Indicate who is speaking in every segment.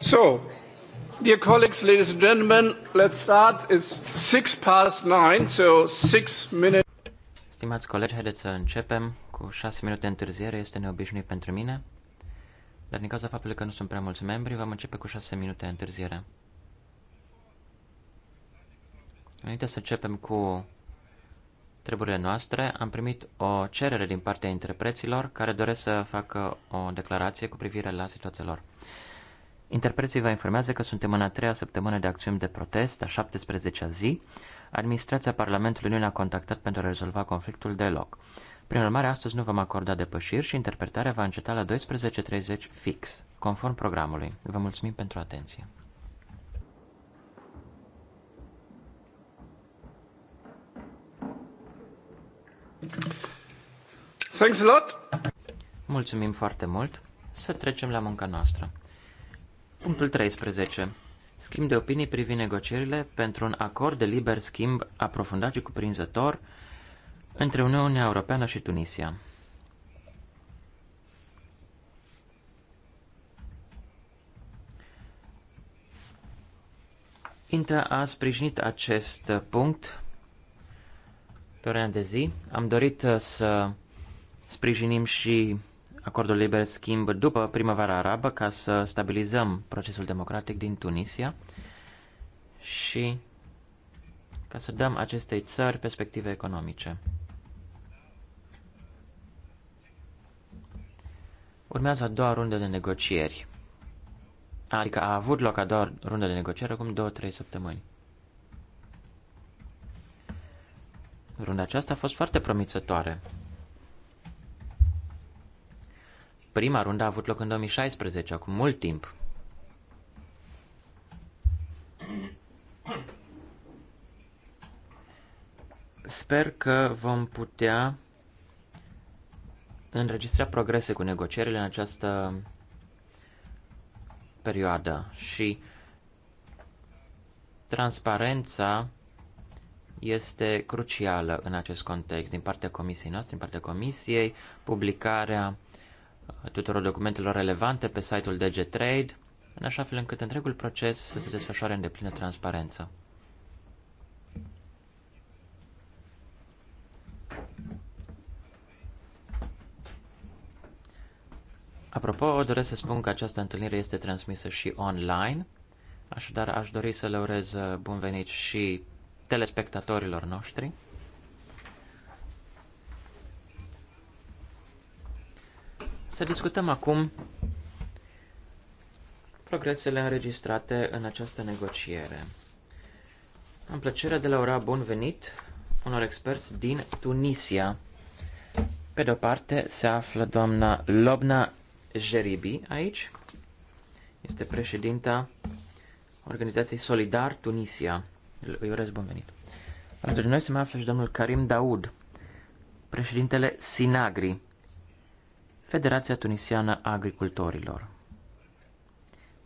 Speaker 1: So, dear colleagues, ladies and gentlemen, let's start. It's six past nine, so six minutes.
Speaker 2: Stimați colegi, haideți să începem. Cu șase minute de întârziere este neobișnuit pentru mine, dar din cauza faptului că nu sunt prea mulți membri, vom începe cu șase minute de întârziere. Înainte să începem cu treburile noastre, am primit o cerere din partea interpreților care doresc să facă o declarație cu privire la situația lor. Interpreții vă informează că suntem în a treia săptămână de acțiuni de protest, a 17-a zi. Administrația Parlamentului nu ne-a contactat pentru a rezolva conflictul deloc. Prin urmare, astăzi nu vom acorda depășiri și interpretarea va înceta la 12.30 fix, conform programului. Vă mulțumim pentru atenție. Thanks a lot. Mulțumim foarte mult. Să trecem la munca noastră. Punctul 13. Schimb de opinii privind negocierile pentru un acord de liber schimb aprofundat și cuprinzător între Uniunea Europeană și Tunisia. Intra a sprijinit acest punct pe de zi. Am dorit să sprijinim și acordul liber schimb după primăvara arabă ca să stabilizăm procesul democratic din Tunisia și ca să dăm acestei țări perspective economice. Urmează a doua rundă de negocieri. Adică a avut loc a doua rundă de negocieri acum două-trei săptămâni. Runda aceasta a fost foarte promițătoare. Prima rundă a avut loc în 2016, acum mult timp. Sper că vom putea înregistra progrese cu negocierile în această perioadă și transparența este crucială în acest context din partea comisiei noastre, din partea comisiei, publicarea tuturor documentelor relevante pe site-ul DG Trade, în așa fel încât întregul proces să se desfășoare în deplină transparență. Apropo, doresc să spun că această întâlnire este transmisă și online, așadar aș dori să le urez bun venit și telespectatorilor noștri. Să discutăm acum progresele înregistrate în această negociere. Am plăcerea de la ora bun venit unor experți din Tunisia. Pe de-o parte se află doamna Lobna Jeribi aici. Este președinta organizației Solidar Tunisia. Îi urez bun venit. Alături de noi se mai află și domnul Karim Daoud, președintele Sinagri, Federația Tunisiană a Agricultorilor.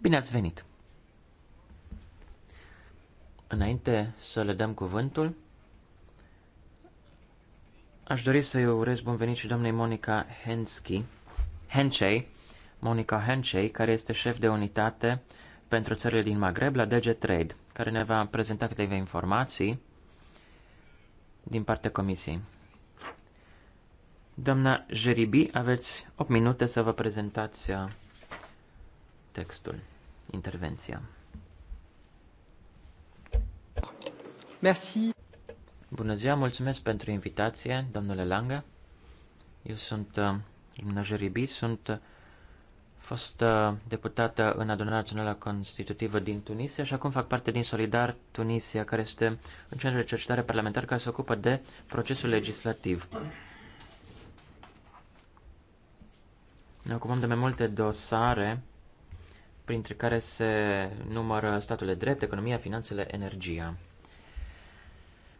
Speaker 2: Bine ați venit! Înainte să le dăm cuvântul, aș dori să-i urez bun venit și doamnei Monica Hensky, Hencei, Monica Hencei, care este șef de unitate pentru țările din Maghreb la DG Trade, care ne va prezenta câteva informații din partea comisiei. Doamna Jeribi, aveți 8 minute să vă prezentați uh, textul, intervenția. Merci. Bună ziua, mulțumesc pentru invitație, domnule Langa. Eu sunt Gimna uh, Jeribi, sunt uh, fost deputată în Adunarea Națională Constitutivă din Tunisia și acum fac parte din Solidar Tunisia, care este un centru de cercetare parlamentar care se ocupă de procesul legislativ. Ne ocupăm de mai multe dosare, printre care se numără statul de drept, economia, finanțele, energia.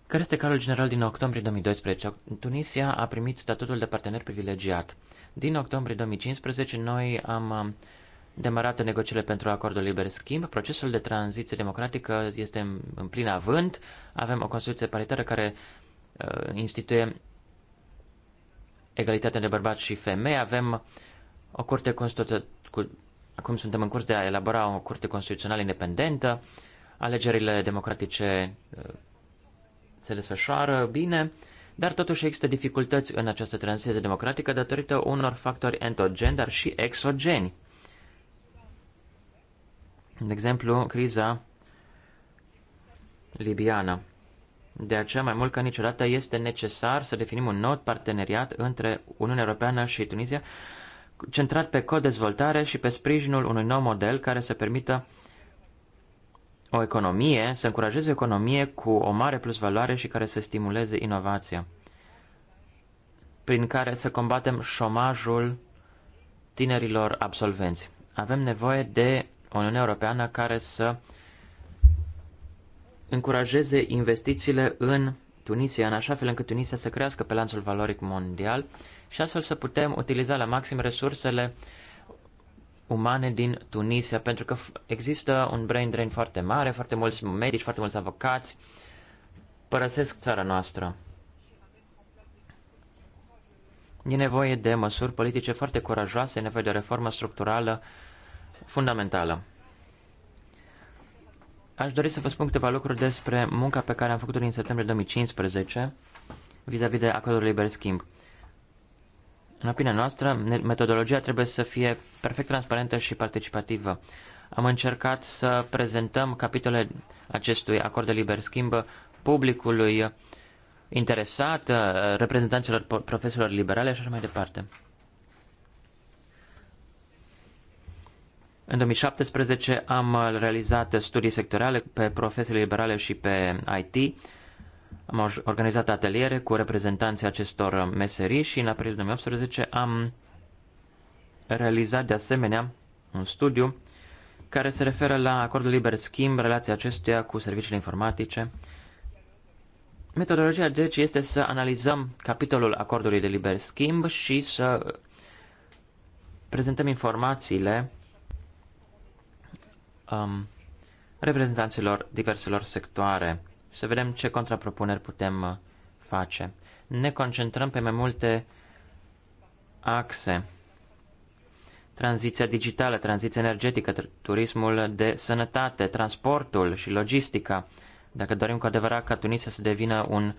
Speaker 2: Care este cadrul general din octombrie 2012? Tunisia a primit statutul de partener privilegiat. Din octombrie 2015, noi am um, demarat negocierile pentru acordul liber schimb. Procesul de tranziție democratică este în plin avânt. Avem o Constituție paritară care uh, instituie egalitatea de bărbați și femei. Avem o curte constituțională, acum suntem în curs de a elabora o curte constituțională independentă, alegerile democratice uh, se desfășoară bine, dar totuși există dificultăți în această tranziție democratică datorită unor factori endogeni, dar și exogeni. De exemplu, criza libiană. De aceea, mai mult ca niciodată, este necesar să definim un nou parteneriat între Uniunea Europeană și Tunisia centrat pe co-dezvoltare și pe sprijinul unui nou model care să permită o economie, să încurajeze o economie cu o mare plus valoare și care să stimuleze inovația, prin care să combatem șomajul tinerilor absolvenți. Avem nevoie de o Uniune Europeană care să încurajeze investițiile în Tunisia, în așa fel încât Tunisia să crească pe lanțul valoric mondial și astfel să putem utiliza la maxim resursele umane din Tunisia, pentru că există un brain drain foarte mare, foarte mulți medici, foarte mulți avocați părăsesc țara noastră. E nevoie de măsuri politice foarte curajoase, e nevoie de o reformă structurală fundamentală. Aș dori să vă spun câteva lucruri despre munca pe care am făcut-o din septembrie 2015 vis-a-vis -vis de acordul liber schimb. În opinia noastră, metodologia trebuie să fie perfect transparentă și participativă. Am încercat să prezentăm capitole acestui acord de liber schimb publicului interesat, uh, reprezentanților profesorilor liberale și așa mai departe. În 2017 am realizat studii sectoriale pe profesii liberale și pe IT am organizat ateliere cu reprezentanții acestor meserii și în aprilie 2018 am realizat de asemenea un studiu care se referă la acordul liber schimb, relația acestuia cu serviciile informatice. Metodologia deci este să analizăm capitolul acordului de liber schimb și să prezentăm informațiile um, reprezentanților diverselor sectoare să vedem ce contrapropuneri putem uh, face. Ne concentrăm pe mai multe axe. Tranziția digitală, tranziția energetică, turismul de sănătate, transportul și logistica. Dacă dorim cu adevărat ca Tunisia să devină un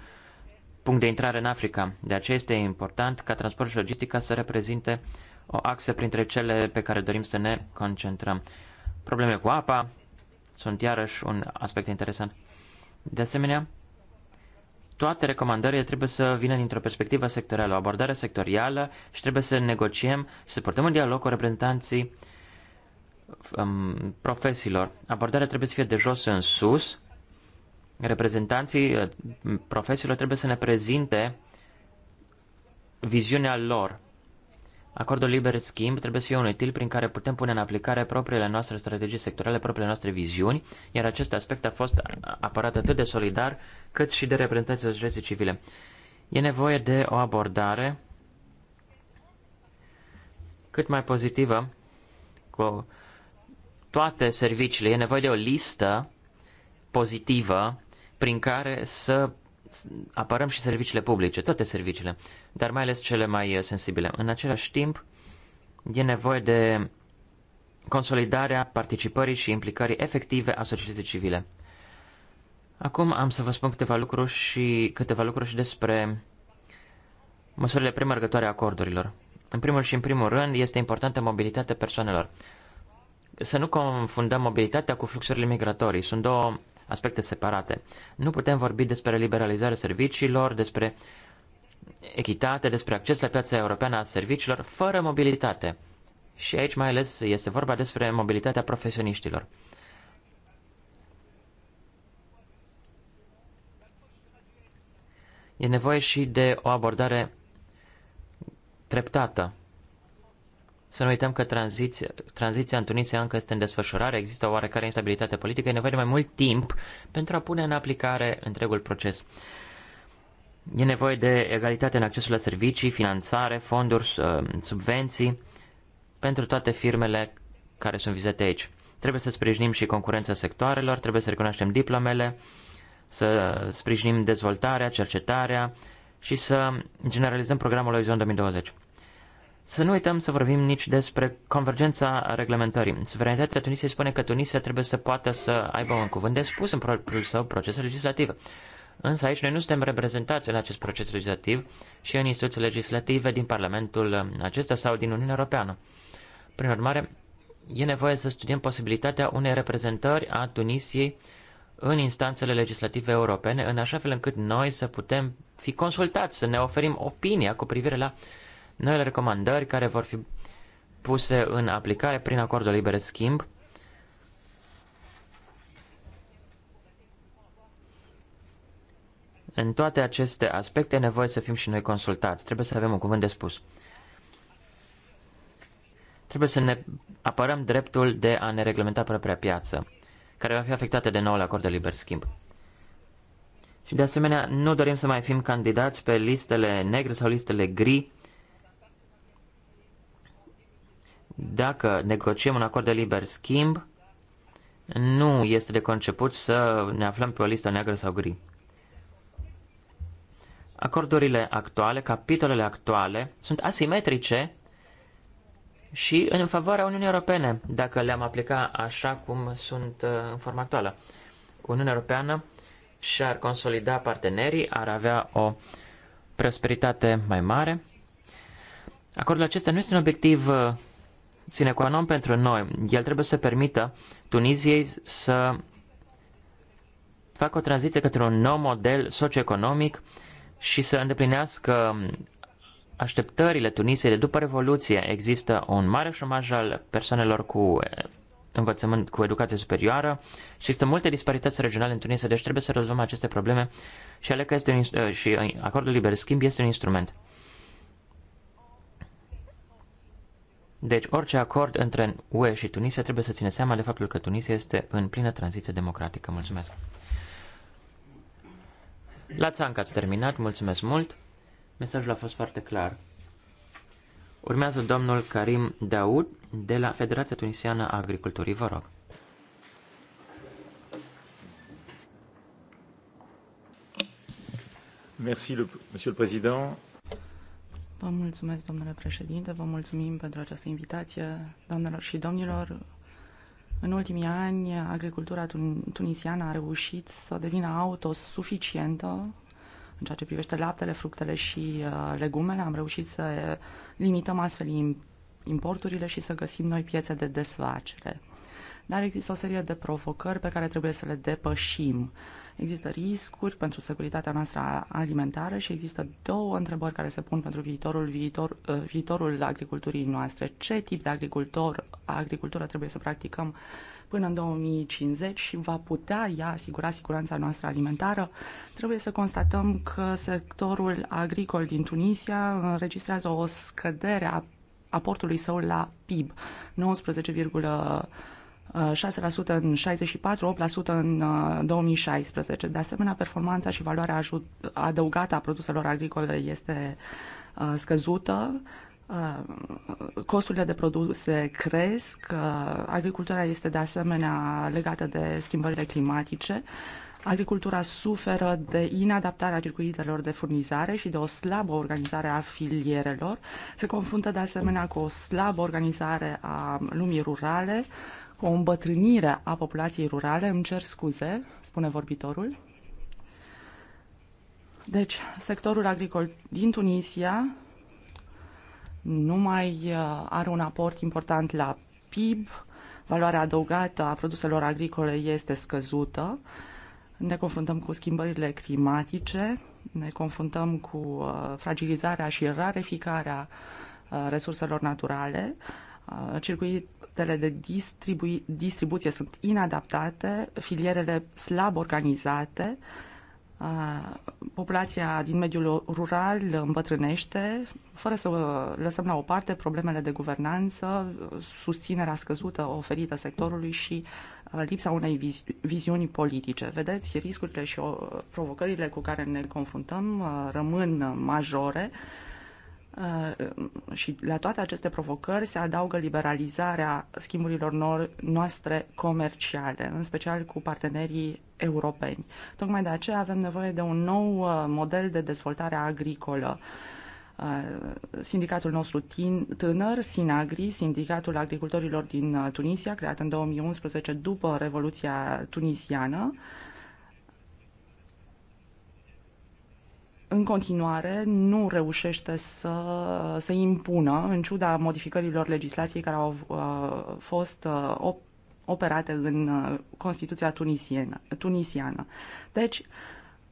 Speaker 2: punct de intrare în Africa. De aceea este important ca transportul și logistica să reprezinte o axă printre cele pe care dorim să ne concentrăm. Probleme cu apa sunt iarăși un aspect interesant. De asemenea, toate recomandările trebuie să vină dintr-o perspectivă sectorială, o abordare sectorială și trebuie să negociem și să purtăm în dialog cu reprezentanții um, profesiilor. Abordarea trebuie să fie de jos în sus. Reprezentanții uh, profesiilor trebuie să ne prezinte viziunea lor Acordul liber schimb trebuie să fie un util prin care putem pune în aplicare propriile noastre strategii sectorale, propriile noastre viziuni, iar acest aspect a fost apărat atât de solidar cât și de reprezentanții societății civile. E nevoie de o abordare cât mai pozitivă cu toate serviciile. E nevoie de o listă pozitivă prin care să apărăm și serviciile publice, toate serviciile, dar mai ales cele mai uh, sensibile. În același timp, e nevoie de consolidarea participării și implicării efective a societății civile. Acum am să vă spun câteva lucruri și câteva lucruri și despre măsurile primărgătoare a acordurilor. În primul și în primul rând, este importantă mobilitatea persoanelor. Să nu confundăm mobilitatea cu fluxurile migratorii. Sunt două aspecte separate. Nu putem vorbi despre liberalizarea serviciilor, despre echitate, despre acces la piața europeană a serviciilor fără mobilitate. Și aici mai ales este vorba despre mobilitatea profesioniștilor. E nevoie și de o abordare treptată. Să nu uităm că tranziția, tranziția în Tunisia încă este în desfășurare, există o oarecare instabilitate politică, e nevoie de mai mult timp pentru a pune în aplicare întregul proces. E nevoie de egalitate în accesul la servicii, finanțare, fonduri, uh, subvenții pentru toate firmele care sunt vizate aici. Trebuie să sprijinim și concurența sectoarelor, trebuie să recunoaștem diplomele, să sprijinim dezvoltarea, cercetarea și să generalizăm programul Orizont 2020. Să nu uităm să vorbim nici despre convergența reglementării. Suveranitatea Tunisiei spune că Tunisia trebuie să poată să aibă un cuvânt de spus în propriul său proces legislativ. Însă aici noi nu suntem reprezentați în acest proces legislativ și în instituții legislative din Parlamentul acesta sau din Uniunea Europeană. Prin urmare, e nevoie să studiem posibilitatea unei reprezentări a Tunisiei în instanțele legislative europene, în așa fel încât noi să putem fi consultați, să ne oferim opinia cu privire la uh, noile recomandări care vor fi puse în aplicare prin acordul liber schimb În toate aceste aspecte e nevoie să fim și noi consultați. Trebuie să avem un cuvânt de spus. Trebuie să ne apărăm dreptul de a ne reglementa propria piață, care va fi afectată de noul acord de liber schimb. Și de asemenea, nu dorim să mai fim candidați pe listele negre sau listele gri Dacă negociem un acord de liber schimb, nu este de conceput să ne aflăm pe o listă neagră sau gri. Acordurile actuale, capitolele actuale, sunt asimetrice și în favoarea Uniunii Europene, dacă le-am aplica așa cum sunt uh, în forma actuală. Uniunea Europeană și-ar consolida partenerii, ar avea o prosperitate mai mare. Acordul acesta nu este un obiectiv uh, sine qua non pentru noi. El trebuie să permită Tuniziei să facă o tranziție către un nou model socioeconomic și să îndeplinească așteptările Tunisiei de după Revoluție. Există un mare șomaj al persoanelor cu eh, învățământ, cu educație superioară și există multe disparități regionale în Tunisia, deci trebuie să rezolvăm aceste probleme și, că este un, eh, și eh, acordul liber schimb este un instrument. Deci orice acord între UE și Tunisia trebuie să ține seama de faptul că Tunisia este în plină tranziție democratică. Mulțumesc! La țancă ați terminat, mulțumesc mult. Mesajul a fost foarte clar. Urmează domnul Karim Daoud de la Federația Tunisiană a Agriculturii, vă rog.
Speaker 1: Merci, le, Monsieur le Président.
Speaker 3: Vă mulțumesc, domnule președinte, vă mulțumim pentru această invitație, doamnelor și domnilor. În ultimii ani, agricultura tunisiană a reușit să devină autosuficientă în ceea ce privește laptele, fructele și uh, legumele. Am reușit să limităm astfel importurile și să găsim noi piețe de desfacere dar există o serie de provocări pe care trebuie să le depășim. Există riscuri pentru securitatea noastră alimentară și există două întrebări care se pun pentru viitorul, viitor, uh, viitorul agriculturii noastre. Ce tip de agricultor, agricultură trebuie să practicăm până în 2050 și va putea ea asigura siguranța noastră alimentară? Trebuie să constatăm că sectorul agricol din Tunisia înregistrează o scădere a aportului său la PIB, 19, 6% în 64, 8% în 2016. Uh, de asemenea, performanța și valoarea adăugată a produselor agricole este uh, scăzută, uh, costurile de produse cresc, agricultura este de asemenea legată de schimbările climatice, agricultura suferă de inadaptarea circuitelor de furnizare și de o slabă organizare a filierelor, se confruntă de asemenea cu o slabă organizare a lumii rurale, uh, o îmbătrânire a populației rurale, îmi cer scuze, spune vorbitorul. Deci, sectorul agricol din Tunisia nu mai uh, are un aport important la PIB, valoarea adăugată a produselor agricole este scăzută, ne confruntăm cu schimbările climatice, ne confruntăm cu uh, fragilizarea și rareficarea uh, resurselor naturale, Uh, circuitele de distribu- distribuție sunt inadaptate, filierele slab organizate, uh, populația din mediul rural îmbătrânește, fără să lăsăm la o parte problemele de guvernanță, susținerea scăzută oferită sectorului și uh, lipsa unei vizi- viziuni politice. Vedeți, riscurile și provocările cu care ne confruntăm rămân majore și la toate aceste provocări se adaugă liberalizarea schimburilor noastre comerciale, în special cu partenerii europeni. Tocmai de aceea avem nevoie de un nou uh, model de dezvoltare agricolă. Uh, sindicatul nostru tânăr, Sinagri, Sindicatul Agricultorilor din uh, Tunisia, creat în 2011 după Revoluția tunisiană, în continuare nu reușește să se impună, în ciuda modificărilor legislației care au uh, fost uh, operate în uh, Constituția tunisiană. tunisiană. Deci,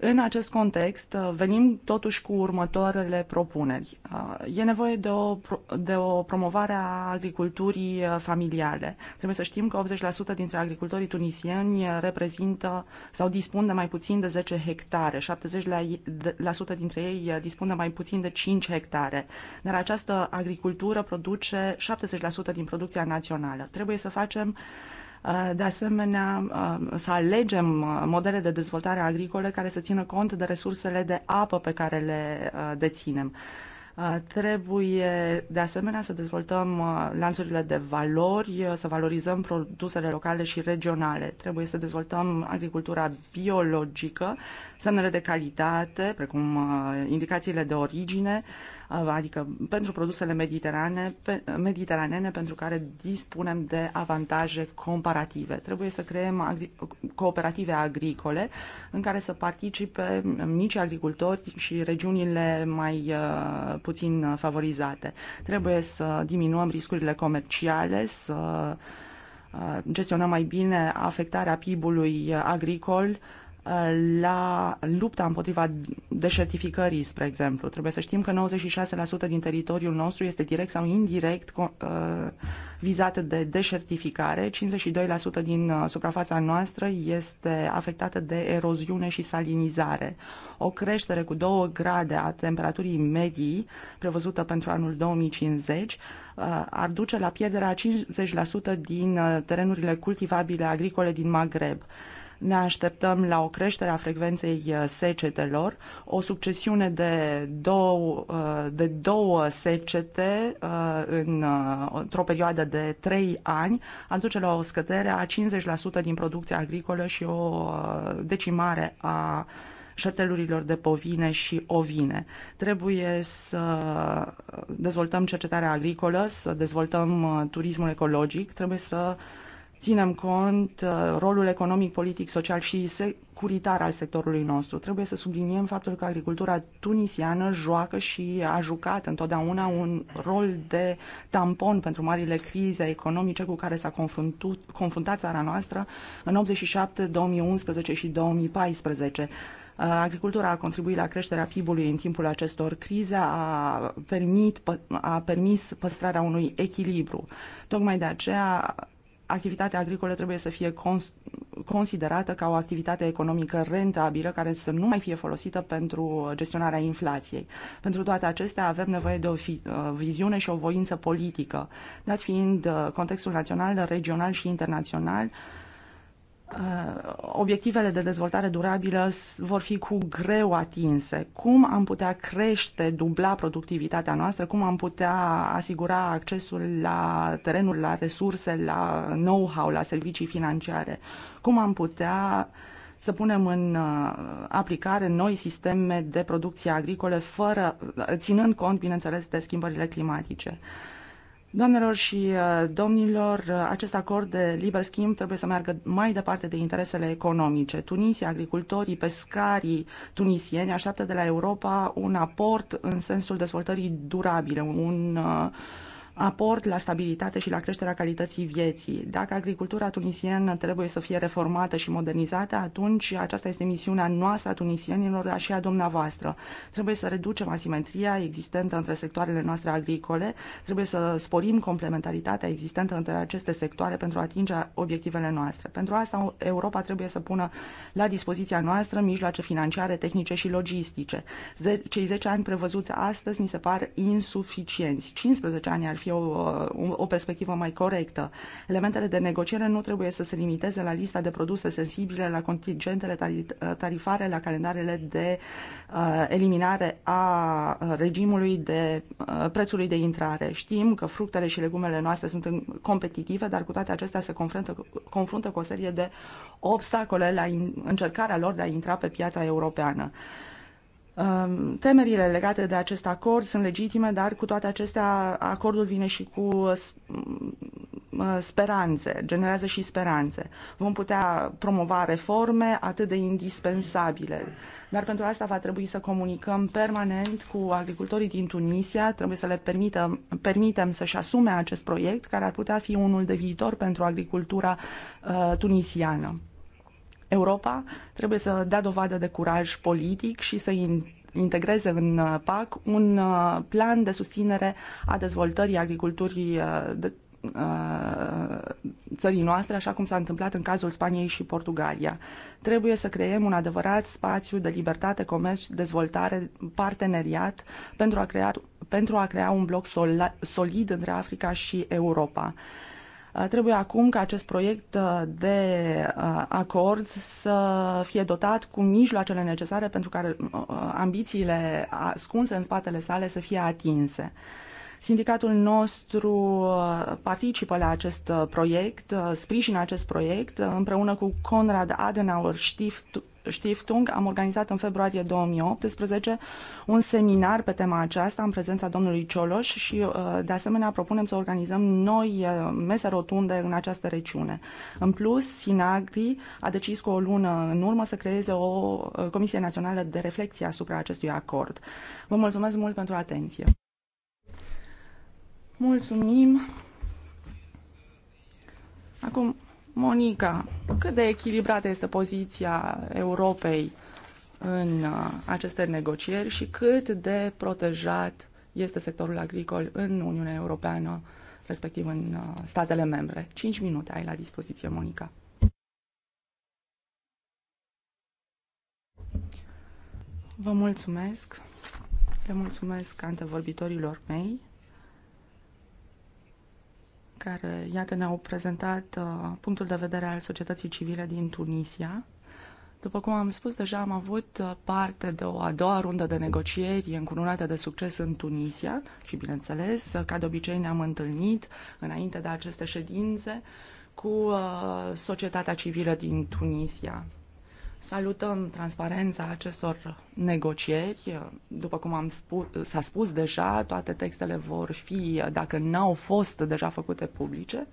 Speaker 3: în acest context, uh, venim totuși cu următoarele propuneri. Uh, e nevoie de o, de o promovare a agriculturii uh, familiale. Trebuie să știm că 80% dintre agricultorii tunisieni reprezintă sau dispun de mai puțin de 10 hectare, 70% dintre ei dispun de mai puțin de 5 hectare. Dar această agricultură produce 70% din producția națională. Trebuie să facem uh, Uh, de asemenea, uh, să alegem uh, modele de dezvoltare agricolă care să țină cont de resursele de apă pe care le deținem. Trebuie de asemenea să dezvoltăm lanțurile de valori, să valorizăm produsele locale și regionale. Trebuie să dezvoltăm agricultura biologică, semnele de calitate, precum indicațiile de origine, Uh, adică pentru produsele mediterane, pe, mediteranene pentru care dispunem de avantaje comparative. Trebuie să creăm agri- cooperative agricole în care să participe mici agricultori și regiunile mai uh, puțin favorizate. Trebuie să diminuăm riscurile comerciale, să uh, gestionăm mai bine afectarea PIB-ului agricol, la lupta împotriva deșertificării, spre exemplu. Trebuie să știm că 96% din teritoriul nostru este direct sau indirect uh, vizat de deșertificare, 52% din uh, suprafața noastră este afectată de eroziune și salinizare. O creștere cu 2 grade a temperaturii medii prevăzută pentru anul 2050 uh, ar duce la pierderea 50% din terenurile cultivabile agricole din Maghreb. Ne așteptăm la o creștere a frecvenței uh, secetelor, o succesiune de două, uh, de două secete uh, în, într-o perioadă de trei ani ar duce la o scădere a 50% din producția agricolă și o decimare a șetelurilor de povine și ovine. Trebuie să dezvoltăm cercetarea agricolă, să dezvoltăm turismul ecologic, trebuie să ținem cont uh, rolul economic, politic, social și securitar al sectorului nostru. Trebuie să subliniem faptul că agricultura tunisiană joacă și a jucat întotdeauna un rol de tampon pentru marile crize economice cu care s-a confruntat țara noastră în 87, 2011 și 2014. Uh, agricultura a contribuit la creșterea PIB-ului în timpul acestor crize, a, permit, a permis păstrarea unui echilibru. Tocmai de aceea activitatea agricolă trebuie să fie cons- considerată ca o activitate economică rentabilă care să nu mai fie folosită pentru gestionarea inflației. Pentru toate acestea avem nevoie de o fi- uh, viziune și o voință politică. Dat fiind uh, contextul național, regional și internațional, Uh, obiectivele de dezvoltare durabilă vor fi cu greu atinse. Cum am putea crește, dubla productivitatea noastră, cum am putea asigura accesul la terenul, la resurse, la know-how, la servicii financiare, cum am putea să punem în uh, aplicare noi sisteme de producție agricolă, fără, ținând cont, bineînțeles, de schimbările climatice. Doamnelor și uh, domnilor, uh, acest acord de liber schimb trebuie să meargă mai departe de interesele economice. Tunisia, agricultorii, pescarii tunisieni așteaptă de la Europa un aport în sensul dezvoltării durabile, un uh, aport la stabilitate și la creșterea calității vieții. Dacă agricultura tunisiană trebuie să fie reformată și modernizată, atunci aceasta este misiunea noastră a tunisienilor, dar și a dumneavoastră. Trebuie să reducem asimetria existentă între sectoarele noastre agricole, trebuie să sporim complementaritatea existentă între aceste sectoare pentru a atinge obiectivele noastre. Pentru asta Europa trebuie să pună la dispoziția noastră mijloace financiare, tehnice și logistice. Cei 10 ani prevăzuți astăzi ni se par insuficienți. 15 ani ar fi fie o, perspectivă mai corectă. Elementele de negociere nu trebuie să se limiteze la lista de produse sensibile, la contingentele tarifare, la calendarele de uh, eliminare a regimului de uh, prețului de intrare. Știm că fructele și legumele noastre sunt competitive, dar cu toate acestea se confruntă, confruntă cu o serie de obstacole la încercarea lor de a intra pe piața europeană. Um, temerile legate de acest acord sunt legitime, dar cu toate acestea acordul vine și cu speranțe, generează și speranțe. Vom putea promova reforme atât de indispensabile. Dar pentru asta va trebui să comunicăm permanent cu agricultorii din Tunisia, trebuie să le permitem, permitem să-și asume acest proiect care ar putea fi unul de viitor pentru agricultura uh, tunisiană. Europa trebuie să dea dovadă de curaj politic și să integreze în uh, PAC un uh, plan de susținere a dezvoltării agriculturii uh, de țării noastre, așa cum s-a întâmplat în cazul Spaniei și Portugalia. Trebuie să creăm un adevărat spațiu de libertate, comerț, dezvoltare, parteneriat pentru a crea, pentru a crea un bloc sol, solid între Africa și Europa. Uh, Uh, trebuie acum ca acest proiect uh, de uh, acord să fie dotat cu mijloacele necesare pentru ca ambițiile ascunse în spatele sale să fie atinse. Sindicatul nostru participă la acest proiect, sprijină acest proiect împreună cu Conrad Adenauer Stiftung Stiftung am organizat în februarie 2018 un seminar pe tema aceasta în prezența domnului Cioloș și uh, de asemenea propunem să organizăm noi uh, mese rotunde în această regiune. În plus, Sinagri a decis cu o lună în urmă să creeze o uh, Comisie Națională de Reflexie asupra acestui acord. Vă mulțumesc mult pentru atenție. Mulțumim. Acum Monica, cât de echilibrată este poziția Europei în uh, aceste negocieri și cât de protejat este sectorul agricol în Uniunea Europeană, respectiv în uh, statele membre? 5 minute ai la dispoziție, Monica. Vă mulțumesc. Le mulțumesc antevorbitorilor mei care, iată, ne-au prezentat uh, punctul de vedere al societății civile din Tunisia. După cum am spus, deja am avut uh, parte de o a doua rundă de negocieri încununată de succes în Tunisia și, bineînțeles, uh, ca de obicei ne-am întâlnit înainte de aceste ședințe cu uh, societatea civilă din Tunisia. Salutăm transparența acestor negocieri. După cum am spus, s-a spus deja, toate textele vor fi, dacă n-au fost deja făcute publice.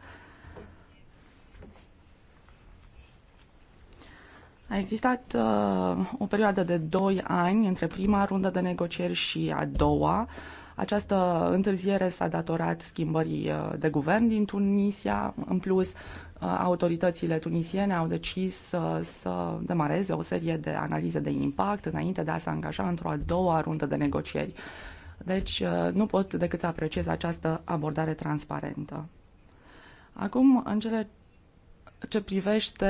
Speaker 3: A existat uh, o perioadă de 2 ani între prima rundă de negocieri și a doua. Această întârziere s-a datorat schimbării uh, de guvern din Tunisia. În plus, Uh, autoritățile tunisiene au decis să, să demareze o serie de analize de impact înainte de a se angaja într-o a doua rundă de negocieri. Deci uh, nu pot decât să apreciez această abordare transparentă. Acum, în cele ce privește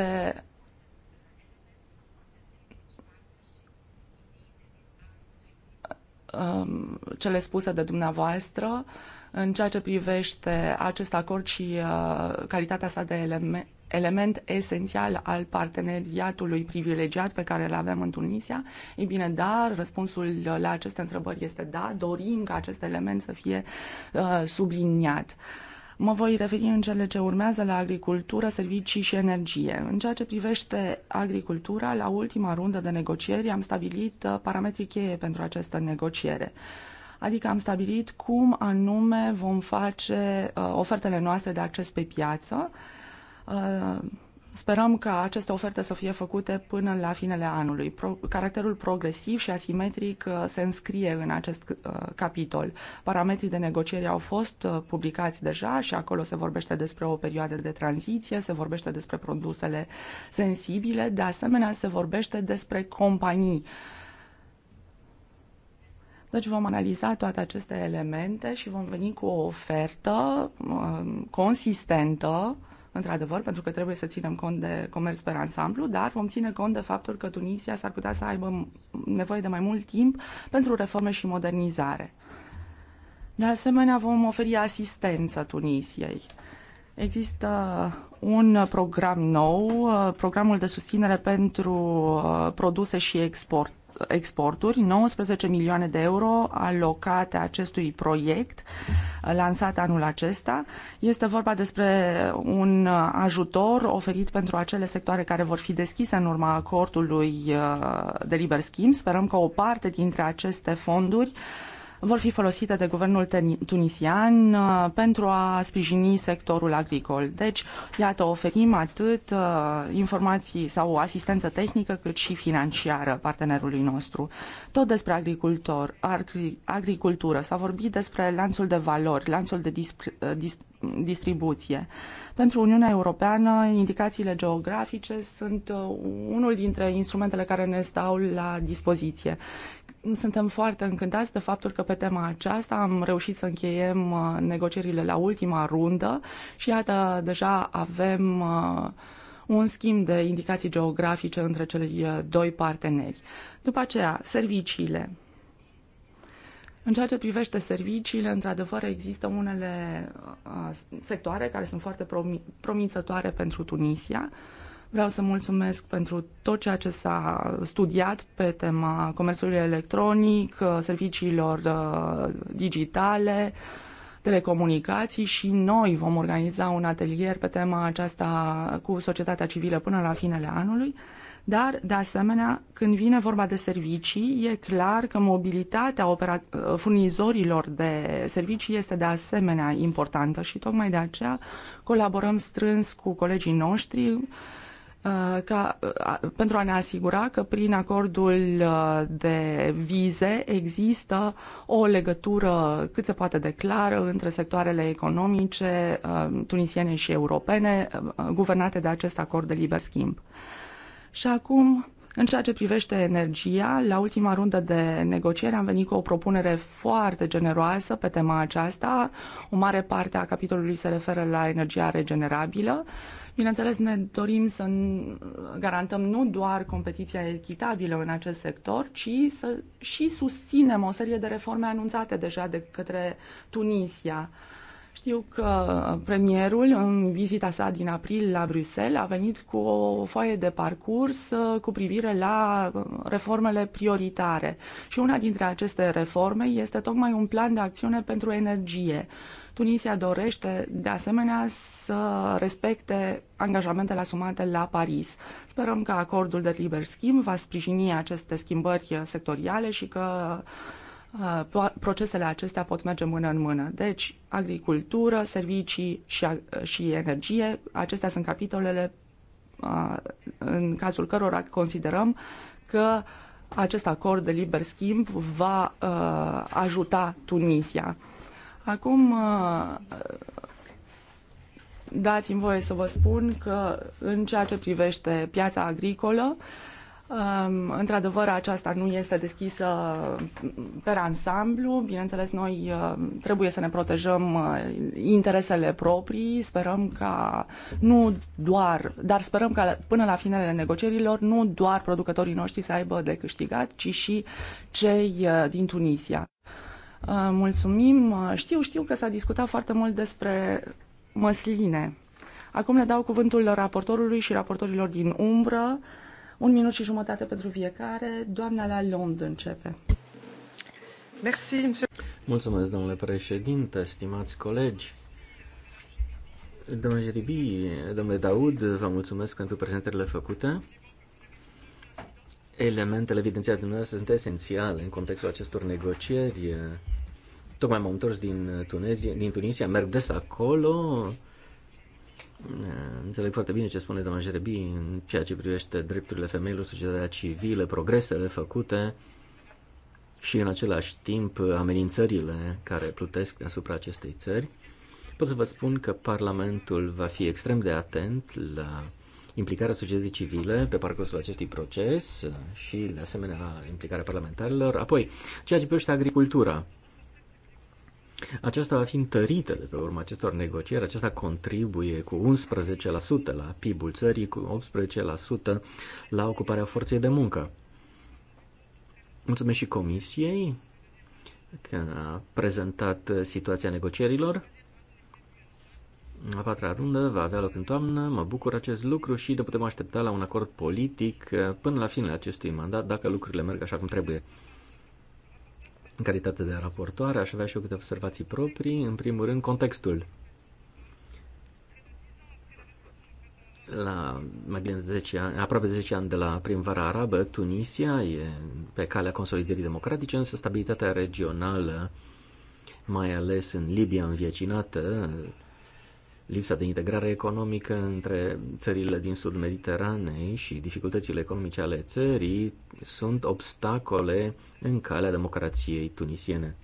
Speaker 3: um, cele spuse de dumneavoastră, în ceea ce privește acest acord și uh, calitatea sa de element, element esențial al parteneriatului privilegiat pe care îl avem în Tunisia? Ei bine, da, răspunsul la aceste întrebări este da, dorim ca acest element să fie uh, subliniat. Mă voi referi în cele ce urmează la agricultură, servicii și energie. În ceea ce privește agricultura, la ultima rundă de negocieri am stabilit uh, parametrii cheie pentru această negociere. Uh, adică am stabilit cum anume vom face uh, ofertele noastre de acces pe piață. Uh, sperăm ca aceste oferte să fie făcute până la finele anului. Pro- caracterul progresiv și asimetric uh, se înscrie în acest uh, capitol. Parametrii de negociere au fost uh, publicați deja și acolo se vorbește despre o perioadă de tranziție, se vorbește despre produsele sensibile, de asemenea se vorbește despre companii uh, deci vom analiza toate aceste elemente și vom veni cu o ofertă um, consistentă, într-adevăr, pentru că trebuie să ținem cont de comerț pe ansamblu, dar vom ține cont de faptul că Tunisia s-ar putea să aibă nevoie de mai mult timp pentru reforme și modernizare. De asemenea, vom oferi asistență Tunisiei. Există un program nou, uh, programul de susținere pentru uh, produse și export exporturi, 19 milioane de euro alocate acestui proiect uh, lansat anul acesta. Este vorba despre un ajutor oferit pentru acele sectoare care vor fi deschise în urma acordului uh, de liber schimb. Sperăm că o parte dintre aceste fonduri vor fi folosite de guvernul tunisian uh, pentru a sprijini sectorul agricol. Deci, iată, oferim atât uh, informații sau asistență tehnică cât și financiară partenerului nostru. Tot despre agricultor, agri, agricultură, s-a vorbit despre lanțul de valori, lanțul de uh, dis, distribuție. Pentru Uniunea Europeană, indicațiile geografice sunt unul dintre instrumentele care ne stau la dispoziție suntem foarte încântați de faptul că pe tema aceasta am reușit să încheiem uh, negocierile la ultima rundă și iată, deja avem uh, un schimb de indicații geografice între cei uh, doi parteneri. După aceea, serviciile. În ceea ce privește serviciile, într-adevăr, există unele sectoare care sunt foarte promițătoare pentru Tunisia. Vreau să mulțumesc pentru tot ceea ce s-a studiat pe tema comerțului electronic, serviciilor uh, digitale, telecomunicații și noi vom organiza un atelier pe tema aceasta cu societatea civilă până la finele anului. Dar, de asemenea, când vine vorba de servicii, e clar că mobilitatea uh, furnizorilor de servicii este de asemenea importantă și tocmai de aceea colaborăm strâns cu colegii noștri Uh, ca, uh, pentru a ne asigura că prin acordul uh, de vize există o legătură cât se poate de clară între sectoarele economice tunisiene și europene guvernate de acest acord de liber schimb. Și acum în ceea ce privește energia, la ultima rundă de negociere am venit cu o propunere foarte generoasă pe tema aceasta. O mare parte a capitolului se referă la energia regenerabilă. Bineînțeles, ne dorim să garantăm nu doar competiția echitabilă în acest sector, ci să și susținem o serie de reforme anunțate deja de către Tunisia. Știu că premierul, în vizita sa din april la Bruxelles, a venit cu o foaie de parcurs uh, cu privire la uh, reformele prioritare. Și una dintre aceste reforme este tocmai un plan de acțiune pentru energie. Tunisia dorește, de asemenea, să respecte angajamentele asumate la Paris. Sperăm că acordul de liber schimb va sprijini aceste schimbări sectoriale și că uh, Uh, procesele acestea pot merge mână în mână. Deci, agricultură, servicii și, și energie, acestea sunt capitolele uh, în cazul cărora considerăm că acest acord de liber schimb va uh, ajuta Tunisia. Acum, dați-mi voie să vă spun că în ceea ce privește piața agricolă, uh, Într-adevăr, aceasta nu este deschisă pe ansamblu. Bineînțeles, noi uh, trebuie să ne protejăm uh, interesele proprii. Sperăm ca nu doar, dar sperăm ca până la finele negocierilor nu doar producătorii noștri să aibă de câștigat, ci și cei uh, din Tunisia. Mulțumim. Știu, știu că s-a discutat foarte mult despre măsline. Acum le dau cuvântul raportorului și raportorilor din umbră. Un minut și jumătate pentru fiecare. Doamna la Lond începe. Merci,
Speaker 1: Mulțumesc, domnule președinte, stimați colegi. Domnule Jeribi, domnule Daud, vă mulțumesc pentru prezentările făcute. Elementele evidențiate dumneavoastră sunt esențiale în contextul acestor negocieri. Tocmai m-am întors din Tunisia, din Tunisia merg des acolo, Înțeleg foarte bine ce spune doamna Jerebi în ceea ce privește drepturile femeilor, societatea civilă, progresele făcute și în același timp amenințările care plutesc deasupra acestei țări. Pot să vă spun că Parlamentul va fi extrem de atent la implicarea societății civile pe parcursul acestui proces și, de asemenea, implicarea parlamentarilor. Apoi, ceea ce privește agricultura, aceasta va fi întărită de pe urma acestor negocieri. Aceasta contribuie cu 11% la PIB-ul țării, cu 18% la ocuparea forței de muncă. Mulțumesc și Comisiei că a prezentat situația negocierilor. A patra rundă va avea loc în toamnă, mă bucur acest lucru și ne putem aștepta la un acord politic până la finele acestui mandat, dacă lucrurile merg așa cum trebuie. În calitate de raportoare, aș avea și eu câte observații proprii. În primul rând, contextul. La mai bine 10 ani, aproape 10 ani de la primăvara arabă, Tunisia e pe calea consolidării democratice, însă stabilitatea regională, mai ales în Libia învecinată, lipsa de integrare economică între țările din sud Mediteranei și dificultățile economice ale țării sunt obstacole în calea democrației tunisiene.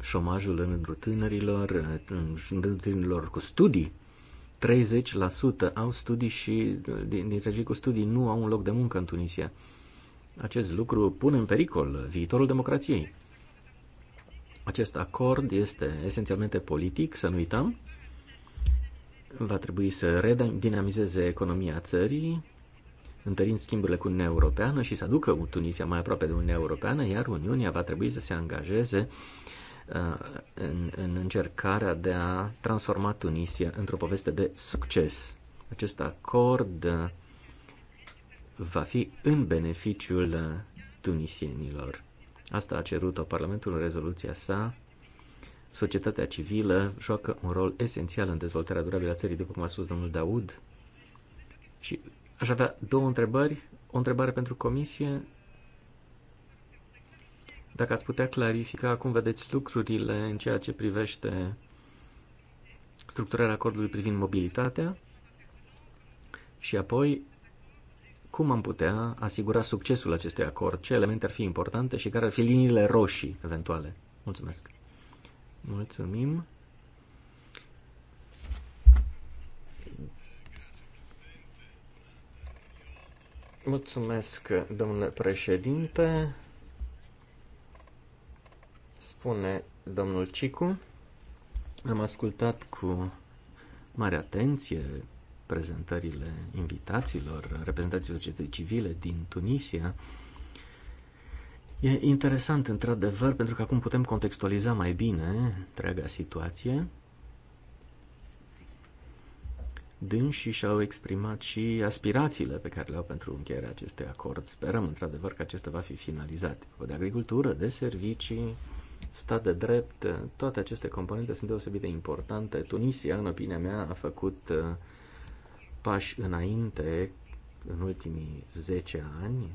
Speaker 1: Șomajul în rândul tânărilor, în rândul tânărilor cu studii, 30% au studii și dintre cei cu studii nu au un loc de muncă în Tunisia. Acest lucru pune în pericol viitorul democrației. Acest acord este esențialmente politic, să nu uităm. Va trebui să redinamizeze economia țării, întărind schimburile cu Uniunea Europeană și să aducă Tunisia mai aproape de Uniunea Europeană, iar Uniunea va trebui să se angajeze uh, în, în încercarea de a transforma Tunisia într-o poveste de succes. Acest acord uh, va fi în beneficiul uh, tunisienilor. Asta a cerut-o Parlamentul în rezoluția sa. Societatea civilă joacă un rol esențial în dezvoltarea durabilă a țării, după cum a spus domnul Daud. Și aș avea două întrebări. O întrebare pentru comisie. Dacă ați putea clarifica cum vedeți lucrurile în ceea ce privește structurarea acordului privind mobilitatea și apoi cum am putea asigura succesul acestui acord, ce elemente ar fi importante și care ar fi liniile roșii eventuale. Mulțumesc. Mulțumim. Mulțumesc, domnule președinte. Spune domnul Cicu. Am ascultat cu mare atenție prezentările invitațiilor, reprezentanții societății civile din Tunisia. E interesant, într-adevăr, pentru că acum putem contextualiza mai bine întreaga situație. Dânsii și-au exprimat și aspirațiile pe care le-au pentru încheierea acestui acord. Sperăm, într-adevăr, că acesta va fi finalizat. De agricultură, de servicii, stat de drept, toate aceste componente sunt deosebit de importante. Tunisia, în opinia mea, a făcut uh, pași înainte în ultimii 10 ani,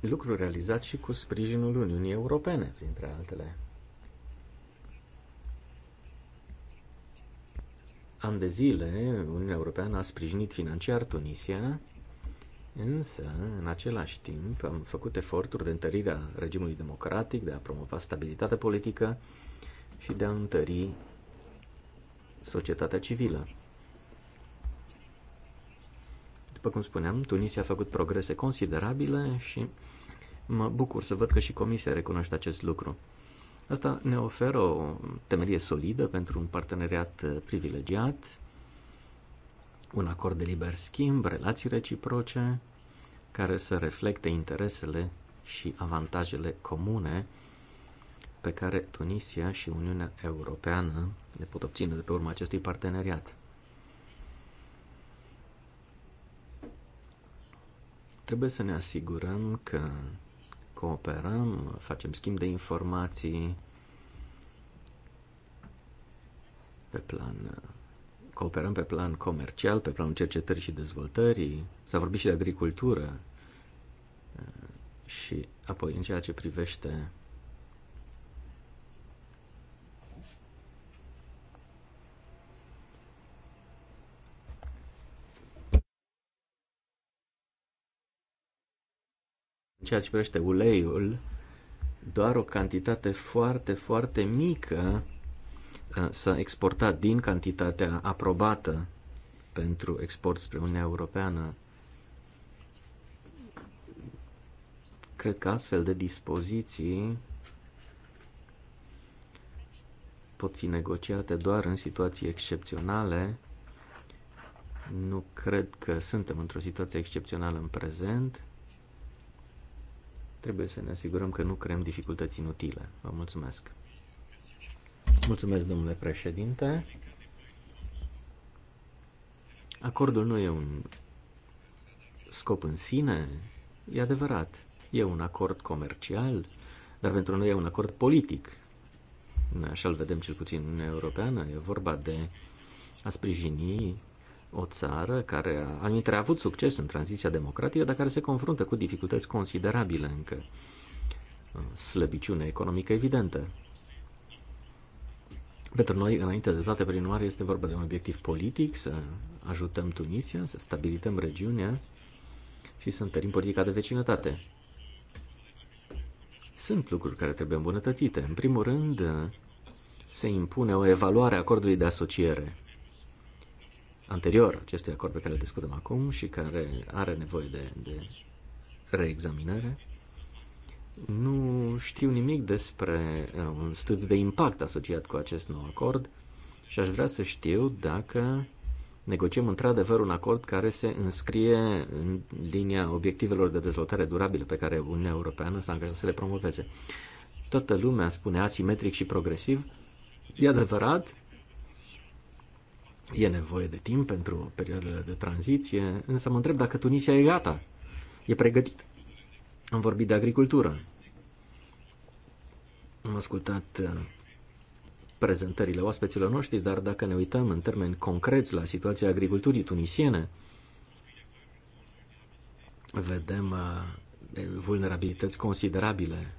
Speaker 1: lucru realizat și cu sprijinul Uniunii Europene, printre altele. An de zile, Uniunea Europeană a sprijinit financiar Tunisia, însă, în același timp, am făcut eforturi de întărire a regimului democratic, de a promova stabilitatea politică și de a întări societatea civilă. După cum spuneam, Tunisia a făcut progrese considerabile și mă bucur să văd că și Comisia recunoaște acest lucru. Asta ne oferă o temelie solidă pentru un parteneriat uh, privilegiat, un acord de liber schimb, relații reciproce, care să reflecte interesele și avantajele comune pe care Tunisia și Uniunea Europeană le pot obține de pe urma acestui parteneriat. Trebuie să ne asigurăm că cooperăm, facem schimb de informații pe plan cooperăm pe plan comercial, pe planul cercetării și dezvoltării, s-a vorbit și de agricultură eh, și apoi în ceea ce privește ceea ce privește uleiul, doar o cantitate foarte, foarte mică uh, s-a exportat din cantitatea aprobată pentru export spre Uniunea Europeană. Cred că astfel de dispoziții pot fi negociate doar în situații excepționale. Nu cred că suntem într-o situație excepțională în prezent. Trebuie să ne asigurăm că nu creăm dificultăți inutile. Vă mulțumesc. Mulțumesc, domnule președinte. Acordul nu e un scop în sine, e adevărat. E un acord comercial, dar pentru noi e un acord politic. Noi așa l vedem cel puțin în Uniunea Europeană. E vorba de a sprijini o țară care a, a avut succes în tranziția democratică, dar care se confruntă cu dificultăți considerabile încă. Slăbiciune economică evidentă. Pentru noi, înainte de toate, prin urmare, este vorba de un obiectiv politic, să ajutăm Tunisia, să stabilităm regiunea și să întărim politica de vecinătate. Sunt lucruri care trebuie îmbunătățite. În primul rând, se impune o evaluare a acordului de asociere anterior acestui acord pe care îl discutăm acum și care are nevoie de, de reexaminare. Nu știu nimic despre uh, un studiu de impact asociat cu acest nou acord și aș vrea să știu dacă negociem într-adevăr un acord care se înscrie în linia obiectivelor de dezvoltare durabilă pe care Uniunea Europeană s-a angajat să le promoveze. Toată lumea spune asimetric și progresiv. E adevărat, E nevoie de timp pentru perioadele de tranziție, însă mă întreb dacă Tunisia e gata, e pregătită. Am vorbit de agricultură. Am ascultat uh, prezentările oaspeților noștri, dar dacă ne uităm în termeni concreți la situația agriculturii tunisiene, vedem uh, vulnerabilități considerabile.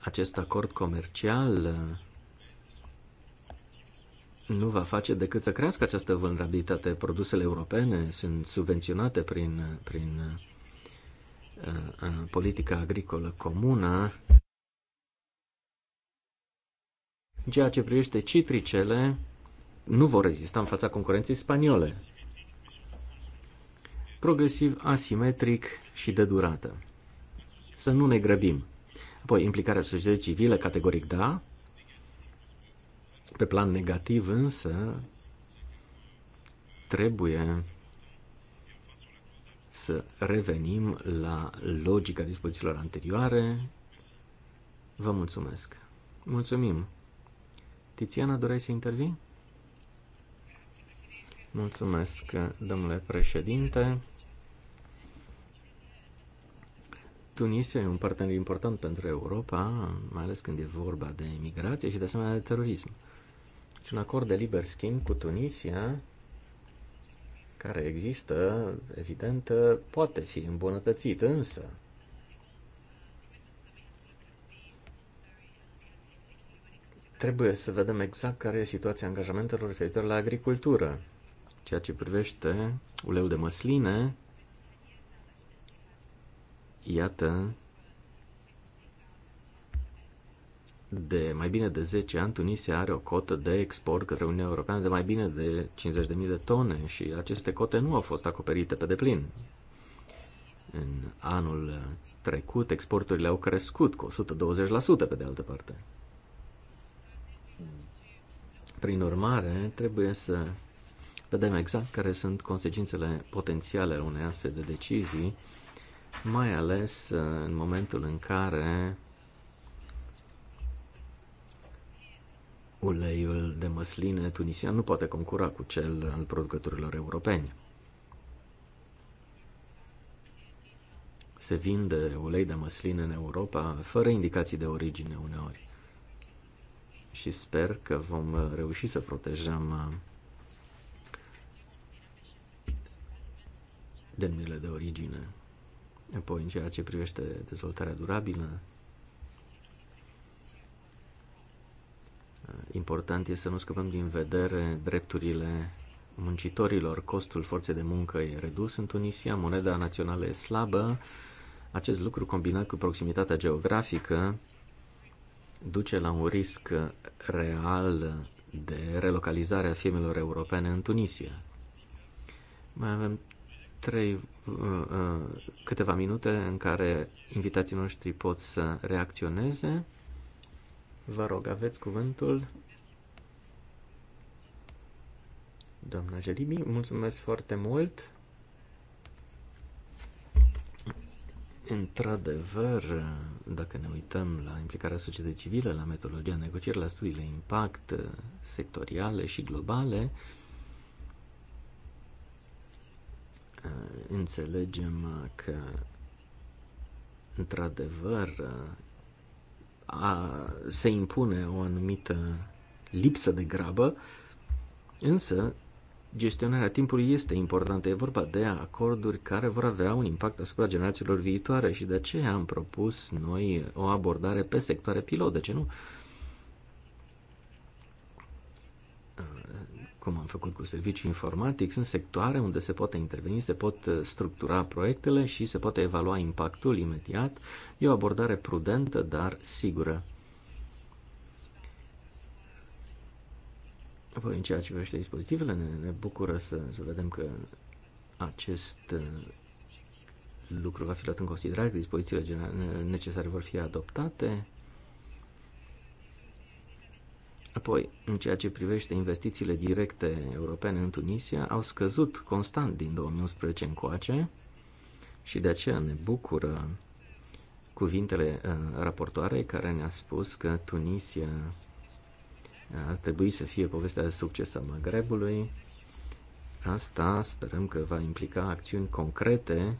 Speaker 1: Acest acord comercial uh, nu va face decât să crească această vulnerabilitate. Produsele europene sunt subvenționate prin, prin uh, uh, politica agricolă comună. În ceea ce privește citricele, nu vor rezista în fața concurenței spaniole. Progresiv, asimetric și de durată. Să nu ne grăbim. Apoi, implicarea societății civile, categoric da, pe plan negativ însă, trebuie să revenim la logica dispozițiilor anterioare. Vă mulțumesc. Mulțumim. Tiziana, doreai să intervii? Mulțumesc, domnule președinte. Tunisia e un partener important pentru Europa, mai ales când e vorba de migrație și de asemenea de terorism. Deci un acord de liber schimb cu Tunisia, care există, evident, poate fi îmbunătățit, însă trebuie să vedem exact care e situația angajamentelor referitor la agricultură. Ceea ce privește uleiul de măsline, iată de mai bine de 10 ani, Tunisia are o cotă de export către Uniunea Europeană de mai bine de 50.000 de tone și aceste cote nu au fost acoperite pe deplin. În anul trecut, exporturile au crescut cu 120% pe de altă parte. Prin urmare, trebuie să vedem exact care sunt consecințele potențiale ale unei astfel de decizii, mai ales în momentul în care Uleiul de măsline tunisian nu poate concura cu cel al producătorilor europeni. Se vinde ulei de măsline în Europa fără indicații de origine uneori. Și sper că vom reuși să protejăm uh, demnile de origine. Apoi, în ceea ce privește dezvoltarea durabilă, Important este să nu scăpăm din vedere drepturile muncitorilor. Costul forței de muncă e redus în Tunisia, moneda națională e slabă. Acest lucru, combinat cu proximitatea geografică, duce la un risc real de relocalizare a firmelor europene în Tunisia. Mai avem trei, uh, uh, câteva minute în care invitații noștri pot să reacționeze. Vă rog, aveți cuvântul. Doamna Jelibi, mulțumesc foarte mult. Într-adevăr, dacă ne uităm la implicarea societății civile, la metodologia negocierilor, la studiile impact uh, sectoriale și globale, uh, înțelegem uh, că, într-adevăr, a, se impune o anumită lipsă de grabă, însă gestionarea timpului este importantă. E vorba de acorduri care vor avea un impact asupra generațiilor viitoare și de aceea am propus noi o abordare pe sectoare pilot. De ce nu? cum am făcut cu servicii informatic, sunt sectoare unde se poate interveni, se pot uh, structura proiectele și se poate evalua impactul imediat. E o abordare prudentă, dar sigură. Apoi, în ceea ce privește dispozitivele, ne, ne bucură să, să vedem că acest uh, lucru va fi luat în considerare, că dispozițiile necesare vor fi adoptate. Apoi, în ceea ce privește investițiile directe europene în Tunisia, au scăzut constant din 2011 încoace și de aceea ne bucură cuvintele uh, raportoarei care ne-a spus că Tunisia uh, ar trebui să fie povestea de succes a Maghrebului. Asta sperăm că va implica acțiuni concrete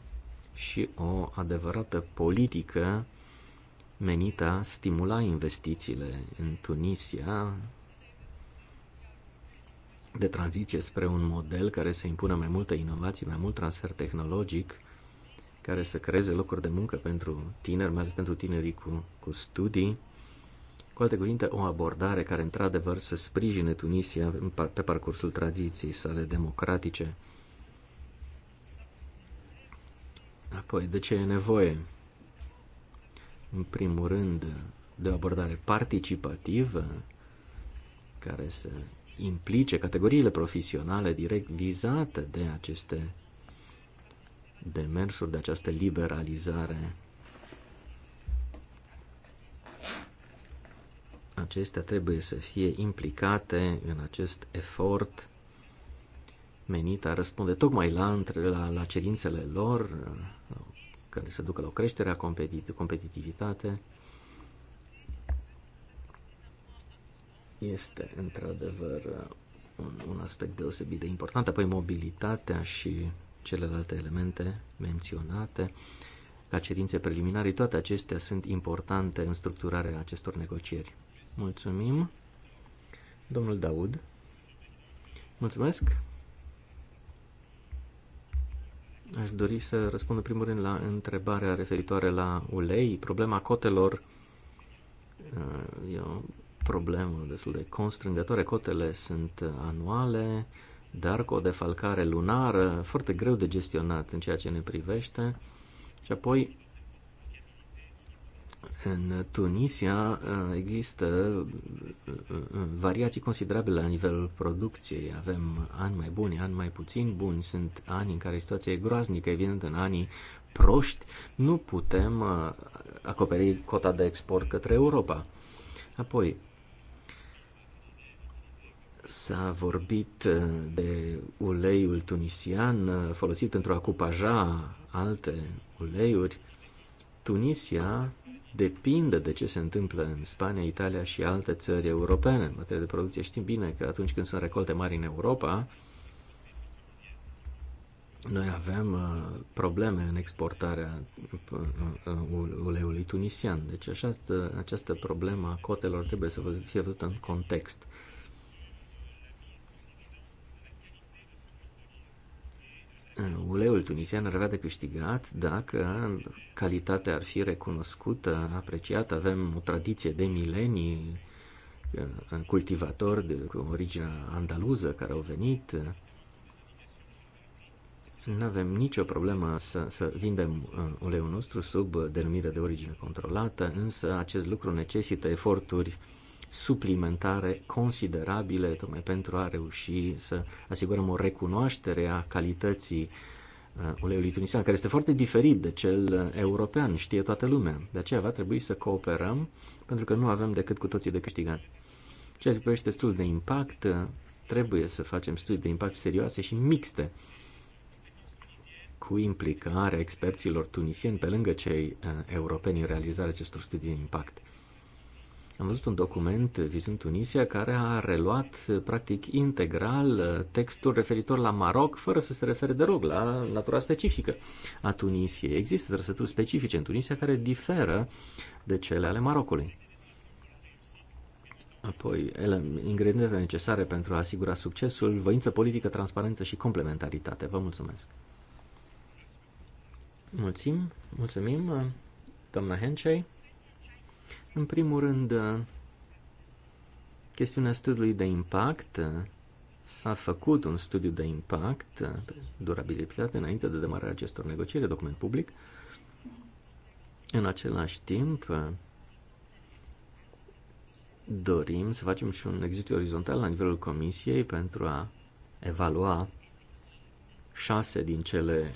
Speaker 1: și o adevărată politică menită a stimula investițiile în Tunisia de tranziție spre un model care să impună mai multă inovație, mai mult transfer tehnologic, care să creeze locuri de muncă pentru tineri, mai ales pentru tinerii cu, cu studii. Cu alte cuvinte, o abordare care într-adevăr să sprijine Tunisia pe parcursul tradiției sale democratice. Apoi, de ce e nevoie? în primul rând, de o abordare participativă, care să implice categoriile profesionale direct vizate de aceste demersuri, de această liberalizare. Acestea trebuie să fie implicate în acest efort menit a răspunde tocmai la, la, la cerințele lor, care să ducă la o creștere a competit competitivitate. Este într-adevăr uh, un, un aspect deosebit de important. Apoi mobilitatea și celelalte elemente menționate ca cerințe preliminare, toate acestea sunt importante în structurarea acestor negocieri. Mulțumim. Domnul Daud. Mulțumesc. Aș dori să răspund în primul rând la întrebarea referitoare la ulei. Problema cotelor uh, e o problemă destul de constrângătoare. Cotele sunt anuale, dar cu o defalcare lunară foarte greu de gestionat în ceea ce ne privește. Și apoi în Tunisia uh, există uh, uh, variații considerabile la nivelul producției. Avem ani mai buni, ani mai puțin buni. Sunt ani în care situația e groaznică. Evident, în anii proști nu putem acoperi cota de export către Europa. Apoi, s-a vorbit de uleiul tunisian folosit pentru a cupaja alte uleiuri. Tunisia depindă de ce se întâmplă în Spania, Italia și alte țări europene în materie de producție. Știm bine că atunci când sunt recolte mari în Europa, noi avem uh, probleme în exportarea uh, uh, uleiului tunisian. Deci această, această problemă a cotelor trebuie să fie văzută în context. uleiul tunisian ar avea de câștigat dacă calitatea ar fi recunoscută, apreciată. Avem o tradiție de milenii, uh, cultivatori de origine andaluză care au venit. Nu avem nicio problemă să, să vindem uh, uleiul nostru sub uh, denumire de origine controlată, însă acest lucru necesită eforturi suplimentare considerabile, tocmai pentru a reuși să asigurăm o recunoaștere a calității uh, uleiului tunisian, care este foarte diferit de cel uh, european, știe toată lumea. De aceea va trebui să cooperăm, pentru că nu avem decât cu toții de câștigat. Ceea ce privește studiul de impact, uh, trebuie să facem studii de impact serioase și mixte, cu implicarea experților tunisieni pe lângă cei europeni în realizarea acestor studii de impact. Am văzut un document vizând Tunisia care a reluat practic integral uh, textul referitor la Maroc fără să se refere deloc la natura specifică a Tunisiei. Există trăsături specifice în Tunisia care diferă de cele ale Marocului. Apoi, ele, ingredientele necesare pentru a asigura succesul, voință politică, transparență și complementaritate. Vă mulțumesc. Mulțumim, mulțumim, uh, doamna Hencei. În primul rând, chestiunea studiului de impact. S-a făcut un studiu de impact pe durabilitate înainte de demararea acestor negocieri, document public. În același timp, dorim să facem și un exit orizontal la nivelul comisiei pentru a evalua șase din cele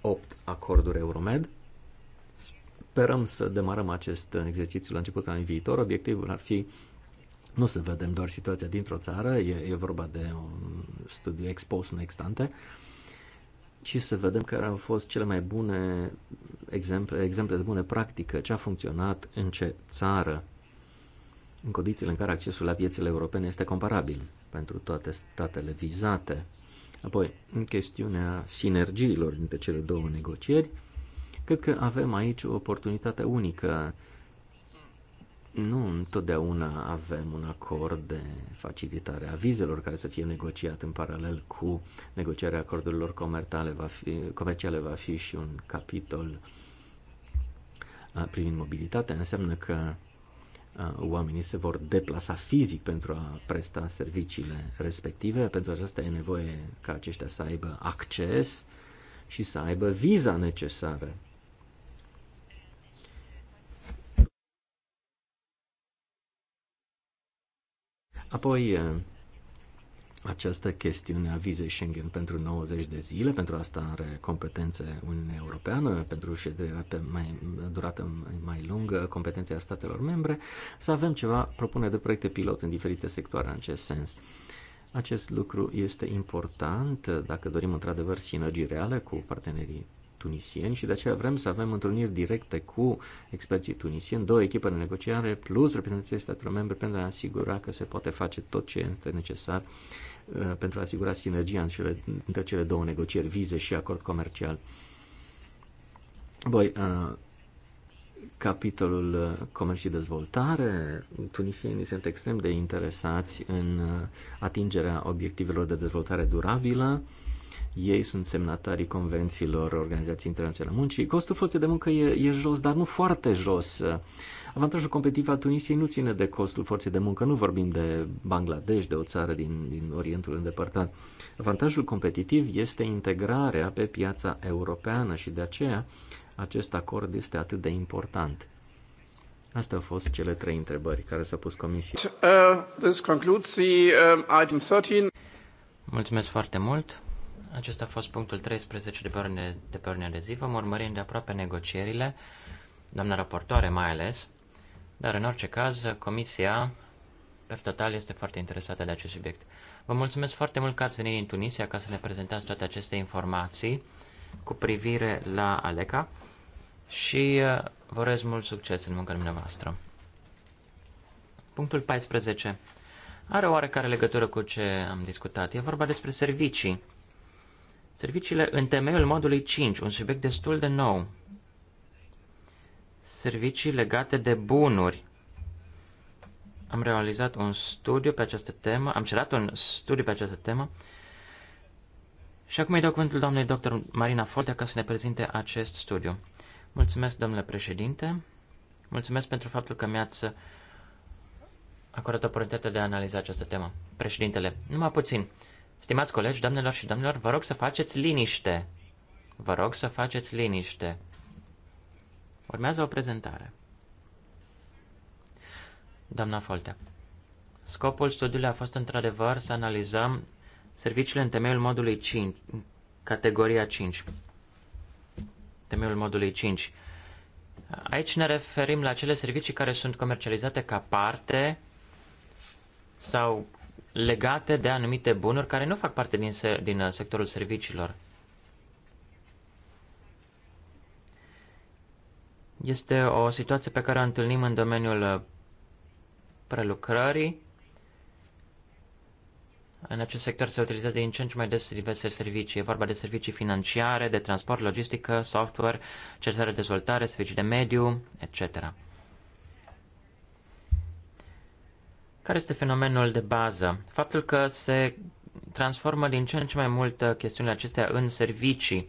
Speaker 1: opt acorduri Euromed sperăm să demarăm acest exercițiu la începutul anului viitor. Obiectivul ar fi nu să vedem doar situația dintr-o țară, e, e vorba de un studiu expos, nu extante, ci să vedem care au fost cele mai bune exemple, exemple de bune practică, ce a funcționat în ce țară, în condițiile în care accesul la piețele europene este comparabil pentru toate statele vizate. Apoi, în chestiunea sinergiilor dintre cele două negocieri, Cred că avem aici o oportunitate unică. Nu întotdeauna avem un acord de facilitare a vizelor care să fie negociat în paralel cu negocierea acordurilor comerciale. Va fi, comerciale va fi și un capitol privind mobilitatea. Înseamnă că oamenii se vor deplasa fizic pentru a presta serviciile respective. Pentru aceasta e nevoie ca aceștia să aibă acces și să aibă viza necesară Apoi, această chestiune a vizei Schengen pentru 90 de zile, pentru asta are competențe Uniunea Europeană, pentru șederea pe mai, durată mai lungă, competențe a statelor membre, să avem ceva propune de proiecte pilot în diferite sectoare în acest sens. Acest lucru este important dacă dorim într-adevăr sinergii reale cu partenerii tunisieni și de aceea vrem să avem întâlniri directe cu experții tunisieni, două echipe de negociare plus reprezentanții statelor membre pentru a asigura că se poate face tot ce este necesar uh, pentru a asigura sinergia între cele, două negocieri, vize și acord comercial. Voi uh, capitolul uh, comerț și dezvoltare, tunisienii sunt extrem de interesați în atingerea obiectivelor de dezvoltare durabilă. Uh, ei sunt semnatarii convențiilor Organizației Internaționale Muncii. Costul forței de muncă e, e jos, dar nu foarte jos. Avantajul competitiv al Tunisiei nu ține de costul forței de muncă, nu vorbim de Bangladesh, de o țară din, din Orientul îndepărtat. Avantajul competitiv este integrarea pe piața europeană și de aceea acest acord este atât de important. Astea au fost cele trei întrebări care s au pus comisia.
Speaker 2: Uh, this concludes the uh, item 13. Mulțumesc foarte mult. Acesta a fost punctul 13 de pe ordine de, pe ordine de zi. Vom urmări îndeaproape negocierile, doamna raportoare mai ales, dar în orice caz, comisia, per total, este foarte interesată de acest subiect. Vă mulțumesc foarte mult că ați venit din Tunisia ca să ne prezentați toate aceste informații cu privire la Aleca și uh, vă urez mult succes în munca dumneavoastră. Punctul 14. Are oarecare legătură cu ce am discutat. E vorba despre servicii. Serviciile în temeiul modului 5, un subiect destul de nou. Servicii legate de bunuri. Am realizat un studiu pe această temă, am cerat un studiu pe această temă și acum îi dau cuvântul doamnei dr. Marina Fordea ca să ne prezinte acest studiu. Mulțumesc, domnule președinte. Mulțumesc pentru faptul că mi-ați acordat oportunitatea de a analiza această temă. Președintele, numai puțin. Stimați colegi, doamnelor și domnilor, vă rog să faceți liniște. Vă rog să faceți liniște. Urmează o prezentare. Doamna Foltea. Scopul studiului a fost într-adevăr să analizăm serviciile în temeiul modului 5, categoria 5. Temeiul modului 5. Aici ne referim la cele servicii care sunt comercializate ca parte sau legate de anumite bunuri care nu fac parte din, din uh, sectorul serviciilor. Este o situație pe care o întâlnim în domeniul uh, prelucrării. În acest sector se utilizează din ce în ce mai des diverse servicii. E vorba de servicii financiare, de transport, logistică, software, cercetare, dezvoltare, servicii de mediu, etc. Care este fenomenul de bază? Faptul că se transformă din ce în ce mai mult uh, chestiunile acestea în servicii.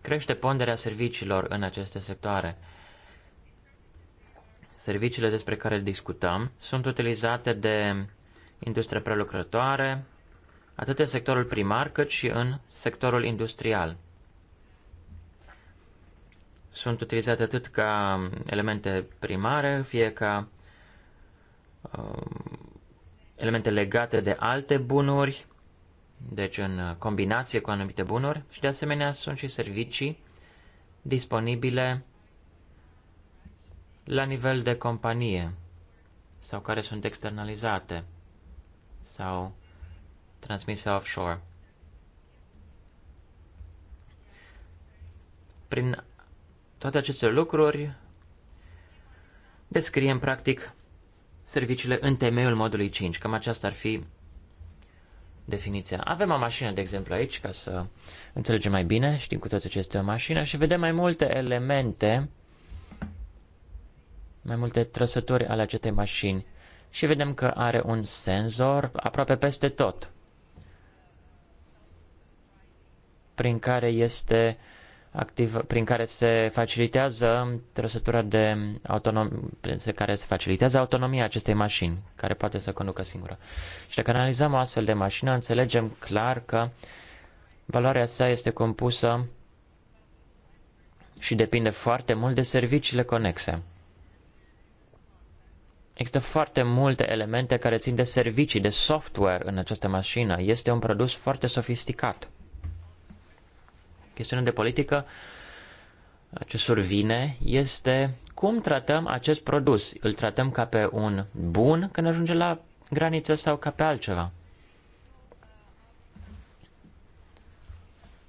Speaker 2: Crește ponderea serviciilor în aceste sectoare. Serviciile despre care discutăm sunt utilizate de industria prelucrătoare, atât în sectorul primar cât și în sectorul industrial. Sunt utilizate atât ca elemente primare, fie ca Um, elemente legate de alte bunuri, deci în combinație cu anumite bunuri și de asemenea sunt și servicii disponibile la nivel de companie sau care sunt externalizate sau transmise offshore. Prin toate aceste lucruri descriem practic serviciile în temeiul modului 5. Cam aceasta ar fi definiția. Avem o mașină, de exemplu, aici, ca să înțelegem mai bine, știm cu toți ce este o mașină și vedem mai multe elemente, mai multe trăsături ale acestei mașini și vedem că are un senzor aproape peste tot, prin care este uh, activ, prin care se facilitează trăsătura de autonom, prin care se facilitează autonomia acestei mașini, care poate să conducă singură. Și dacă analizăm o astfel de mașină, înțelegem clar că valoarea sa este compusă și depinde foarte mult de serviciile conexe. Există foarte multe elemente care țin de servicii, de software în această mașină. Este un produs foarte sofisticat chestiune de politică ce survine este cum tratăm acest produs. Îl tratăm ca pe un bun când ajunge la graniță sau ca pe altceva.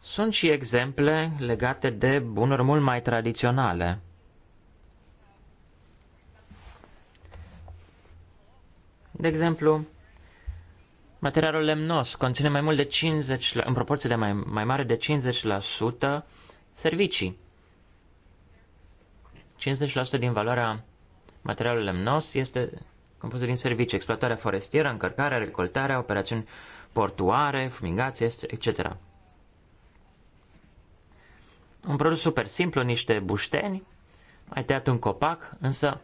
Speaker 2: Sunt și exemple legate de bunuri mult mai tradiționale. De exemplu, Materialul lemnos conține mai mult de 50, în proporție de mai, mai mare de 50% servicii. 50% din valoarea materialului lemnos este compusă din servicii, exploatarea forestieră, încărcarea, recoltarea, operațiuni portuare, fumigație, etc. Un produs super simplu, niște bușteni, ai tăiat un copac, însă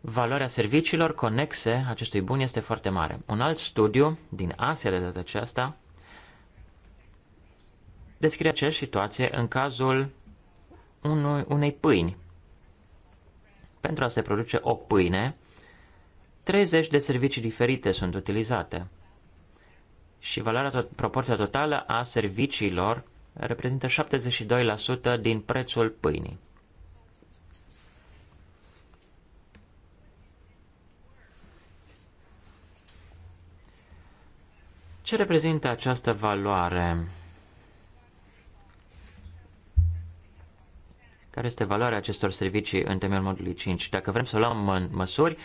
Speaker 2: valoarea serviciilor conexe acestui bun este foarte mare. Un alt studiu din Asia de data aceasta descrie aceeași situație în cazul unui, unei pâini. Pentru a se produce o pâine, 30 de servicii diferite sunt utilizate și valoarea tot, proporția totală a serviciilor reprezintă 72% din prețul pâinii. Ce reprezintă această valoare? Care este valoarea acestor servicii în temelul modului 5? Dacă vrem să luăm măsuri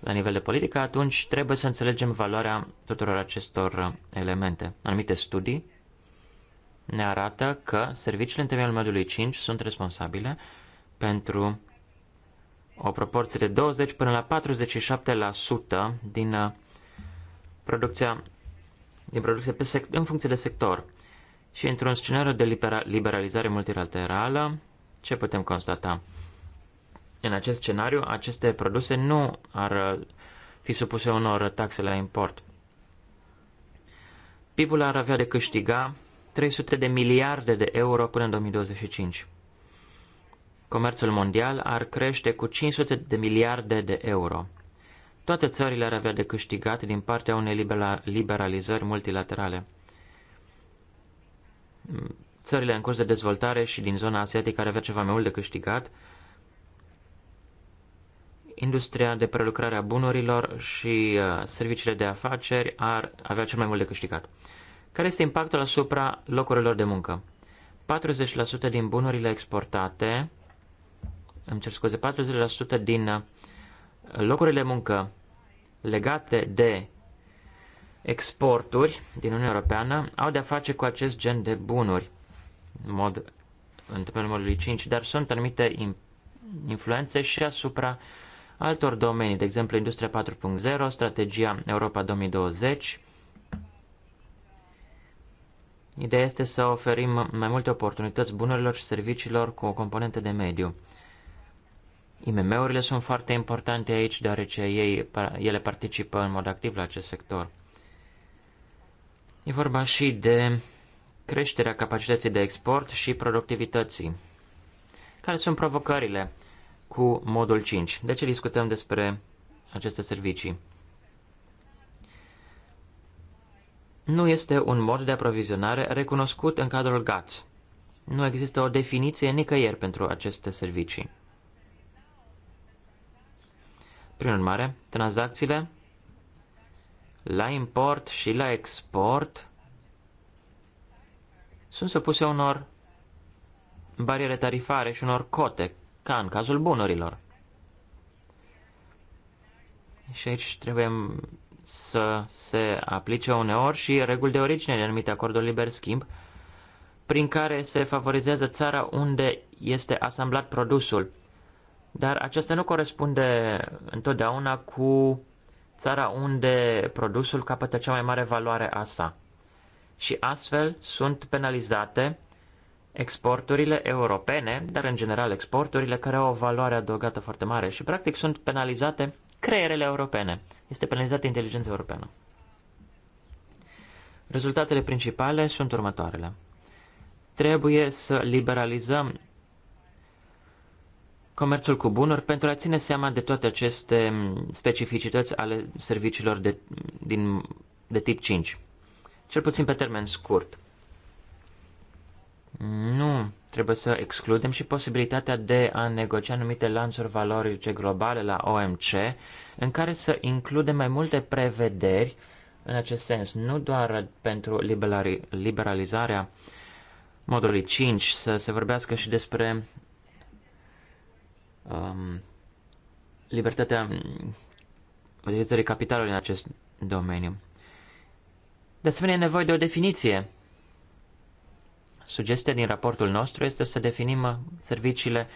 Speaker 2: la nivel de politică, atunci trebuie să înțelegem valoarea tuturor acestor elemente. Anumite studii ne arată că serviciile în temelul modului 5 sunt responsabile pentru o proporție de 20 până la 47% din uh, producția din producție pe sec- în funcție de sector. Și într-un scenariu de libera- liberalizare multilaterală, ce putem constata? În acest scenariu, aceste produse nu ar uh, fi supuse unor taxe la import. PIB-ul ar avea de câștiga 300 de miliarde de euro până în 2025. Comerțul mondial ar crește cu 500 de miliarde de euro. Toate țările ar avea de câștigat din partea unei liberalizări multilaterale. Țările în curs de dezvoltare și din zona asiatică ar avea ceva mai mult de câștigat. Industria de prelucrare a bunurilor și uh, serviciile de afaceri ar avea cel mai mult de câștigat. Care este impactul asupra locurilor de muncă? 40% din bunurile exportate, îmi cer scuze, 40% din uh, locurile muncă legate de exporturi din Uniunea Europeană au de-a face cu acest gen de bunuri, în mod, în numărului 5, dar sunt anumite influențe și asupra altor domenii, de exemplu Industria 4.0, Strategia Europa 2020. Ideea este să oferim mai multe oportunități bunurilor și serviciilor cu o componentă de mediu. IMM-urile sunt foarte importante aici, deoarece ei, ele participă în mod activ la acest sector. E vorba și de creșterea capacității de export și productivității. Care sunt provocările cu modul 5? De ce discutăm despre aceste servicii? Nu este un mod de aprovizionare recunoscut în cadrul GATS. Nu există o definiție nicăieri pentru aceste servicii. Prin urmare, tranzacțiile la import și la export sunt supuse unor bariere tarifare și unor cote, ca în cazul bunurilor. Și aici trebuie să se aplice uneori și reguli de origine de anumite acorduri liber-schimb, prin care se favorizează țara unde este asamblat produsul dar acesta nu corespunde întotdeauna cu țara unde produsul capătă cea mai mare valoare a sa. Și astfel sunt penalizate exporturile europene, dar în general exporturile care au o valoare adăugată foarte mare și practic sunt penalizate creierele europene. Este penalizată inteligența europeană. Rezultatele principale sunt următoarele. Trebuie să liberalizăm comerțul cu bunuri pentru a ține seama de toate aceste specificități ale serviciilor de, din, de tip 5, cel puțin pe termen scurt. Nu, trebuie să excludem și posibilitatea de a negocia anumite lanțuri valorice globale la OMC, în care să includem mai multe prevederi în acest sens, nu doar pentru liberalizarea modului 5, să se vorbească și despre um, libertatea utilizării um, capitalului în acest domeniu. De asemenea, e nevoie de o definiție. Sugestia din raportul nostru este să definim uh, serviciile,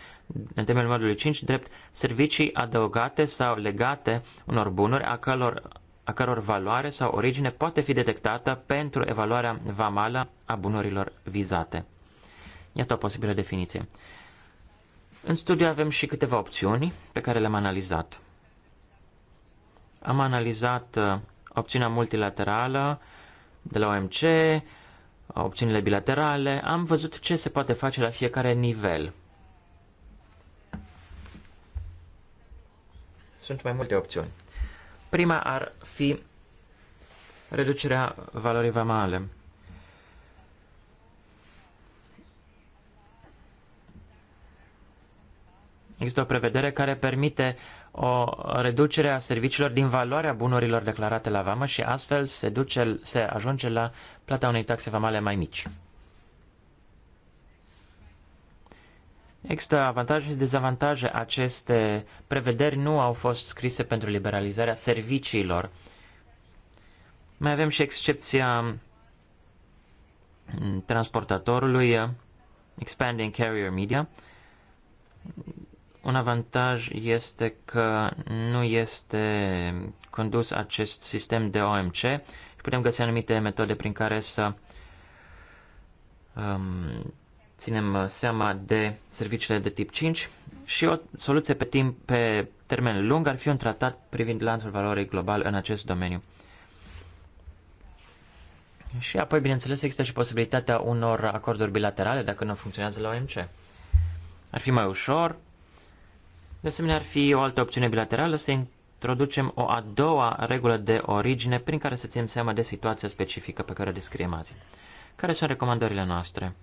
Speaker 2: în termenul modului 5, drept servicii adăugate sau legate unor bunuri a căror, a căror valoare sau origine poate fi detectată pentru evaluarea vamală a bunurilor vizate. Iată o posibilă definiție. În studiu avem și câteva opțiuni pe care le-am analizat. Am analizat uh, opțiunea multilaterală de la OMC, opțiunile bilaterale, am văzut ce se poate face la fiecare nivel. Sunt mai multe opțiuni. Prima ar fi reducerea valorii vamale. Există o prevedere care permite o reducere a serviciilor din valoarea bunurilor declarate la vamă și astfel se, duce, se ajunge la plata unei taxe vamale mai mici. Există avantaje și dezavantaje. Aceste prevederi nu au fost scrise pentru liberalizarea serviciilor. Mai avem și excepția transportatorului Expanding Carrier Media. Un avantaj este că nu este condus acest sistem de OMC și putem găsi anumite metode prin care să um, ținem seama de serviciile de tip 5 și o soluție pe timp pe termen lung ar fi un tratat privind lanțul valorii global în acest domeniu. Și apoi, bineînțeles, există și posibilitatea unor acorduri bilaterale dacă nu funcționează la OMC. Ar fi mai ușor, de asemenea, ar fi o altă opțiune bilaterală să introducem o a doua regulă de origine prin care să ținem seama de situația specifică pe care o descriem azi. Care sunt recomandările noastre?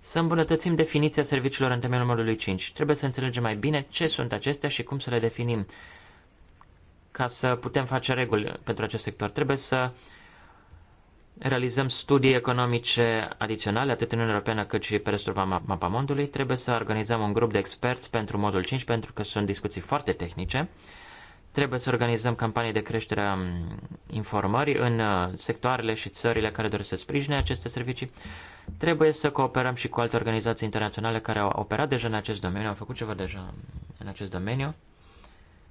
Speaker 2: Să îmbunătățim definiția serviciilor în temeiul modului 5. Trebuie să înțelegem mai bine ce sunt acestea și cum să le definim ca să putem face reguli pentru acest sector. Trebuie să uh, realizăm studii economice adiționale, atât în Uniunea Europeană cât și pe restul mapamontului. Trebuie să organizăm un grup de experți pentru modul 5, pentru că sunt discuții foarte tehnice. Trebuie să organizăm campanii de creștere a informării în uh, sectoarele și țările care doresc să sprijine aceste servicii. Trebuie să cooperăm și cu alte organizații internaționale care au operat deja în acest domeniu, au făcut ceva deja în acest domeniu.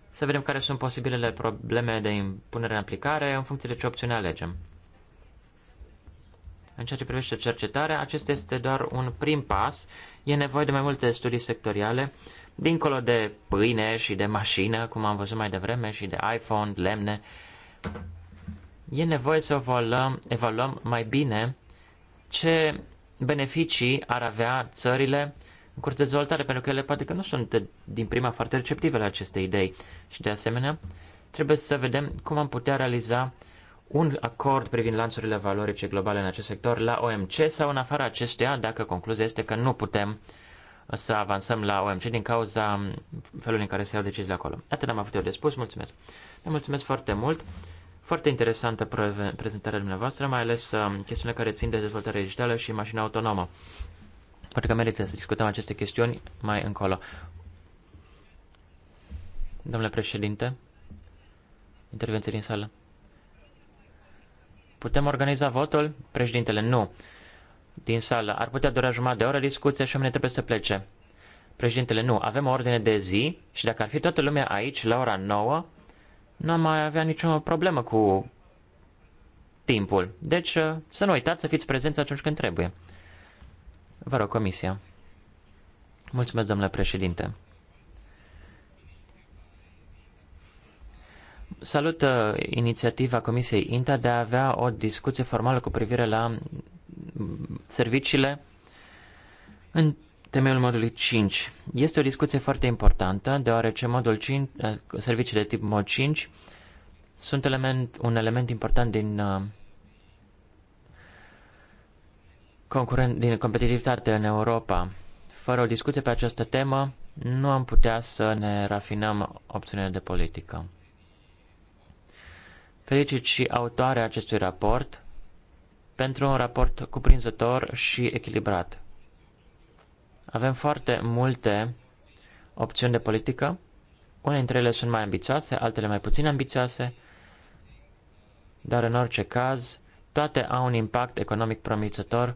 Speaker 2: Să vedem care sunt posibilele probleme de impunere în aplicare în funcție de ce opțiune alegem. În ceea ce privește cercetarea, acesta este doar un prim pas. E nevoie de mai multe studii sectoriale, dincolo de pâine și de mașină, cum am văzut mai devreme, și de iPhone, lemne. E nevoie să evaluăm, evaluăm mai bine ce beneficii ar avea țările în curs de dezvoltare, pentru că ele poate că nu sunt din prima foarte receptive la aceste idei. Și de asemenea, trebuie să vedem cum am putea realiza un acord privind lanțurile valorice globale în acest sector la OMC sau în afara acesteia, dacă concluzia este că nu putem să avansăm la OMC din cauza felului în care se iau decizii acolo. Atât am avut eu de spus, mulțumesc. Ne mulțumesc foarte mult. Foarte interesantă prezentarea dumneavoastră, mai ales um, chestiunile care țin de dezvoltare digitală și mașina autonomă. Poate că merită să discutăm aceste chestiuni mai încolo. Domnule președinte, intervenție din sală. Putem organiza votul? Președintele, nu. Din sală, ar putea dura jumătate de oră discuție și oamenii trebuie să plece. Președintele, nu, avem o ordine de zi și dacă ar fi toată lumea aici la ora 9, nu am mai avea nicio problemă cu timpul. Deci uh, să nu uitați să fiți prezenți atunci când trebuie. Vă rog, comisia. Mulțumesc, domnule președinte. Salut inițiativa Comisiei INTA de a avea o discuție formală cu privire la serviciile în temeiul modului 5. Este o discuție foarte importantă, deoarece modul 5, eh, serviciile tip mod 5 sunt element, un element important din eh, concurent, din competitivitate în Europa. Fără o discuție pe această temă, nu am putea să ne rafinăm opțiunile de politică. Felicit și autoarea acestui raport pentru un raport cuprinzător și echilibrat. Avem foarte multe opțiuni de politică. Unele dintre ele sunt mai ambițioase, altele mai puțin ambițioase, dar în orice caz, toate au un impact economic promițător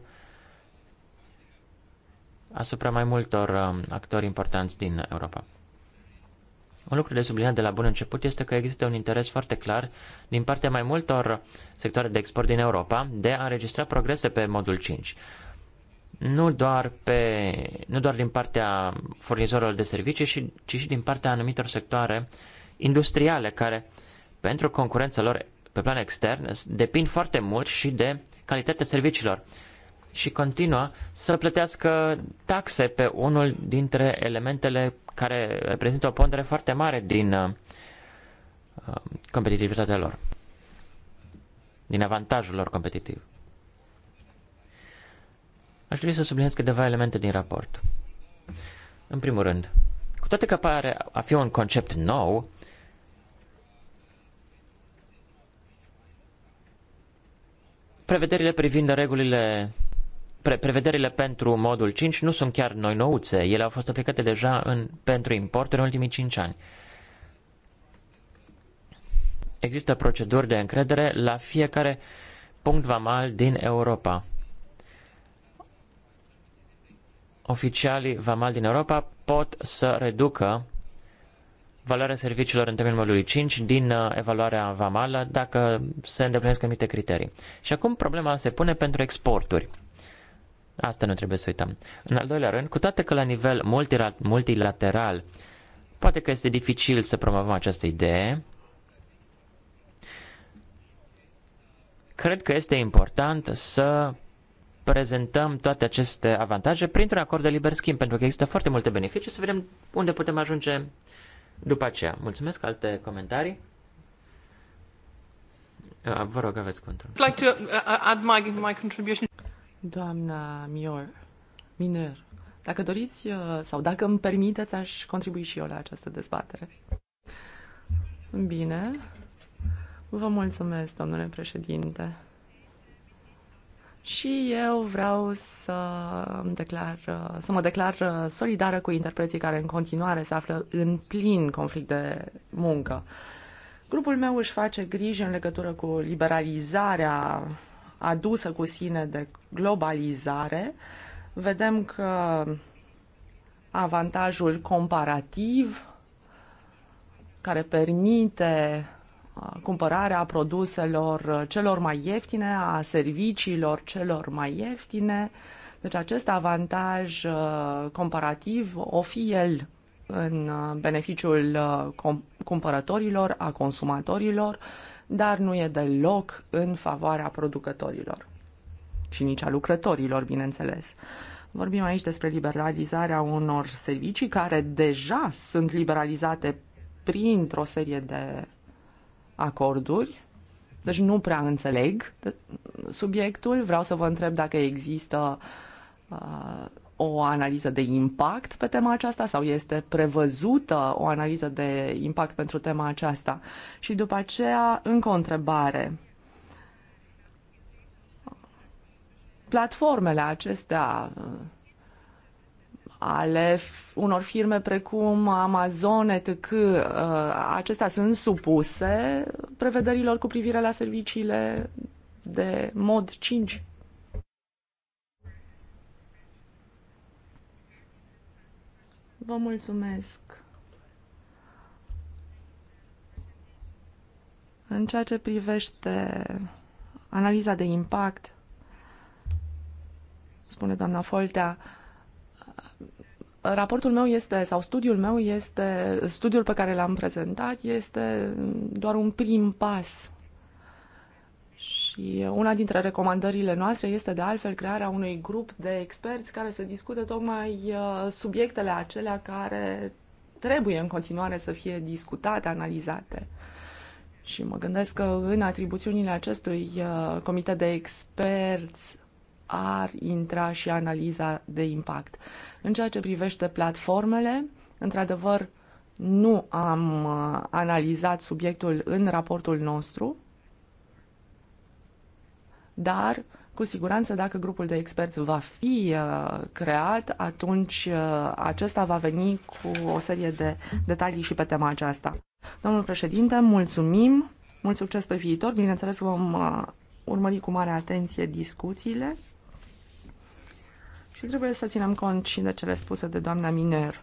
Speaker 2: asupra mai multor um, actori importanți din Europa. Un lucru de subliniat de la bun început este că există un interes foarte clar din partea mai multor sectoare de export din Europa de a înregistra progrese pe modul 5. Nu doar, pe, nu doar din partea furnizorilor de servicii, ci și din partea anumitor sectoare industriale care, pentru concurența lor pe plan extern, depind foarte mult și de calitatea serviciilor și continuă să plătească taxe pe unul dintre elementele care reprezintă o pondere foarte mare din uh, competitivitatea lor, din avantajul lor competitiv. Aș dori să subliniez câteva elemente din raport. În primul rând, cu toate că pare a fi un concept nou, prevederile privind regulile pre- prevederile pentru modul 5 nu sunt chiar noi nouțe. Ele au fost aplicate deja în, pentru import în ultimii 5 ani. Există proceduri de încredere la fiecare punct vamal din Europa. Oficialii vamal din Europa pot să reducă valoarea serviciilor în termenul modului 5 din uh, evaluarea vamală dacă se îndeplinesc anumite criterii. Și acum problema se pune pentru exporturi. Asta nu trebuie să uităm. În al doilea rând, cu toate că la nivel multilateral poate că este dificil să promovăm această idee, cred că este important să prezentăm toate aceste avantaje printr-un acord de liber schimb, pentru că există foarte multe beneficii, să vedem unde putem ajunge după aceea. Mulțumesc, alte comentarii? Uh, vă rog, aveți cuvântul.
Speaker 3: like to uh, uh, add my, my contribution. Doamna Mior, Miner, dacă doriți uh, sau dacă îmi permiteți, aș contribui și eu la această dezbatere. Bine. Vă mulțumesc, domnule președinte. Și eu vreau să, declar, uh, să mă declar uh, solidară cu interpreții care în continuare se află în plin conflict de muncă. Grupul meu își face griji în legătură cu liberalizarea adusă cu sine de globalizare, vedem că avantajul comparativ care permite uh, cumpărarea produselor celor mai ieftine, a serviciilor celor mai ieftine. Deci acest avantaj uh, comparativ, o fi el în uh, beneficiul cumpărătorilor, a consumatorilor, dar nu e deloc în favoarea producătorilor și nici a lucrătorilor, bineînțeles. Vorbim aici despre liberalizarea unor servicii care deja sunt liberalizate printr-o serie de acorduri, deci nu prea înțeleg subiectul. Vreau să vă întreb dacă există uh, o analiză de impact pe tema aceasta sau este prevăzută o analiză de impact pentru tema aceasta? Și după aceea, încă o întrebare. Platformele acestea ale unor firme precum Amazon, etc., uh, acestea sunt supuse prevederilor cu privire la serviciile de mod 5 Vă mulțumesc. În ceea ce privește analiza de impact, spune doamna Foltea, raportul meu este, sau studiul meu este, studiul pe care l-am prezentat este doar un prim pas și una dintre recomandările noastre este de altfel crearea unui grup de experți care să discute tocmai uh, subiectele acelea care trebuie în continuare să fie discutate, analizate. Și mă gândesc că în atribuțiunile acestui uh, comitet de experți ar intra și analiza de impact. În ceea ce privește platformele, într-adevăr, nu am uh, analizat subiectul în raportul nostru, dar cu siguranță dacă grupul de experți va fi uh, creat, atunci uh, acesta va veni cu o serie de detalii și pe tema aceasta. Domnul președinte, mulțumim, mult succes pe viitor, bineînțeles vom uh, urmări cu mare atenție discuțiile și trebuie să ținem cont și de cele spuse de doamna Miner.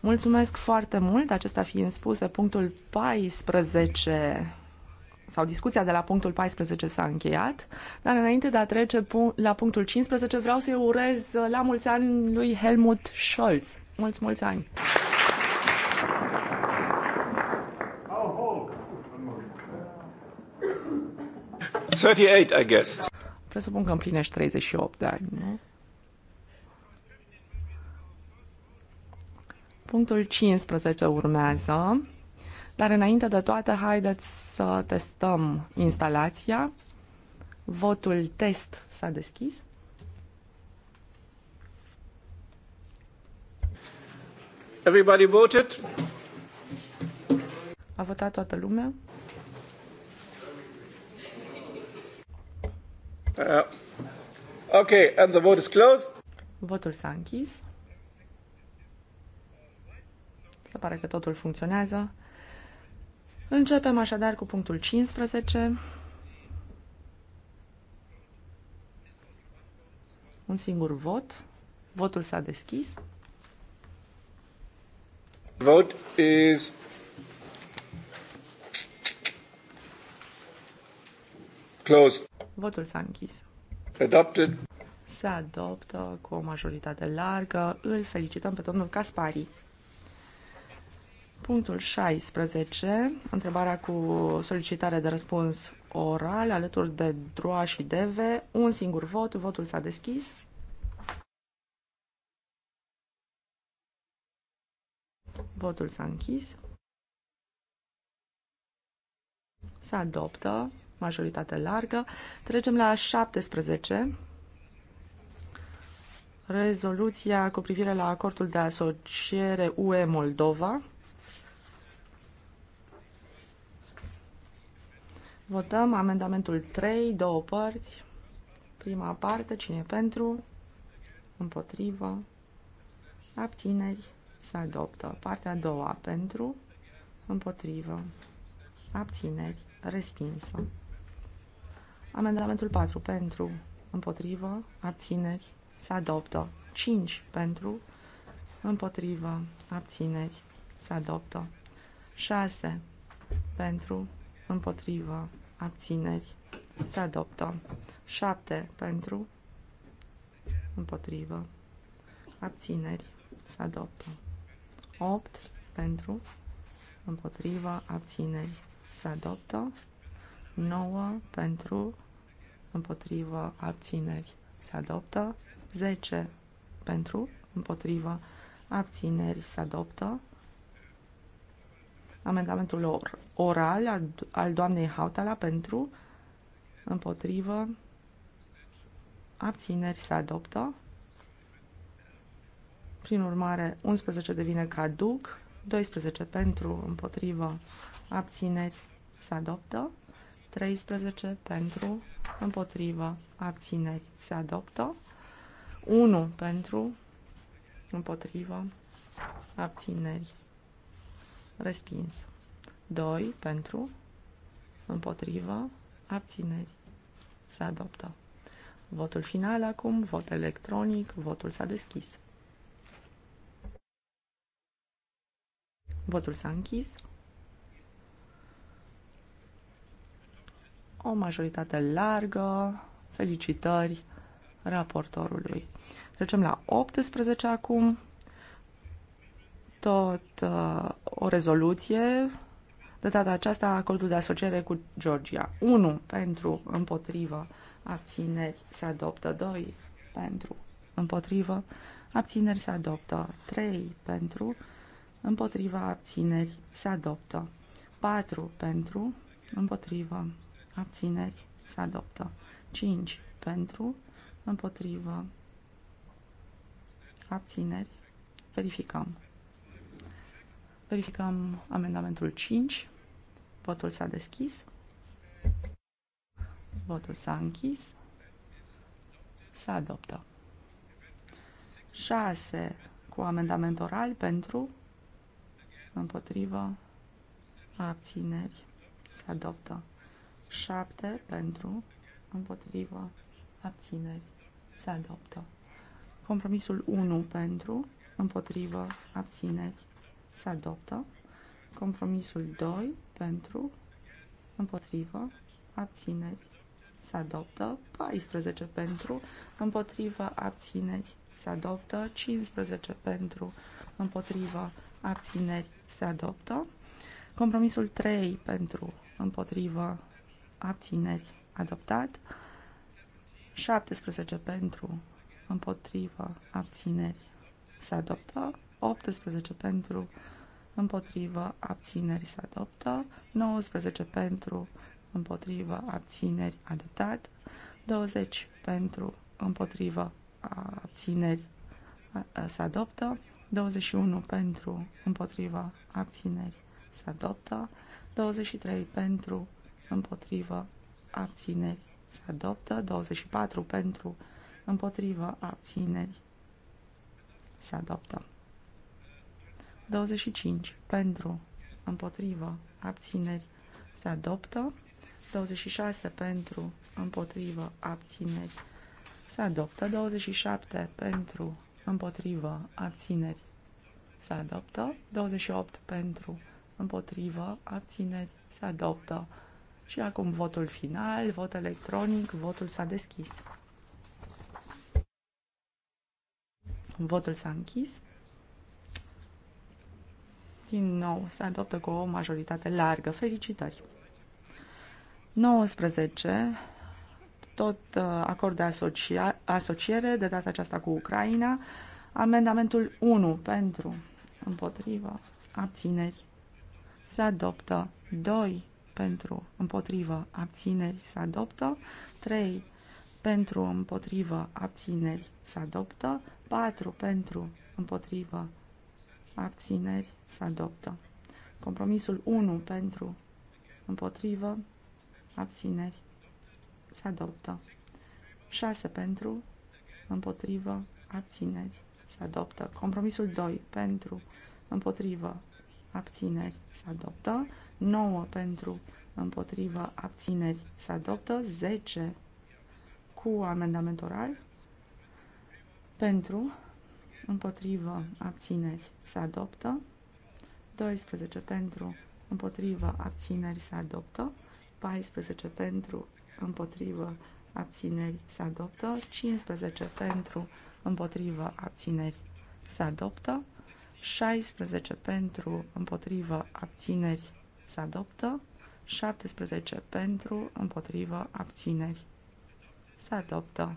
Speaker 3: Mulțumesc foarte mult, acesta fiind spuse, punctul 14 sau discuția de la punctul 14 s-a încheiat, dar înainte de a trece la punctul 15 vreau să-i urez la mulți ani lui Helmut Scholz. Mulți, mulți ani!
Speaker 1: Thirty-eight, I guess.
Speaker 3: Presupun că împlinești 38 de ani, nu? Punctul 15 urmează. Dar înainte de toate, haideți să testăm instalația. Votul test s-a deschis.
Speaker 2: Everybody voted?
Speaker 3: A votat toată lumea? Uh, ok, and the vote is closed. Votul s-a închis. Se pare că totul funcționează. Începem așadar cu punctul 15. Un singur vot. Votul s-a deschis.
Speaker 1: Vote is
Speaker 3: closed. Votul s-a închis. Adopted. Se adoptă cu o majoritate largă. Îl felicităm pe domnul Caspari. Punctul 16, întrebarea cu solicitare de răspuns oral, alături de DROA și DEVE, un singur vot, votul s-a deschis. Votul s-a închis. Se adoptă, majoritate largă. Trecem la 17. Rezoluția cu privire la acordul de asociere UE-Moldova. Votăm amendamentul 3, două părți. Prima parte, cine pentru, împotrivă, abțineri, se adoptă. Partea a doua, pentru, împotrivă, abțineri, respinsă. Amendamentul 4, pentru, împotrivă, abțineri, se adoptă. 5, pentru, împotrivă, abțineri, se adoptă. 6, pentru, împotrivă, abțineri, se adoptă. 7 pentru, împotrivă, abțineri, se adoptă. 8 pentru, împotrivă. abțineri, se adoptă. 9 pentru, împotrivă. abțineri, se adoptă. 10 pentru, împotrivă. abțineri, se adoptă. Amendamentul oral al doamnei Hautala pentru, împotrivă, abțineri se adoptă. Prin urmare, 11 devine caduc, 12 pentru, împotrivă, abțineri se adoptă, 13 pentru, împotrivă, abțineri se adoptă, 1 pentru, împotrivă, abțineri Respins. 2 pentru, împotrivă, abțineri. Se adoptă. Votul final acum, vot electronic, votul s-a deschis. Votul s-a închis. O majoritate largă. Felicitări raportorului. Trecem la 18 acum tot uh, o rezoluție, de data aceasta acordul de asociere cu Georgia. 1. Pentru, împotrivă, abțineri se adoptă. 2. Pentru, împotrivă, abțineri se adoptă. 3. Pentru, împotriva abțineri se adoptă. 4. Pentru, împotrivă, abțineri se adoptă. 5. Pentru, împotrivă, abțineri, verificăm. Verificăm amendamentul 5. Votul s-a deschis. Votul s-a închis. Se adoptă. 6 cu amendament oral pentru, împotrivă, abțineri. Se adoptă. 7 pentru, împotrivă, abțineri. Se adoptă. Compromisul 1 pentru, împotrivă, abțineri se adoptă. Compromisul 2 pentru, împotrivă, abțineri, se adoptă. 14 pentru, împotrivă, abțineri, se adoptă. 15 pentru, împotrivă, abțineri, se adoptă. Compromisul 3 pentru, împotrivă, abțineri, adoptat. 17 pentru, împotrivă, abțineri, se adoptă. 18 pentru, împotrivă, abțineri se adoptă, 19 pentru, împotrivă, abțineri adoptat, 20 pentru, împotrivă, abțineri se adoptă, 21 pentru, împotriva, abțineri se adoptă, 23 pentru, împotriva, abțineri se adoptă, 24 pentru, împotriva, abțineri se adoptă. 25 pentru, împotrivă, abțineri se adoptă. 26 pentru, împotrivă, abțineri se adoptă. 27 pentru, împotrivă, abțineri se adoptă. 28 pentru, împotrivă, abțineri se adoptă. Și acum votul final, vot electronic, votul s-a deschis. Votul s-a închis. Din nou, se adoptă cu o majoritate largă. Felicitări! 19. Tot uh, acord de asocia- asociere, de data aceasta cu Ucraina. Amendamentul 1 pentru, împotriva abțineri. Se adoptă 2 pentru, împotriva abțineri. Se adoptă 3 pentru, împotriva abțineri. Se adoptă 4 pentru, împotriva abțineri se adoptă. Compromisul 1 pentru împotrivă, abțineri, se adoptă. 6 pentru împotrivă, abțineri, se adoptă. Compromisul 2 pentru împotrivă, abțineri, se adoptă. 9 pentru împotrivă, abțineri, se adoptă. 10 cu amendament oral pentru împotrivă, abțineri, se adoptă. 12 pentru, împotrivă, abțineri se adoptă, 14 pentru, împotrivă, abțineri se adoptă, 15 pentru, împotrivă, abțineri se adoptă, 16 pentru, împotrivă, abțineri se adoptă, 17 pentru, împotrivă, abțineri se adoptă.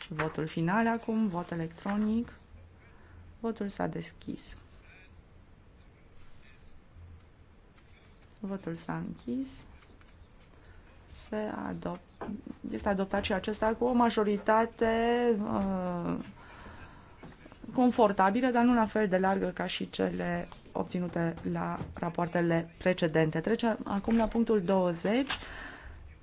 Speaker 3: Și votul final acum, vot electronic, votul s-a deschis. Votul s-a închis. Se adopt, este adoptat și acesta cu o majoritate uh, confortabilă, dar nu la fel de largă ca și cele obținute la rapoartele precedente. Trecem acum la punctul 20.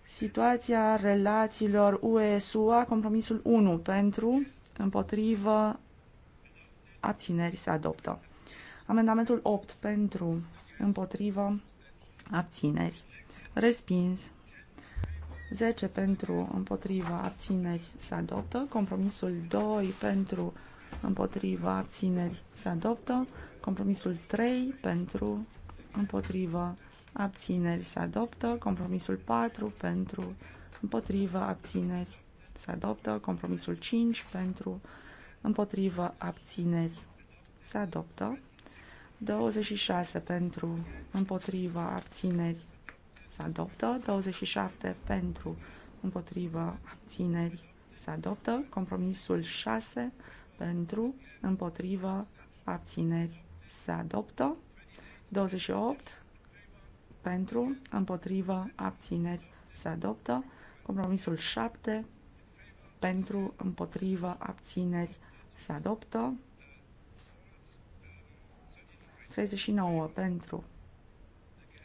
Speaker 3: Situația relațiilor UE-SUA, compromisul 1 pentru, împotrivă, abțineri se adoptă. Amendamentul 8 pentru, împotrivă, abțineri, respins. 10 pentru, împotriva, abțineri, se adoptă. Compromisul 2 pentru, împotriva, abțineri, se adoptă. Compromisul 3 pentru, împotriva, abțineri, se adoptă. Compromisul 4 pentru, împotriva, abțineri, se adoptă. Compromisul 5 pentru, împotriva, abțineri, se adoptă. 26 pentru, împotriva, abțineri se adoptă, 27 pentru, împotriva, abțineri se adoptă, compromisul 6 pentru, împotriva, abțineri se adoptă, 28 pentru, împotriva, abțineri se adoptă, compromisul 7 pentru, împotriva, abțineri se adoptă, 39 pentru,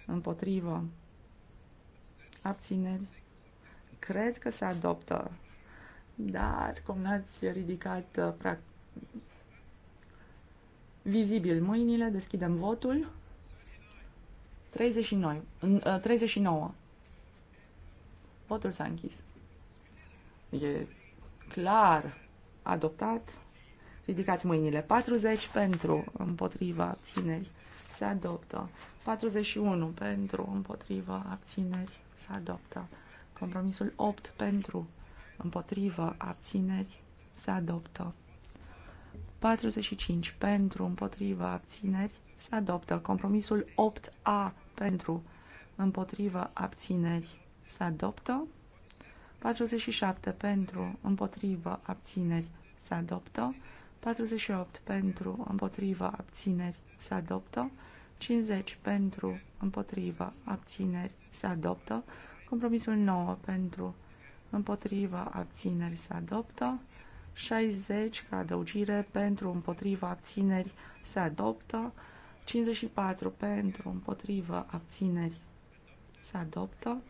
Speaker 3: împotrivă, abțineri, cred că se adoptă, dar cum n-ați ridicat uh, practic vizibil mâinile, deschidem votul. 39. 39. Uh, votul s-a închis. E clar adoptat Ridicați mâinile. 40 pentru, împotriva, abțineri, se adoptă. 41 pentru, împotriva, abțineri, se adoptă. Compromisul 8 pentru, împotriva, abțineri, se adoptă. 45 pentru, împotriva, abțineri, se adoptă. Compromisul 8A pentru, împotriva, abțineri, se adoptă. 47 pentru, împotriva, abțineri, se adoptă. 48 pentru, împotriva, abțineri, se adoptă. 50 pentru, împotriva, abțineri, se adoptă. Compromisul 9 pentru, împotriva, abțineri, se adoptă. 60 ca adăugire pentru, împotriva, abțineri, se adoptă. 54 pentru, împotriva, abțineri, se adoptă.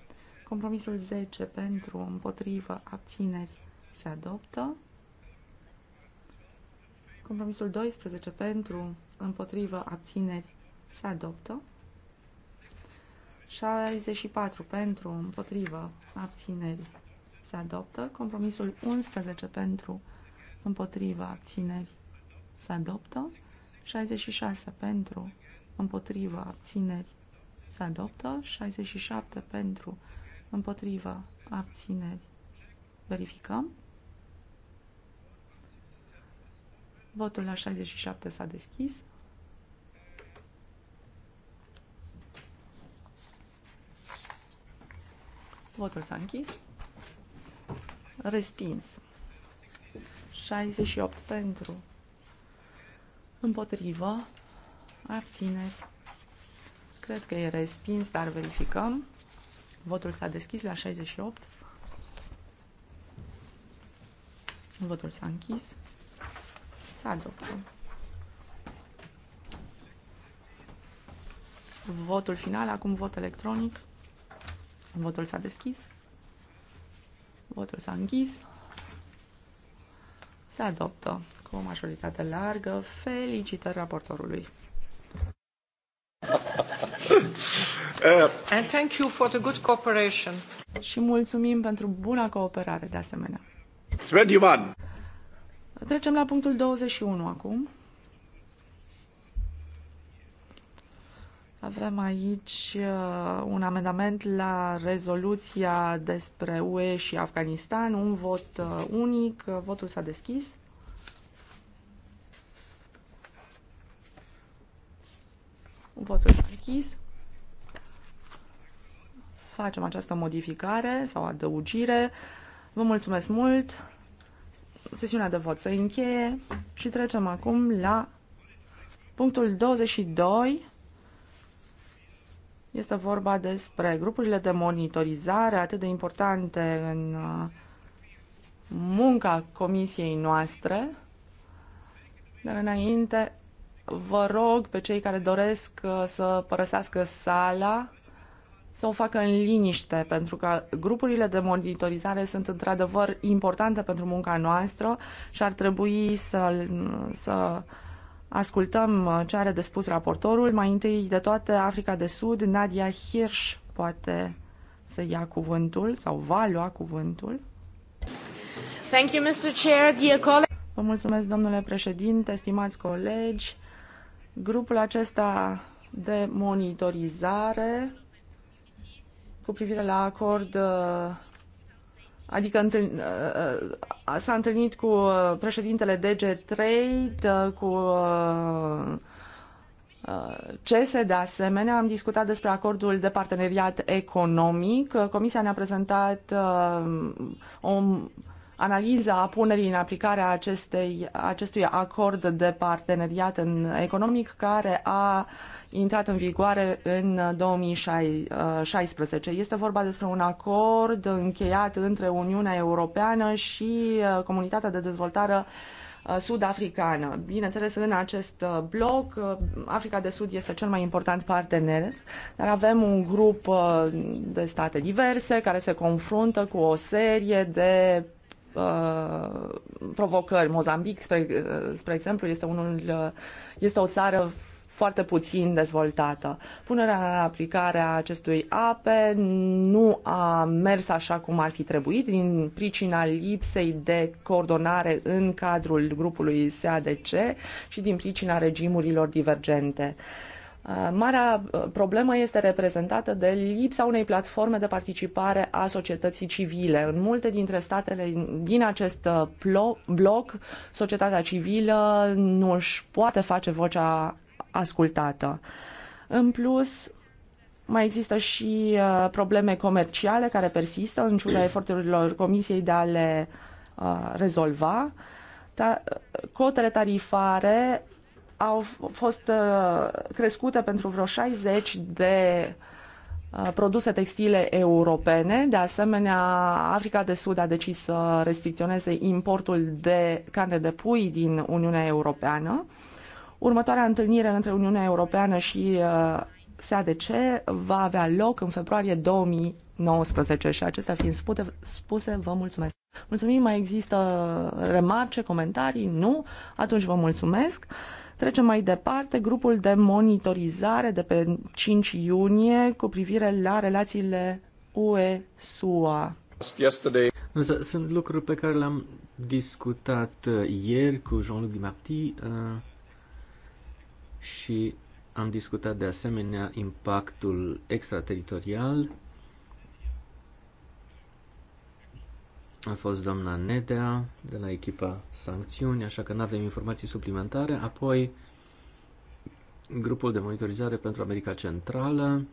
Speaker 3: Compromisul 10 pentru, împotriva, abțineri, se adoptă. Compromisul 12 pentru, împotrivă, abțineri se adoptă. 64 pentru, împotrivă, abțineri se adoptă. Compromisul 11 pentru, împotrivă, abțineri se adoptă. 66 pentru, împotrivă, abțineri se adoptă. 67 pentru, împotrivă, abțineri verificăm. Votul la 67 s-a deschis. Votul s-a închis. Respins. 68 pentru. Împotrivă. Abține. Cred că e respins, dar verificăm. Votul s-a deschis la 68. Votul s-a închis. Să adoptăm Votul final, acum vot electronic. Votul s-a deschis. Votul s-a închis. Se adoptă cu o majoritate largă. Felicitări raportorului. and thank you for the good cooperation. Și mulțumim pentru buna cooperare de asemenea. 21. Trecem la punctul 21 acum. Avem aici uh, un amendament la rezoluția despre UE și Afganistan, un vot uh, unic, votul s-a deschis. Votul s-a deschis. Facem această modificare sau adăugire. Vă mulțumesc mult! sesiunea de vot se încheie și trecem acum la punctul 22. Este vorba despre grupurile de monitorizare atât de importante în uh, munca comisiei noastre. Dar înainte, vă rog pe cei care doresc uh, să părăsească sala să o facă în liniște, pentru că grupurile de monitorizare sunt într-adevăr importante pentru munca noastră și ar trebui să, să ascultăm ce are de spus raportorul. Mai întâi de toate, Africa de Sud, Nadia Hirsch poate să ia cuvântul sau va lua cuvântul. Thank you, Mr. Chair, dear colleague. Vă mulțumesc, domnule președinte, stimați colegi. Grupul acesta de monitorizare cu privire la acord, uh, adică uh, uh, s-a întâlnit cu președintele DG Trade, cu CESE, de asemenea, am discutat despre acordul de parteneriat economic. Comisia ne-a prezentat o analiza a punerii în aplicare a acestei, acestui acord de parteneriat în economic care a intrat în vigoare în 2016. Este vorba despre un acord încheiat între Uniunea Europeană și uh, Comunitatea de Dezvoltare uh, Sud-Africană. Bineînțeles, în acest uh, bloc, Africa de Sud este cel mai important partener, dar avem un grup de state diverse care se confruntă cu o serie de Uh, provocări. Mozambic, spre, uh, spre exemplu, este, unul, uh, este o țară foarte puțin dezvoltată. Punerea în aplicare a acestui APE nu a mers așa cum ar fi trebuit din pricina lipsei de coordonare în cadrul grupului SADC și din pricina regimurilor divergente. Uh, Marea uh, problemă este reprezentată de lipsa unei platforme de participare a societății civile. În multe dintre statele din acest uh, bloc, societatea civilă nu își poate face vocea ascultată. În plus, mai există și uh, probleme comerciale care persistă în ciuda eforturilor Comisiei de a le rezolva. Cotele tarifare au fost uh, crescute pentru vreo 60 de uh, produse textile europene. De asemenea, Africa de Sud a decis să restricționeze importul de carne de pui din Uniunea Europeană. Următoarea întâlnire între Uniunea Europeană și uh, SADC va avea loc în februarie 2019 și acestea fiind spute, spuse, vă mulțumesc. Mulțumim, mai există remarce, comentarii? Nu? Atunci vă mulțumesc. Trecem mai departe, grupul de monitorizare de pe 5 iunie cu privire la relațiile UE-SUA.
Speaker 1: Însă sunt lucruri pe care le-am discutat uh, ieri cu Jean-Luc Dimarty uh, și am discutat de asemenea impactul extrateritorial a fost doamna Nedea de la echipa sancțiuni, așa că nu avem informații suplimentare. Apoi, grupul de monitorizare pentru America Centrală.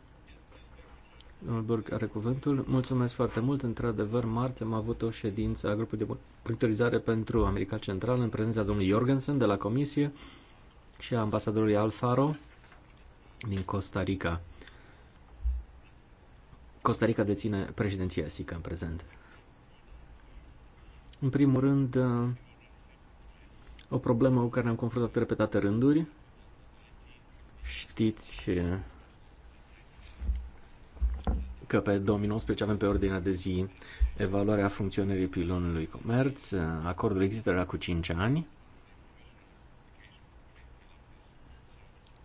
Speaker 1: Domnul Burg are cuvântul. Mulțumesc foarte mult. Într-adevăr, marți am avut o ședință a grupului de monitorizare pentru America Centrală în prezența domnului Jorgensen de la Comisie și a ambasadorului Alfaro din Costa Rica. Costa Rica deține președinția SICA în prezent. În primul rând, uh, o problemă cu care ne-am confruntat pe repetate rânduri. Știți uh, că pe 2019 avem pe ordinea de zi evaluarea funcționării pilonului comerț. Uh, acordul există la cu 5 ani.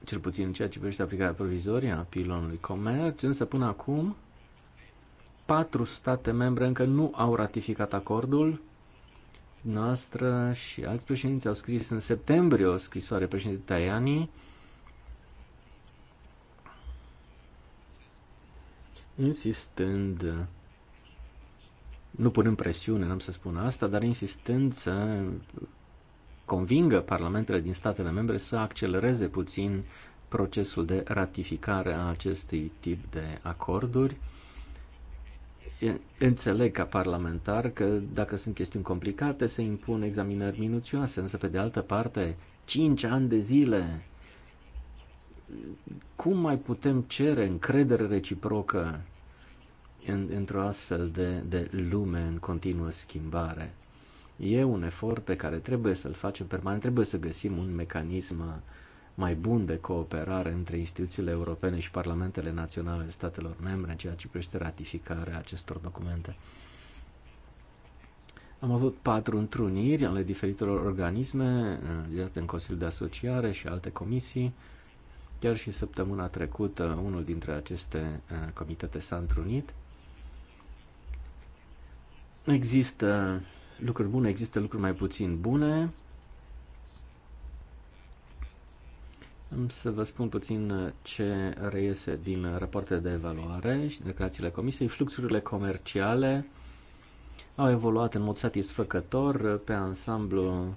Speaker 1: Cel puțin în ceea ce privește aplicarea provizorie a pilonului comerț, însă până acum patru state membre încă nu au ratificat acordul, noastră și alți președinți au scris în septembrie o scrisoare președintei Tajani insistând nu punem presiune, n-am să spun asta, dar insistând să convingă parlamentele din statele membre să accelereze puțin procesul de ratificare a acestui tip de acorduri Înțeleg ca parlamentar că dacă sunt chestiuni complicate se impun examinări minuțioase, însă pe de altă parte 5 ani de zile cum mai putem cere încredere reciprocă în, într-o astfel de, de lume în continuă schimbare? E un efort pe care trebuie să-l facem permanent, trebuie să găsim un mecanism mai bun de cooperare între instituțiile europene și parlamentele naționale ale statelor membre în ceea ce privește ratificarea acestor documente. Am avut patru întruniri ale diferitelor organisme, eh, în Consiliul de Asociare și alte comisii. Chiar și săptămâna trecută, unul dintre aceste eh, comitete s-a întrunit. Există lucruri bune, există lucruri mai puțin bune. Am să vă spun puțin uh, ce reiese din rapoarte de evaluare și declarațiile comisiei. Fluxurile comerciale au evoluat în mod satisfăcător pe ansamblu.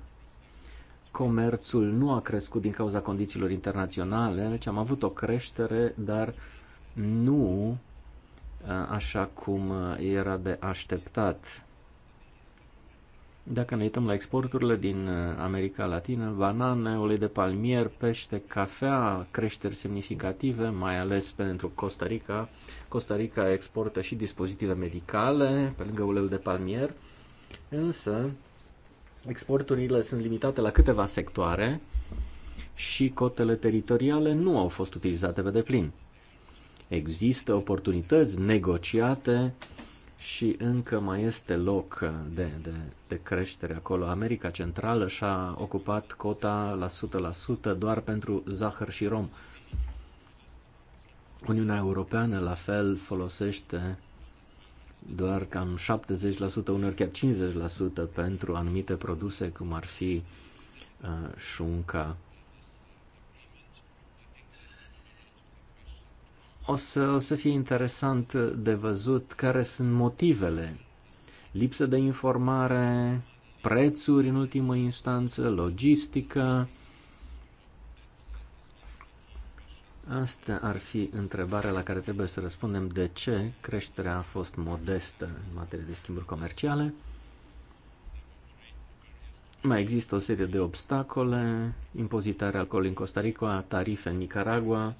Speaker 1: Comerțul nu a crescut din cauza condițiilor internaționale, deci am avut o creștere, dar nu uh, așa cum uh, era de așteptat. Dacă ne uităm la exporturile din uh, America Latină, banane, ulei de palmier, pește, cafea, creșteri semnificative, mai ales pentru Costa Rica. Costa Rica exportă și dispozitive medicale, pe lângă uleiul de palmier, însă exporturile sunt limitate la câteva sectoare și cotele teritoriale nu au fost utilizate pe deplin. Există oportunități negociate și încă mai este loc de, de, de creștere acolo. America Centrală și-a ocupat cota la 100% doar pentru zahăr și rom. Uniunea Europeană la fel folosește doar cam 70%, uneori chiar 50% pentru anumite produse, cum ar fi uh, șunca O să, o să fie interesant de văzut care sunt motivele. Lipsă de informare, prețuri în ultimă instanță, logistică. Asta ar fi întrebarea la care trebuie să răspundem de ce creșterea a fost modestă în materie de schimburi comerciale. Mai există o serie de obstacole, impozitarea alcoolului în Costa Rica, tarife în Nicaragua,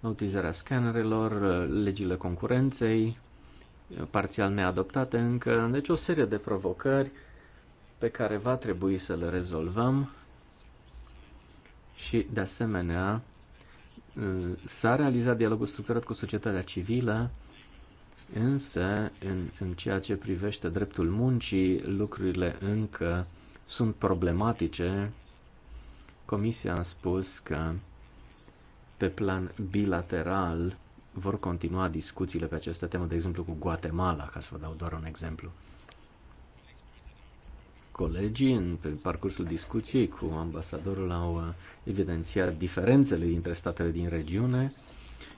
Speaker 1: utilizarea scanerelor, legile concurenței, parțial neadoptate încă, deci o serie de provocări pe care va trebui să le rezolvăm și, de asemenea, s-a realizat dialogul structurat cu societatea civilă, însă, în, în ceea ce privește dreptul muncii, lucrurile încă sunt problematice. Comisia a spus că pe plan bilateral vor continua discuțiile pe această temă, de exemplu cu Guatemala, ca să vă dau doar un exemplu. Colegii, în pe parcursul discuției cu ambasadorul, au uh, evidențiat diferențele dintre statele din regiune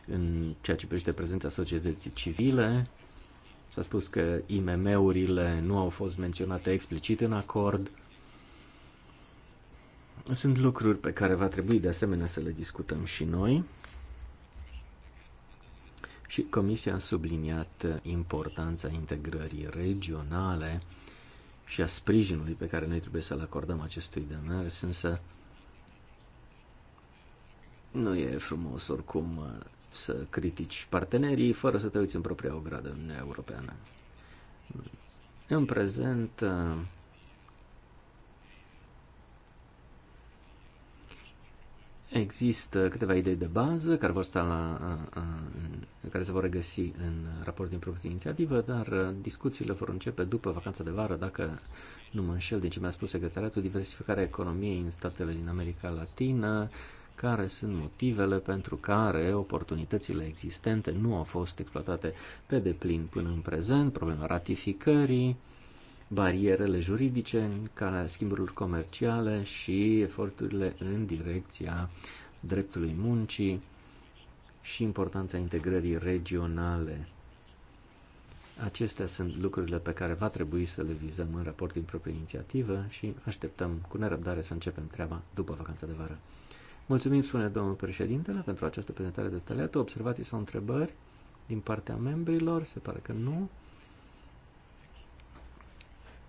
Speaker 1: în ceea ce privește prezența societății civile. S-a spus că IMM-urile nu au fost menționate explicit în acord, sunt lucruri pe care va trebui de asemenea să le discutăm și noi. Și Comisia a subliniat importanța integrării regionale și a sprijinului pe care noi trebuie să-l acordăm acestui demers, însă nu e frumos oricum să critici partenerii fără să te uiți în propria ogradă în Europeană. În prezent, Există câteva idei de bază care vor sta la, care se vor regăsi în raport din proprie inițiativă, dar discuțiile vor începe după vacanța de vară, dacă nu mă înșel din ce mi-a spus secretariatul, diversificarea economiei în statele din America Latină, care sunt motivele pentru care oportunitățile existente nu au fost exploatate pe deplin până în prezent, problema ratificării, barierele juridice în calea schimburilor comerciale și eforturile în direcția dreptului muncii și importanța integrării regionale. Acestea sunt lucrurile pe care va trebui să le vizăm în raport din proprie inițiativă și așteptăm cu nerăbdare să începem treaba după vacanța de vară. Mulțumim, spune domnul președintele, pentru această prezentare detaliată. Observații sau întrebări din partea membrilor? Se pare că nu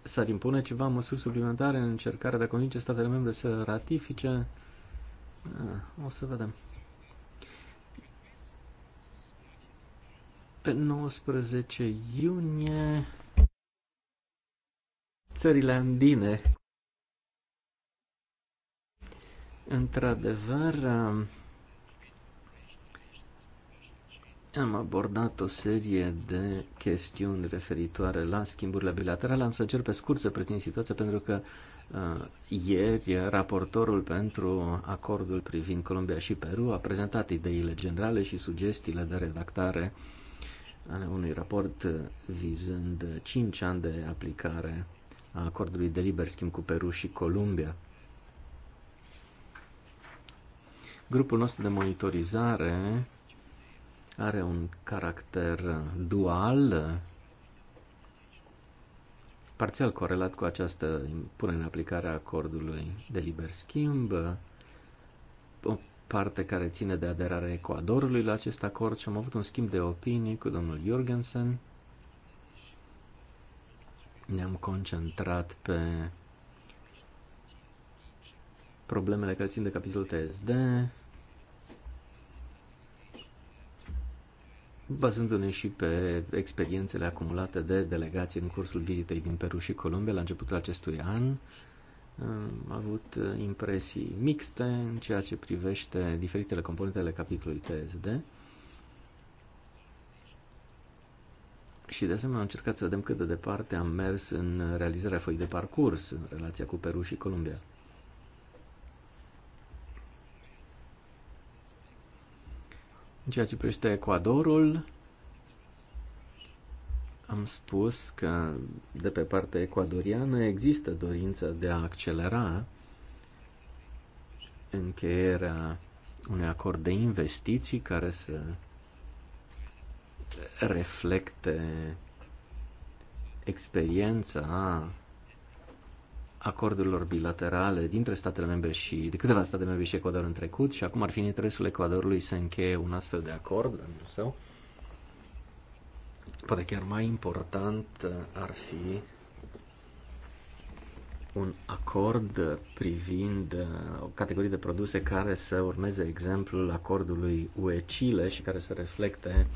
Speaker 1: s-ar impune ceva măsuri suplimentare în încercarea de a convinge statele membre să ratifice. Eh, o să vedem. Pe 19 iunie, țările andine. Într-adevăr, am abordat o serie de chestiuni referitoare la schimburile bilaterale. Am să încerc pe scurt să prezint situația pentru că uh, ieri raportorul pentru acordul privind Columbia și Peru a prezentat ideile generale și sugestiile de redactare ale unui raport uh, vizând 5 ani de aplicare a acordului de liber schimb cu Peru și Columbia. Grupul nostru de monitorizare are un caracter dual, parțial corelat cu această punere în aplicare a acordului de liber schimb, o parte care ține de aderarea Ecuadorului la acest acord și am avut un schimb de opinii cu domnul Jorgensen. Ne-am concentrat pe problemele care țin de capitolul TSD, bazându-ne și pe experiențele acumulate de delegații în cursul vizitei din Peru și Columbia la începutul acestui an. Am avut impresii mixte în ceea ce privește diferitele componente ale capitolului TSD. Și de asemenea am încercat să vedem cât de departe am mers în realizarea foii de parcurs în relația cu Peru și Columbia. În ceea ce privește Ecuadorul, am spus că de pe partea ecuadoriană există dorința de a accelera încheierea unui acord de investiții care să reflecte experiența acordurilor bilaterale dintre statele membre și de câteva state membre și Ecuador în trecut și acum ar fi în interesul Ecuadorului să încheie un astfel de acord la rândul său. Poate chiar mai important uh, ar fi un acord privind uh, o categorie de produse care să urmeze exemplul acordului UE-Chile și care să reflecte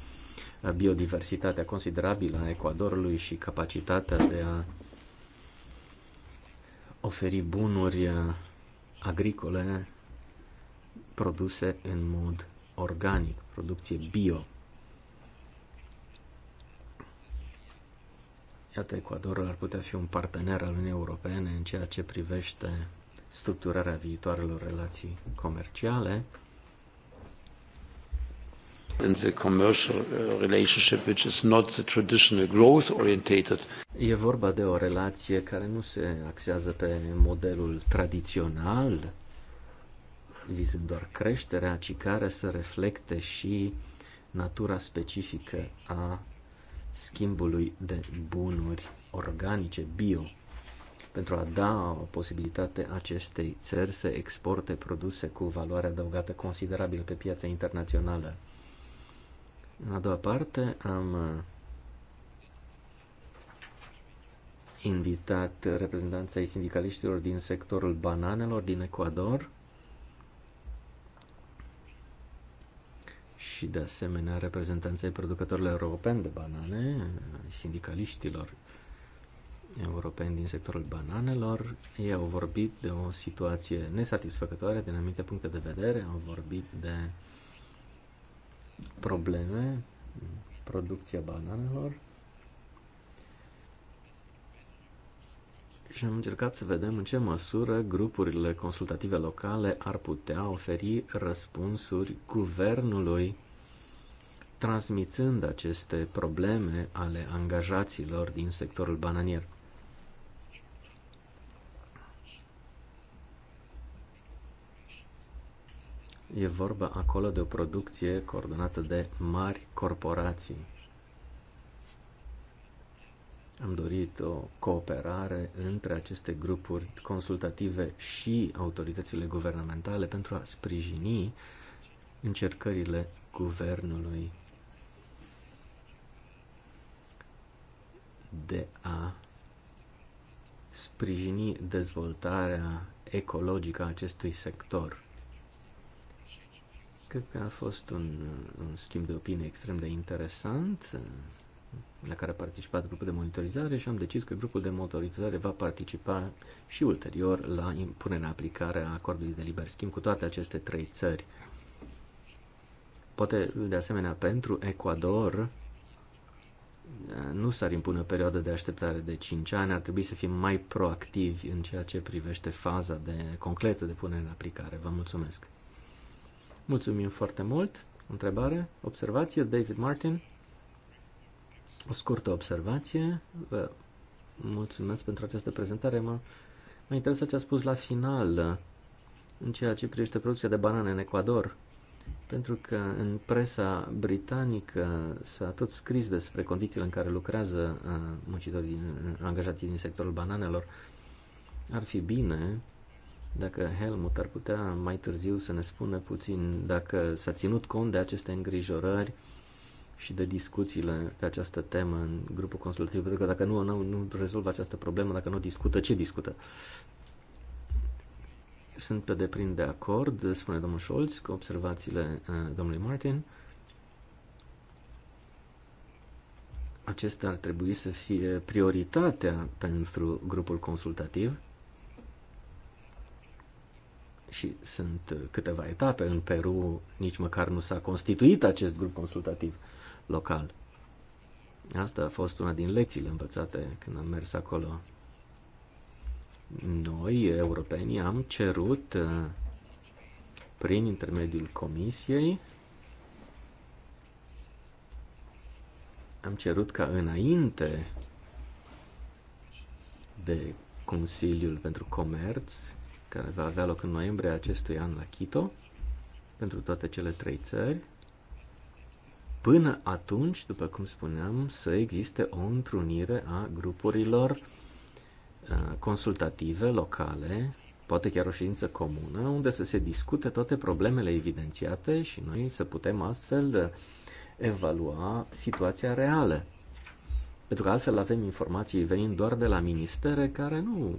Speaker 1: uh, biodiversitatea considerabilă a Ecuadorului și capacitatea de a oferi bunuri uh, agricole produse în mod organic, producție bio. Iată, Ecuadorul ar putea fi un partener al Uniunii Europene în ceea ce privește structurarea viitoarelor relații comerciale In the commercial uh, relationship which is not the traditional growth orientated. E vorba de o relație care nu se axează pe modelul tradițional, vizând doar creșterea, ci care să reflecte și natura specifică a schimbului de bunuri organice, bio, pentru a da o posibilitate acestei țări să exporte produse cu valoare adăugată considerabilă pe piața internațională. În a doua parte am uh, invitat ai sindicaliștilor din sectorul bananelor din Ecuador și de asemenea ai producătorilor europeni de banane, uh, sindicaliștilor europeni din sectorul bananelor. Ei au vorbit de o situație nesatisfăcătoare din anumite puncte de vedere, au vorbit de probleme în producția bananelor și am încercat să vedem în ce măsură grupurile consultative locale ar putea oferi răspunsuri guvernului transmițând aceste probleme ale angajaților din sectorul bananier. E vorba acolo de o producție coordonată de mari corporații. Am dorit o cooperare între aceste grupuri consultative și autoritățile guvernamentale pentru a sprijini încercările guvernului de a sprijini dezvoltarea ecologică a acestui sector. Cred că a fost un, un schimb de opinie extrem de interesant uh, la care a participat grupul de monitorizare și am decis că grupul de monitorizare va participa și ulterior la punerea aplicare a acordului de liber schimb cu toate aceste trei țări. Poate, de asemenea, pentru Ecuador uh, nu s-ar impune o perioadă de așteptare de 5 ani, ar trebui să fim mai proactivi în ceea ce privește faza de concretă de punere în aplicare. Vă mulțumesc! Mulțumim foarte mult. Întrebare, observație, David Martin. O scurtă observație. Vă mulțumesc pentru această prezentare. Mă, mă interesează ce a spus la final uh, în ceea ce privește producția de banane în Ecuador. Pentru că în presa britanică s-a tot scris despre condițiile în care lucrează uh, muncitorii, angajații din sectorul bananelor. Ar fi bine dacă Helmut ar putea mai târziu să ne spună puțin dacă s-a ținut cont de aceste îngrijorări și de discuțiile pe această temă în grupul consultativ, pentru că dacă nu, nu, nu rezolvă această problemă, dacă nu discută, ce discută? Sunt pe deplin de acord, spune domnul Scholz, cu observațiile uh, domnului Martin. Acesta ar trebui să fie prioritatea pentru grupul consultativ și sunt uh, câteva etape. În Peru nici măcar nu s-a constituit acest grup consultativ local. Asta a fost una din lecțiile învățate când am mers acolo. Noi, europenii, am cerut uh, prin intermediul comisiei am cerut ca înainte de Consiliul pentru Comerț care va avea loc în noiembrie acestui an la Quito, pentru toate cele trei țări. Până atunci, după cum spuneam, să existe o întrunire a grupurilor uh, consultative locale, poate chiar o ședință comună, unde să se discute toate problemele evidențiate și noi să putem astfel uh, evalua situația reală. Pentru că altfel avem informații venind doar de la ministere care nu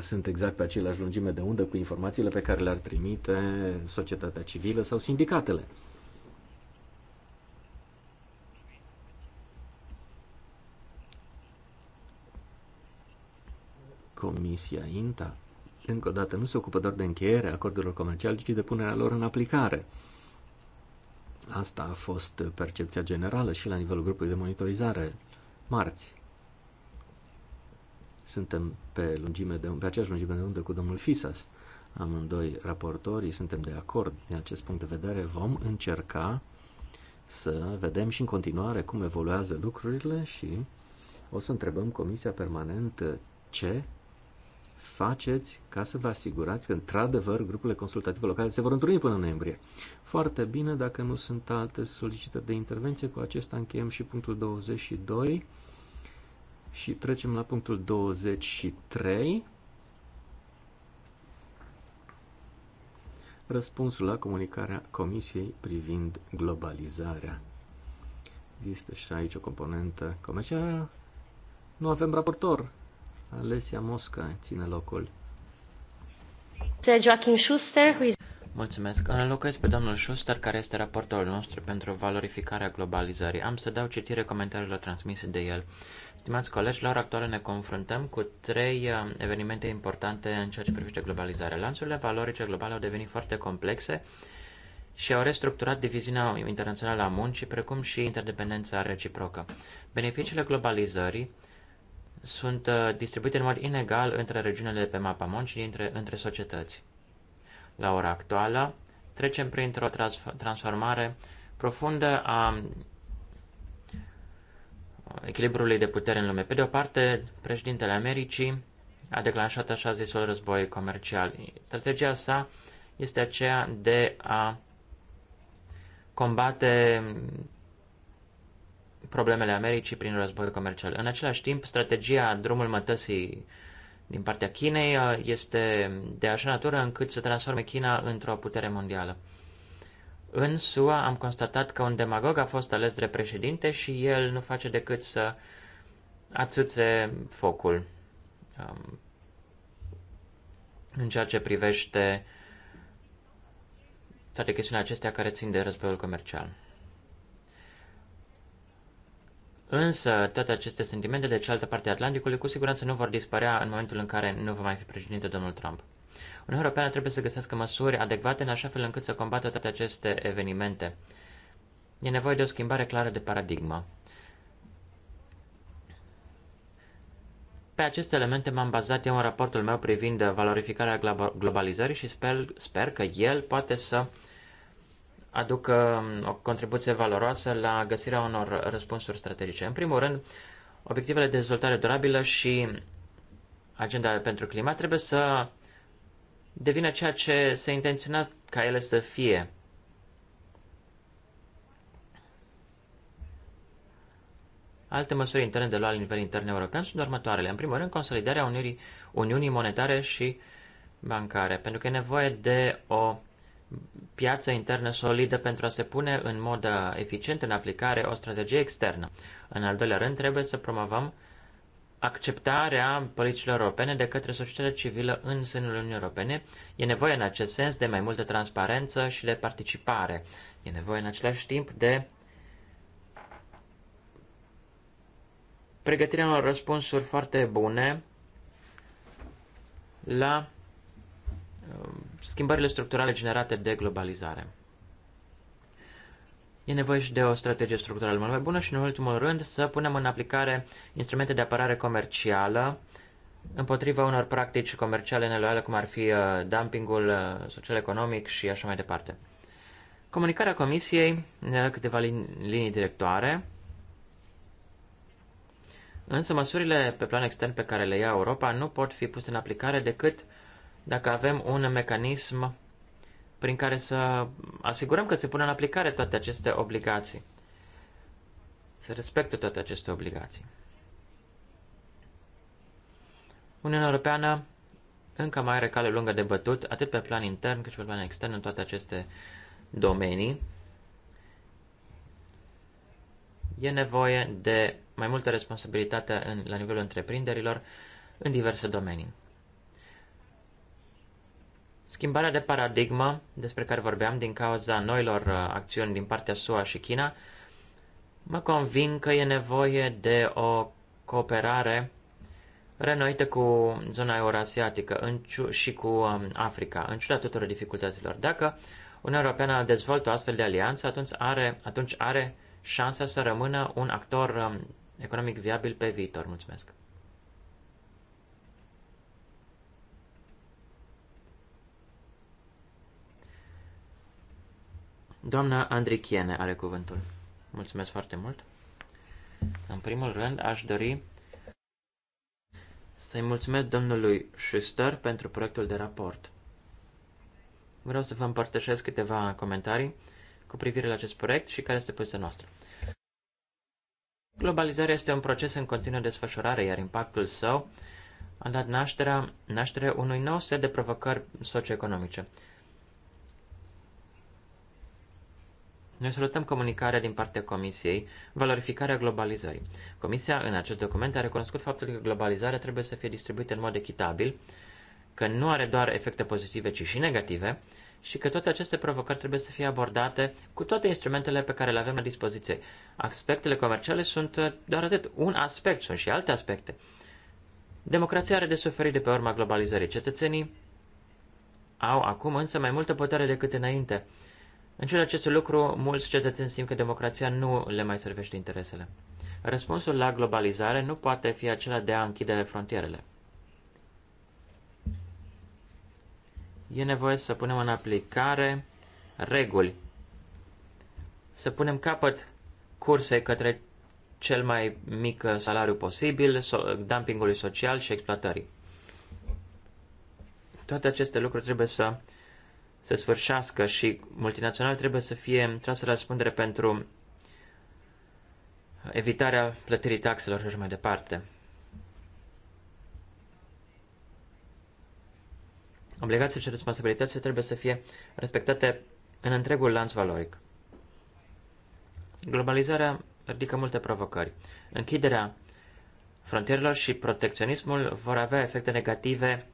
Speaker 1: sunt exact pe aceeași lungime de undă cu informațiile pe care le-ar trimite societatea civilă sau sindicatele. Comisia INTA, încă o dată, nu se ocupă doar de încheierea acordurilor comerciale, ci de punerea lor în aplicare. Asta a fost percepția generală și la nivelul grupului de monitorizare marți. Suntem pe, lungime de, pe aceeași lungime de undă cu domnul Fisas. Amândoi raportorii suntem de acord din acest punct de vedere. Vom încerca să vedem și în continuare cum evoluează lucrurile și o să întrebăm Comisia Permanentă ce faceți ca să vă asigurați că, într-adevăr, grupurile consultative locale se vor întâlni până în noiembrie. Foarte bine, dacă nu sunt alte solicitări de intervenție, cu acesta încheiem și punctul 22. Și trecem la punctul 23. Răspunsul la comunicarea Comisiei privind globalizarea. Există și aici o componentă
Speaker 2: comercială.
Speaker 1: Nu avem raportor.
Speaker 2: Alessia Mosca ține locul.
Speaker 1: Joachim Schuster,
Speaker 2: Mulțumesc. Îl înlocuiesc pe domnul Schuster, care este raportorul nostru pentru valorificarea globalizării. Am să dau citire comentariilor transmise de el. Stimați colegi, la ora actuală ne confruntăm cu trei uh, evenimente importante în ceea ce privește globalizarea. Lanțurile valorice globale au devenit foarte complexe și au restructurat diviziunea internațională a muncii, precum și interdependența reciprocă. Beneficiile globalizării sunt uh, distribuite în mod inegal între regiunile de pe mapa muncii și între, între societăți la ora actuală. Trecem printr-o transformare profundă a echilibrului de putere în lume. Pe de o parte, președintele Americii a declanșat așa zisul război comercial. Strategia sa este aceea de a combate problemele Americii prin război comercial. În același timp, strategia drumul mătăsii din partea Chinei uh, este de așa natură încât să transforme China într-o putere mondială. În SUA am constatat că un demagog a fost ales drept președinte și el nu face decât să atâțe focul um, în ceea ce privește toate chestiunile acestea care țin de războiul comercial. Însă, toate aceste sentimente de cealaltă parte a Atlanticului cu siguranță nu vor dispărea în momentul în care nu va mai fi președinte domnul Trump. Uniunea Europeană trebuie să găsească măsuri adecvate în așa fel încât să combată toate aceste evenimente. E nevoie de o schimbare clară de paradigmă. Pe aceste elemente m-am bazat eu în raportul meu privind valorificarea globalizării și sper, sper că el poate să aducă um, o contribuție valoroasă la găsirea unor răspunsuri strategice. În primul rând, obiectivele de dezvoltare durabilă și agenda pentru climat trebuie să devină ceea ce se intenționa ca ele să fie. Alte măsuri interne de luat la nivel intern european sunt următoarele. În primul rând, consolidarea Uniunii, Uniunii Monetare și Bancare, pentru că e nevoie de o piață internă solidă pentru a se pune în mod uh, eficient în aplicare o strategie externă. În al doilea rând, trebuie să promovăm acceptarea politicilor europene de către societatea civilă în sânul Uniunii Europene. E nevoie în acest sens de mai multă transparență și de participare. E nevoie în același timp de pregătirea unor răspunsuri foarte bune la um, schimbările structurale generate de globalizare. E nevoie și de o strategie structurală mult mai bună și, în ultimul rând, să punem în aplicare instrumente de apărare comercială împotriva unor practici comerciale neloiale, cum ar fi uh, dumpingul uh, social economic și așa mai departe. Comunicarea Comisiei ne dă câteva linii directoare, însă măsurile pe plan extern pe care le ia Europa nu pot fi puse în aplicare decât dacă avem un mecanism prin care să asigurăm că se pun în aplicare toate aceste obligații, se respectă toate aceste obligații. Uniunea Europeană încă mai are cale lungă de bătut, atât pe plan intern cât și pe plan extern în toate aceste domenii. E nevoie de mai multă responsabilitate în, la nivelul întreprinderilor în diverse domenii. Schimbarea de paradigmă despre care vorbeam din cauza noilor uh, acțiuni din partea SUA și China mă conving că e nevoie de o cooperare renoită cu zona eurasiatică în și cu um, Africa, în ciuda tuturor dificultăților. Dacă Uniunea Europeană dezvoltă o astfel de alianță, atunci are, atunci are șansa să rămână un actor um, economic viabil pe viitor. Mulțumesc! Doamna Andrichiene are cuvântul. Mulțumesc foarte mult. În primul rând, aș dori să-i mulțumesc domnului Schuster pentru proiectul de raport. Vreau să vă împărtășesc câteva comentarii cu privire la acest proiect și care este poziția noastră. Globalizarea este un proces în continuă desfășurare, iar impactul său a dat nașterea, nașterea unui nou set de provocări socioeconomice. Noi salutăm comunicarea din partea Comisiei, valorificarea globalizării. Comisia, în acest document, a recunoscut faptul că globalizarea trebuie să fie distribuită în mod echitabil, că nu are doar efecte pozitive, ci și negative, și că toate aceste provocări trebuie să fie abordate cu toate instrumentele pe care le avem la dispoziție. Aspectele comerciale sunt uh, doar atât, un aspect, sunt și alte aspecte. Democrația are de suferit de pe urma globalizării. Cetățenii au acum însă mai multă putere decât înainte în ciuda acestui lucru, mulți cetățeni simt că democrația nu le mai servește interesele. Răspunsul la globalizare nu poate fi acela de a închide frontierele. E nevoie să punem în aplicare reguli, să punem capăt cursei către cel mai mic salariu posibil, dumpingului social și exploatării. Toate aceste lucruri trebuie să se sfârșească și multinațional trebuie să fie trasă la răspundere pentru evitarea plătirii taxelor și așa mai departe. Obligații și responsabilitățile trebuie să fie respectate în întregul lanț valoric. Globalizarea ridică multe provocări. Închiderea frontierelor și protecționismul vor avea efecte negative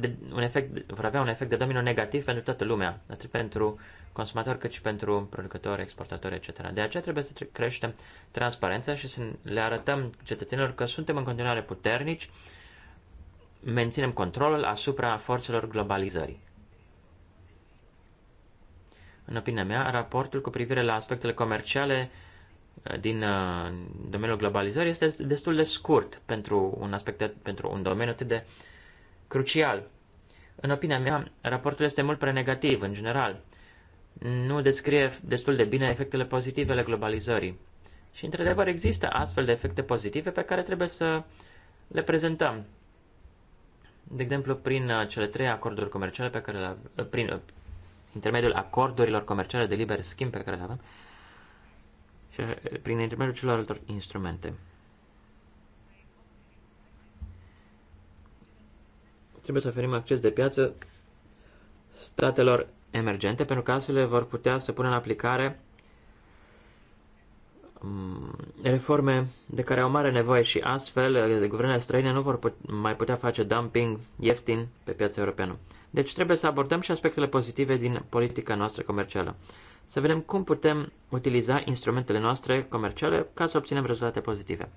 Speaker 2: de, un efect, vor avea un efect de domino negativ pentru toată lumea, atât pentru consumatori cât și pentru producători, exportatori, etc. De aceea trebuie să creștem transparența și să le arătăm cetățenilor că suntem în continuare puternici, menținem controlul asupra forțelor globalizării. În opinia mea, raportul cu privire la aspectele comerciale uh, din uh, domeniul globalizării este destul de scurt pentru un, aspect, pentru un domeniu atât de uh, crucial. În opinia mea, raportul este mult prea negativ în general. Nu descrie destul de bine efectele pozitive ale globalizării. Și, într-adevăr, există astfel de efecte pozitive pe care trebuie să le prezentăm. De exemplu, prin uh, cele trei acorduri comerciale pe care le uh, prin uh, intermediul acordurilor comerciale de liber schimb pe care le avem și prin intermediul celorlalte instrumente. Trebuie să oferim acces de piață statelor emergente, pentru că astfel vor putea să pună în aplicare mm, reforme de care au mare nevoie și astfel eh, guvernele străine nu vor put- mai putea face dumping ieftin pe piața europeană. Deci trebuie să abordăm și aspectele pozitive din politica noastră comercială. Să vedem cum putem utiliza instrumentele noastre comerciale ca să obținem rezultate pozitive.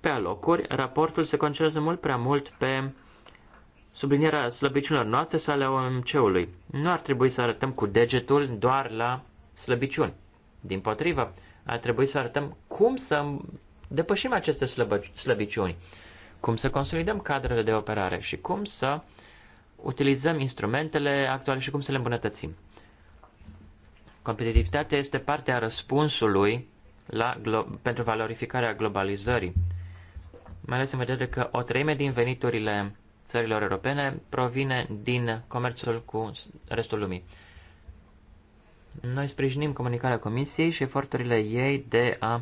Speaker 2: Pe alocuri, raportul se concentrează mult prea mult pe sublinierea slăbiciunilor noastre sau ale OMC-ului. Nu ar trebui să arătăm cu degetul doar la slăbiciuni. Din potrivă, ar trebui să arătăm cum să depășim aceste slăbă, slăbiciuni, cum să consolidăm cadrele de operare și cum să utilizăm instrumentele actuale și cum să le îmbunătățim. Competitivitatea este partea răspunsului la pentru valorificarea globalizării, mai ales în vedere că o treime din veniturile țărilor europene provine din comerțul cu restul lumii. Noi sprijinim comunicarea Comisiei și eforturile ei de a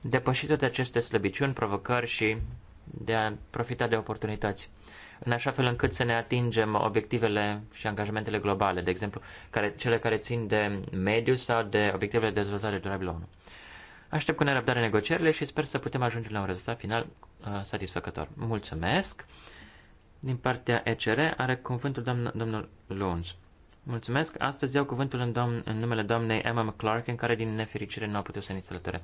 Speaker 2: depăși toate aceste slăbiciuni, provocări și de a profita de oportunități, în așa fel încât să ne atingem obiectivele și angajamentele globale, de exemplu, care, cele care țin de mediu sau de obiectivele de dezvoltare durabilă 1. Aștept cu nerăbdare negocierile și sper să putem ajunge la un rezultat final uh, satisfăcător. Mulțumesc! Din partea ECR are cuvântul doamna, domnul Luns. Mulțumesc. Astăzi iau cuvântul în, domn, în numele doamnei Emma McClarkin, care din nefericire nu a putut să ne sălătoare.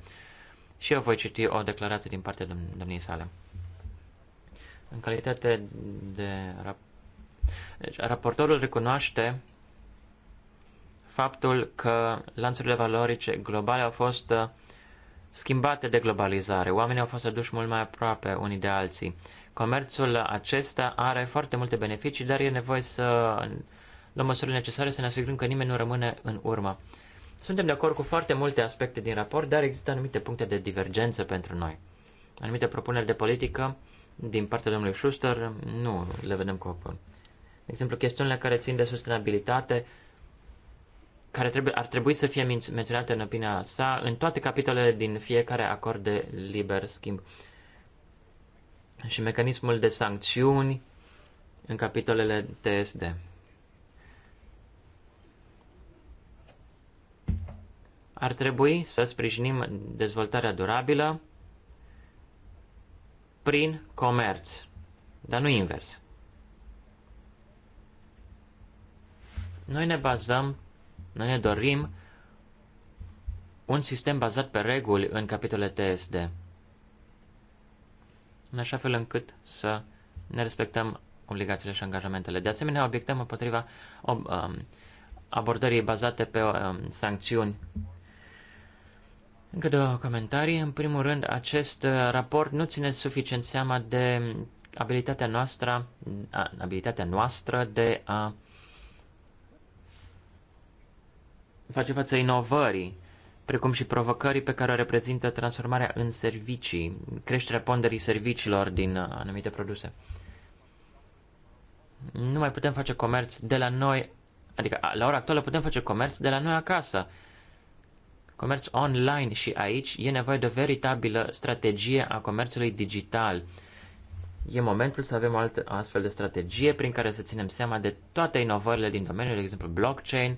Speaker 2: Și eu voi citi o declarație din partea domn, domniei sale. În calitate de rap- deci, raportorul recunoaște faptul că lanțurile valorice globale au fost uh, schimbate de globalizare. Oamenii au fost aduși mult mai aproape unii de alții Comerțul acesta are foarte multe beneficii, dar e nevoie să luăm măsurile necesare să ne asigurăm că nimeni nu rămâne în urmă. Suntem de acord cu foarte multe aspecte din raport, dar există anumite puncte de divergență pentru noi. Anumite propuneri de politică din partea domnului Schuster nu le vedem cu ochi De exemplu, chestiunile care țin de sustenabilitate, care trebuie, ar trebui să fie menționate în opinia sa în toate capitolele din fiecare acord de liber schimb și mecanismul de sancțiuni în capitolele TSD. Ar trebui să sprijinim dezvoltarea durabilă prin comerț, dar nu invers. Noi ne bazăm, noi ne dorim un sistem bazat pe reguli în capitolele TSD în așa fel încât să ne respectăm obligațiile și angajamentele. De asemenea, obiectăm împotriva ob, um, abordării bazate pe um, sancțiuni. Încă două comentarii. În primul rând, acest uh, raport nu ține suficient seama de abilitatea noastră, a, abilitatea noastră de a face față inovării precum și provocării pe care o reprezintă transformarea în servicii, creșterea ponderii serviciilor din uh, anumite produse. Nu mai putem face comerț de la noi, adică la ora actuală putem face comerț de la noi acasă. Comerț online și aici e nevoie de o veritabilă strategie a comerțului digital. E momentul să avem o altă astfel de strategie prin care să ținem seama de toate inovările din domeniul, de exemplu blockchain,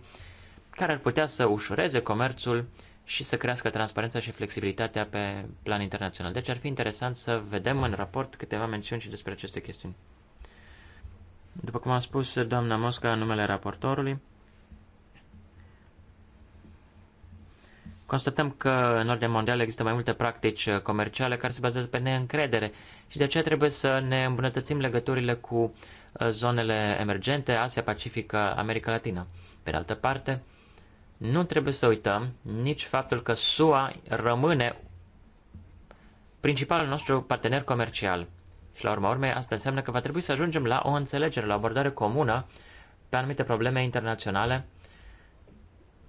Speaker 2: care ar putea să ușureze comerțul uh, și să crească transparența și flexibilitatea pe plan internațional. Deci ar fi interesant să vedem în raport câteva mențiuni și despre aceste chestiuni. După cum a spus doamna Mosca în numele raportorului, constatăm că în ordine mondială există mai multe practici comerciale care se bazează pe neîncredere și de aceea trebuie să ne îmbunătățim legăturile cu uh, zonele emergente, Asia Pacifică, America Latină. Pe de altă parte, nu trebuie să uităm nici faptul că SUA rămâne principalul nostru partener comercial. Și la urma urmei, asta înseamnă că va trebui să ajungem la o înțelegere, la o abordare comună pe anumite probleme internaționale,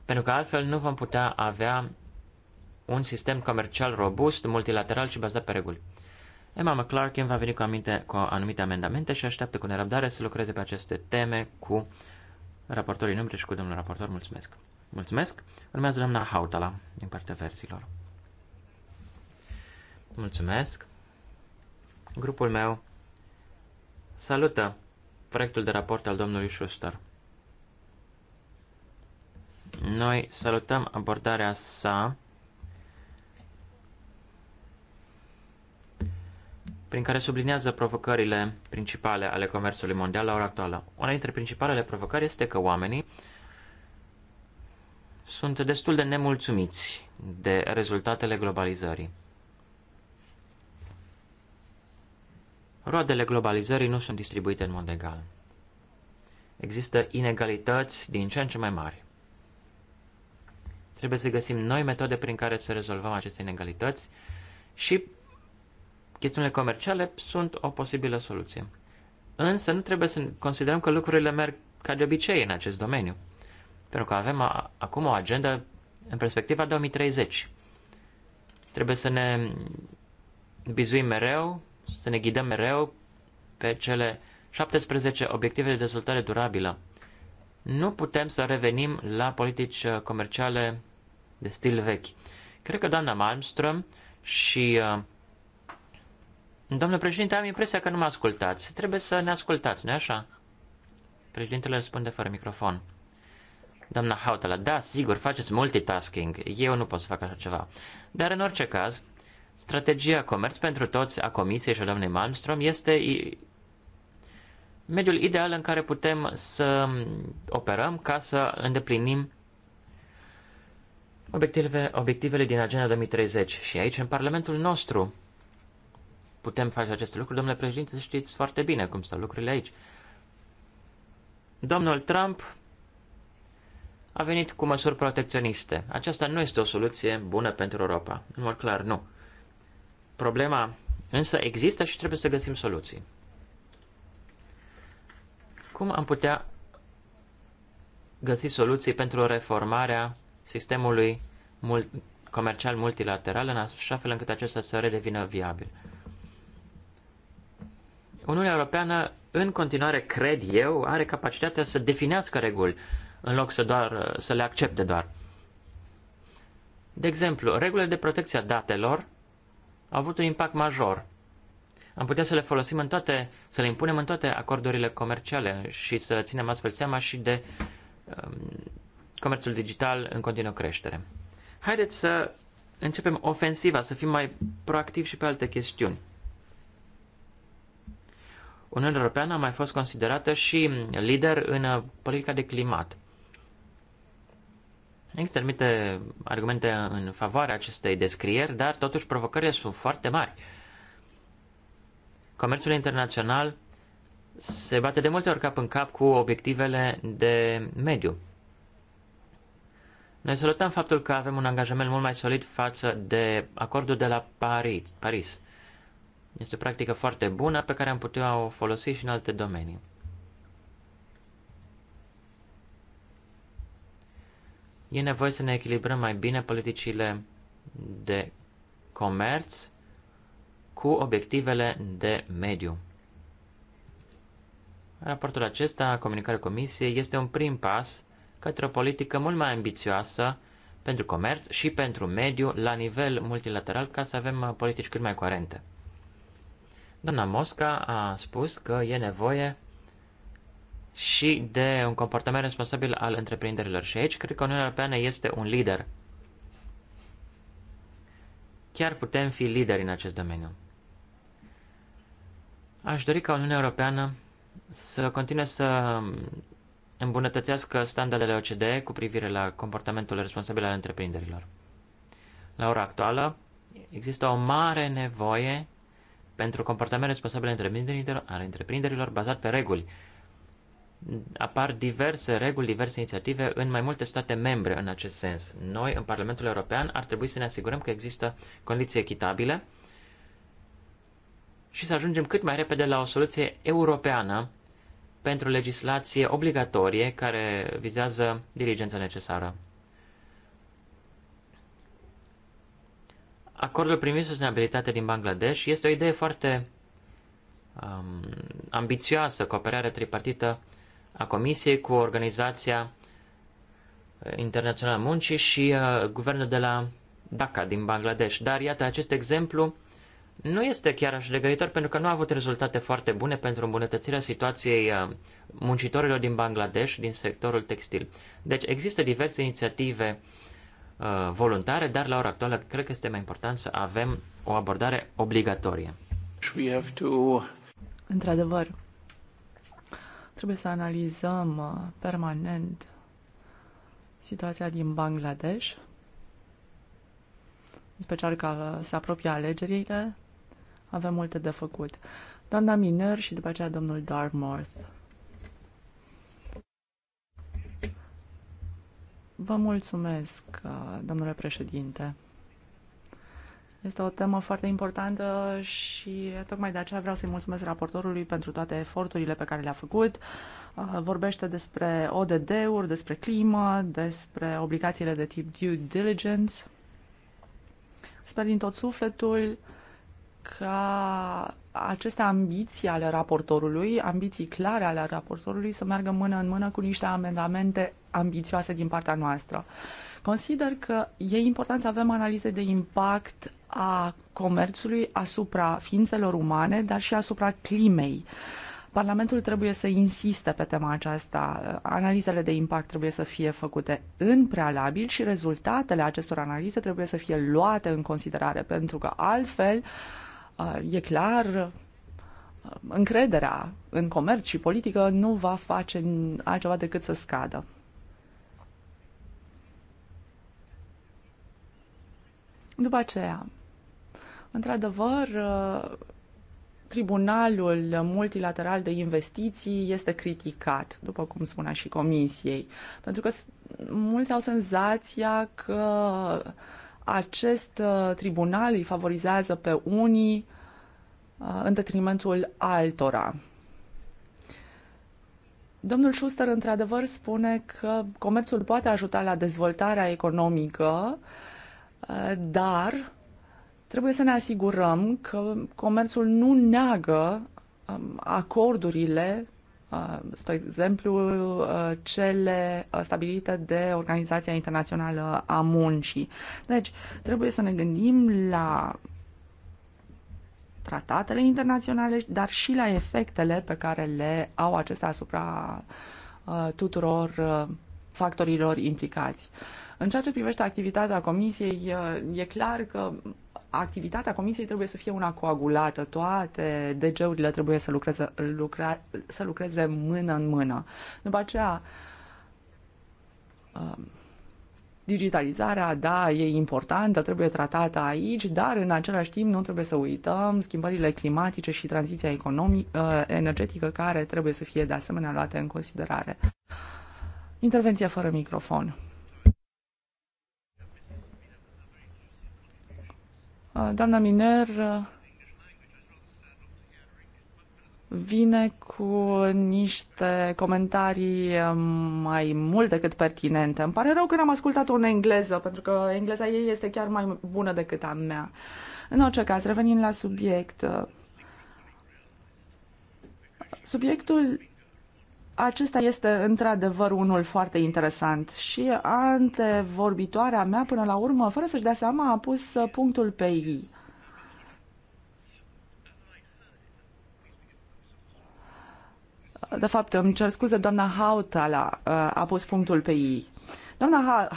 Speaker 2: pentru că altfel nu vom putea avea un sistem comercial robust, multilateral și bazat pe reguli. Emma McClarkin va veni cu, aminte, cu anumite amendamente și așteaptă cu nerăbdare să lucreze pe aceste teme cu raportorii numere și cu domnul raportor. Mulțumesc! Mulțumesc. Urmează doamna Hautala din partea verzilor. Mulțumesc. Grupul meu salută proiectul de raport al domnului Schuster. Noi salutăm abordarea sa prin care sublinează provocările principale ale comerțului mondial la ora actuală. Una dintre principalele provocări este că oamenii sunt destul de nemulțumiți de rezultatele globalizării. Roadele globalizării nu sunt distribuite în mod egal. Există inegalități din ce în ce mai mari. Trebuie să găsim noi metode prin care să rezolvăm aceste inegalități și chestiunile comerciale sunt o posibilă soluție. Însă nu trebuie să considerăm că lucrurile merg ca de obicei în acest domeniu. Pentru că avem a, acum o agendă în perspectiva 2030. Trebuie să ne bizuim mereu, să ne ghidăm mereu pe cele 17 obiective de dezvoltare durabilă. Nu putem să revenim la politici comerciale de stil vechi. Cred că doamna Malmström și uh, domnul președinte, am impresia că nu mă ascultați. Trebuie să ne ascultați, nu așa? Președintele răspunde fără microfon. Doamna Hautala, da, sigur, faceți multitasking. Eu nu pot să fac așa ceva. Dar în orice caz, strategia comerț pentru toți a Comisiei și a doamnei Malmström este mediul ideal în care putem să operăm ca să îndeplinim obiectivele, obiectivele din Agenda 2030. Și aici, în Parlamentul nostru, putem face aceste lucruri. Domnule președinte, știți foarte bine cum stau lucrurile aici. Domnul Trump a venit cu măsuri protecționiste. Aceasta nu este o soluție bună pentru Europa. În mod clar, nu. Problema însă există și trebuie să găsim soluții. Cum am putea găsi soluții pentru reformarea sistemului mul- comercial multilateral în așa fel încât acesta să redevină viabil? Uniunea Europeană, în continuare, cred eu, are capacitatea să definească reguli în loc să, doar, uh, să le accepte doar. De exemplu, regulile de protecție a datelor au avut un impact major. Am putea să le folosim în toate, să le impunem în toate acordurile comerciale și să ținem astfel seama și de um, comerțul digital în continuă creștere. Haideți să începem ofensiva, să fim mai proactivi și pe alte chestiuni. Uniunea Europeană a mai fost considerată și lider în uh, politica de climat – Există anumite argumente în favoarea acestei descrieri, dar totuși provocările sunt foarte mari. Comerțul internațional se bate de multe ori cap în cap cu obiectivele de mediu. Noi salutăm faptul că avem un angajament mult mai solid față de acordul de la Paris. Paris. Este o practică foarte bună pe care am putea o folosi și în alte domenii. E nevoie să ne echilibrăm mai bine politicile de comerț cu obiectivele de mediu. Raportul acesta, comunicarea Comisiei, este un prim pas către o politică mult mai ambițioasă pentru comerț și pentru mediu la nivel multilateral ca să avem politici cât mai coerente. Doamna Mosca a spus că e nevoie și de un comportament responsabil al întreprinderilor. Și aici cred că Uniunea Europeană este un lider. Chiar putem fi lideri în acest domeniu. Aș dori ca Uniunea Europeană să continue să îmbunătățească standardele OCDE cu privire la comportamentul responsabil al întreprinderilor. La ora actuală, există o mare nevoie pentru comportament responsabil al întreprinderilor, al întreprinderilor bazat pe reguli apar diverse reguli, diverse inițiative în mai multe state membre în acest sens. Noi, în Parlamentul European, ar trebui să ne asigurăm că există condiții echitabile și să ajungem cât mai repede la o soluție europeană pentru legislație obligatorie care vizează diligența necesară. Acordul privind sustenabilitatea din Bangladesh este o idee foarte um, ambițioasă, cooperarea tripartită a Comisiei cu Organizația Internațională a Muncii și uh, guvernul de la Dhaka din Bangladesh. Dar iată, acest exemplu nu este chiar așa legăritor pentru că nu a avut rezultate foarte bune pentru îmbunătățirea situației uh, muncitorilor din Bangladesh, din sectorul textil. Deci există diverse inițiative uh, voluntare, dar la ora actuală cred că este mai important să avem o abordare obligatorie.
Speaker 3: Într-adevăr, Trebuie să analizăm uh, permanent situația din Bangladesh, în special că se apropie alegerile. Avem multe de făcut. Doamna Miner și după aceea domnul Dartmouth. Vă mulțumesc, uh, domnule președinte. Este o temă foarte importantă și tocmai de aceea vreau să-i mulțumesc raportorului pentru toate eforturile pe care le-a făcut. Uh, vorbește despre ODD-uri, despre climă, despre obligațiile de tip due diligence. Sper din tot sufletul ca aceste ambiții ale raportorului, ambiții clare ale raportorului, să meargă mână în mână cu niște amendamente ambițioase din partea noastră. Consider că e important să avem analize de impact a comerțului asupra ființelor umane, dar și asupra climei. Parlamentul trebuie să insiste pe tema aceasta. Analizele de impact trebuie să fie făcute în prealabil și rezultatele acestor analize trebuie să fie luate în considerare, pentru că altfel, uh, e clar, uh, încrederea în comerț și politică nu va face altceva decât să scadă. După aceea, într-adevăr, Tribunalul Multilateral de Investiții este criticat, după cum spunea și Comisiei, pentru că mulți au senzația că acest uh, tribunal îi favorizează pe unii uh, în detrimentul altora. Domnul Schuster, într-adevăr, spune că comerțul poate ajuta la dezvoltarea economică, Eh, dar trebuie să ne asigurăm că comerțul nu neagă um, acordurile, uh, spre exemplu, uh, cele uh, stabilite de Organizația Internațională a Muncii. Deci, trebuie să ne gândim la tratatele internaționale, dar și la efectele pe care le au acestea asupra tuturor factorilor implicați. Uh, în ceea ce privește activitatea Comisiei, e clar că activitatea Comisiei trebuie să fie una coagulată. Toate DG-urile trebuie să lucreze, lucre, să lucreze mână în mână. După aceea, um, digitalizarea, da, e importantă, trebuie tratată aici, dar în același timp nu trebuie să uităm schimbările climatice și tranziția economic, uh, energetică care trebuie să fie de asemenea luate în considerare. Intervenție fără microfon. Uh, doamna Miner uh, vine cu niște comentarii um, mai mult decât pertinente. Îmi pare rău că n-am ascultat-o în engleză, pentru că engleza ei este chiar mai bună decât a mea. În orice caz, revenind la subiect, uh, subiectul acesta este într-adevăr unul foarte interesant și antevorbitoarea mea până la urmă, fără să-și dea seama, a pus punctul pe i. De fapt, îmi cer scuze, doamna Hautala uh, a pus punctul pe ei. Doamna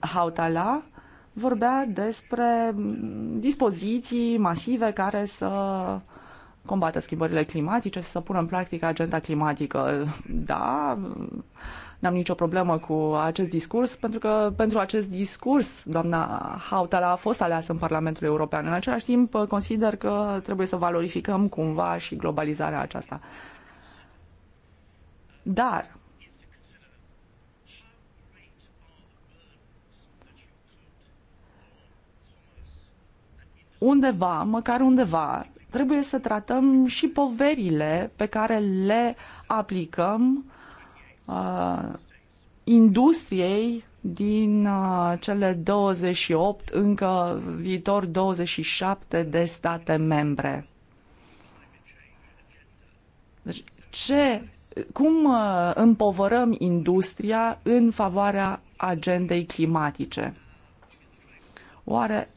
Speaker 3: Hautala vorbea despre dispoziții masive care să uh, combată schimbările climatice, să pună în practică agenda climatică. Da, n-am nicio problemă cu acest discurs, pentru că pentru acest discurs doamna Hautala a fost aleasă în Parlamentul European. În același timp, consider că trebuie să valorificăm cumva și globalizarea aceasta. Dar undeva, măcar undeva, trebuie să tratăm și poverile pe care le aplicăm uh, industriei din uh, cele 28, încă viitor 27 de state membre. Deci, ce, cum uh, împovărăm industria în favoarea agendei climatice? Oare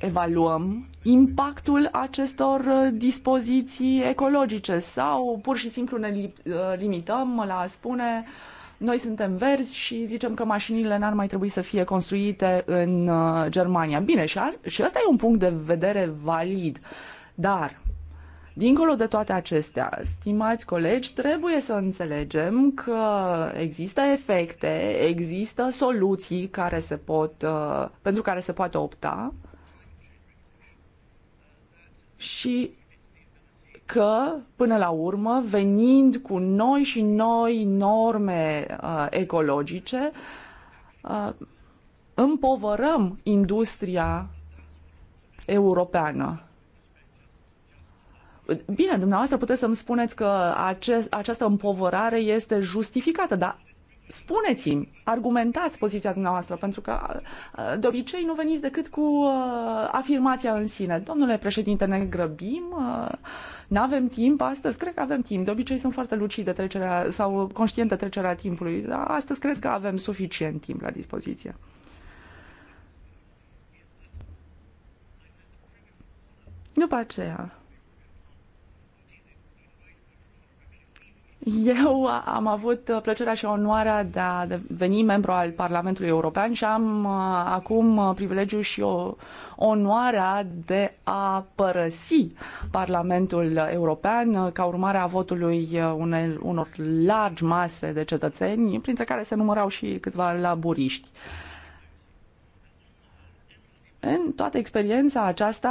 Speaker 3: evaluăm impactul acestor uh, dispoziții ecologice sau pur și simplu ne uh, limităm la a spune noi suntem verzi și zicem că mașinile n-ar mai trebui să fie construite în uh, Germania. Bine, și, a, și asta e un punct de vedere valid, dar Dincolo de toate acestea, stimați colegi, trebuie să înțelegem că există efecte, există soluții care se pot, pentru care se poate opta și că, până la urmă, venind cu noi și noi norme uh, ecologice, uh, împovărăm industria europeană. Bine, dumneavoastră puteți să-mi spuneți că acest, această împovărare este justificată, dar spuneți-mi, argumentați poziția dumneavoastră, pentru că de obicei nu veniți decât cu uh, afirmația în sine. Domnule președinte, ne grăbim, uh, nu avem timp astăzi, cred că avem timp. De obicei sunt foarte lucide trecerea sau conștientă trecerea timpului, dar astăzi cred că avem suficient timp la dispoziție. După aceea, Eu am avut plăcerea și onoarea de a deveni membru al Parlamentului European și am uh, acum privilegiu și o onoarea de a părăsi Parlamentul European uh, ca urmare a votului uh, unei, unor largi mase de cetățeni, printre care se numărau și câțiva laburiști. În toată experiența aceasta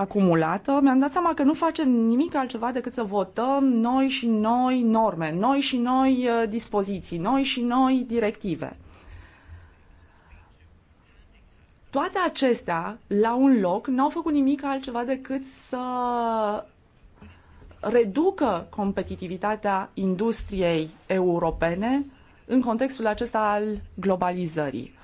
Speaker 3: acumulată, mi-am dat seama că nu facem nimic altceva decât să votăm noi și noi norme, noi și noi uh, dispoziții, noi și noi directive. Toate acestea, la un loc, n-au făcut nimic altceva decât să reducă competitivitatea industriei europene în contextul acesta al globalizării.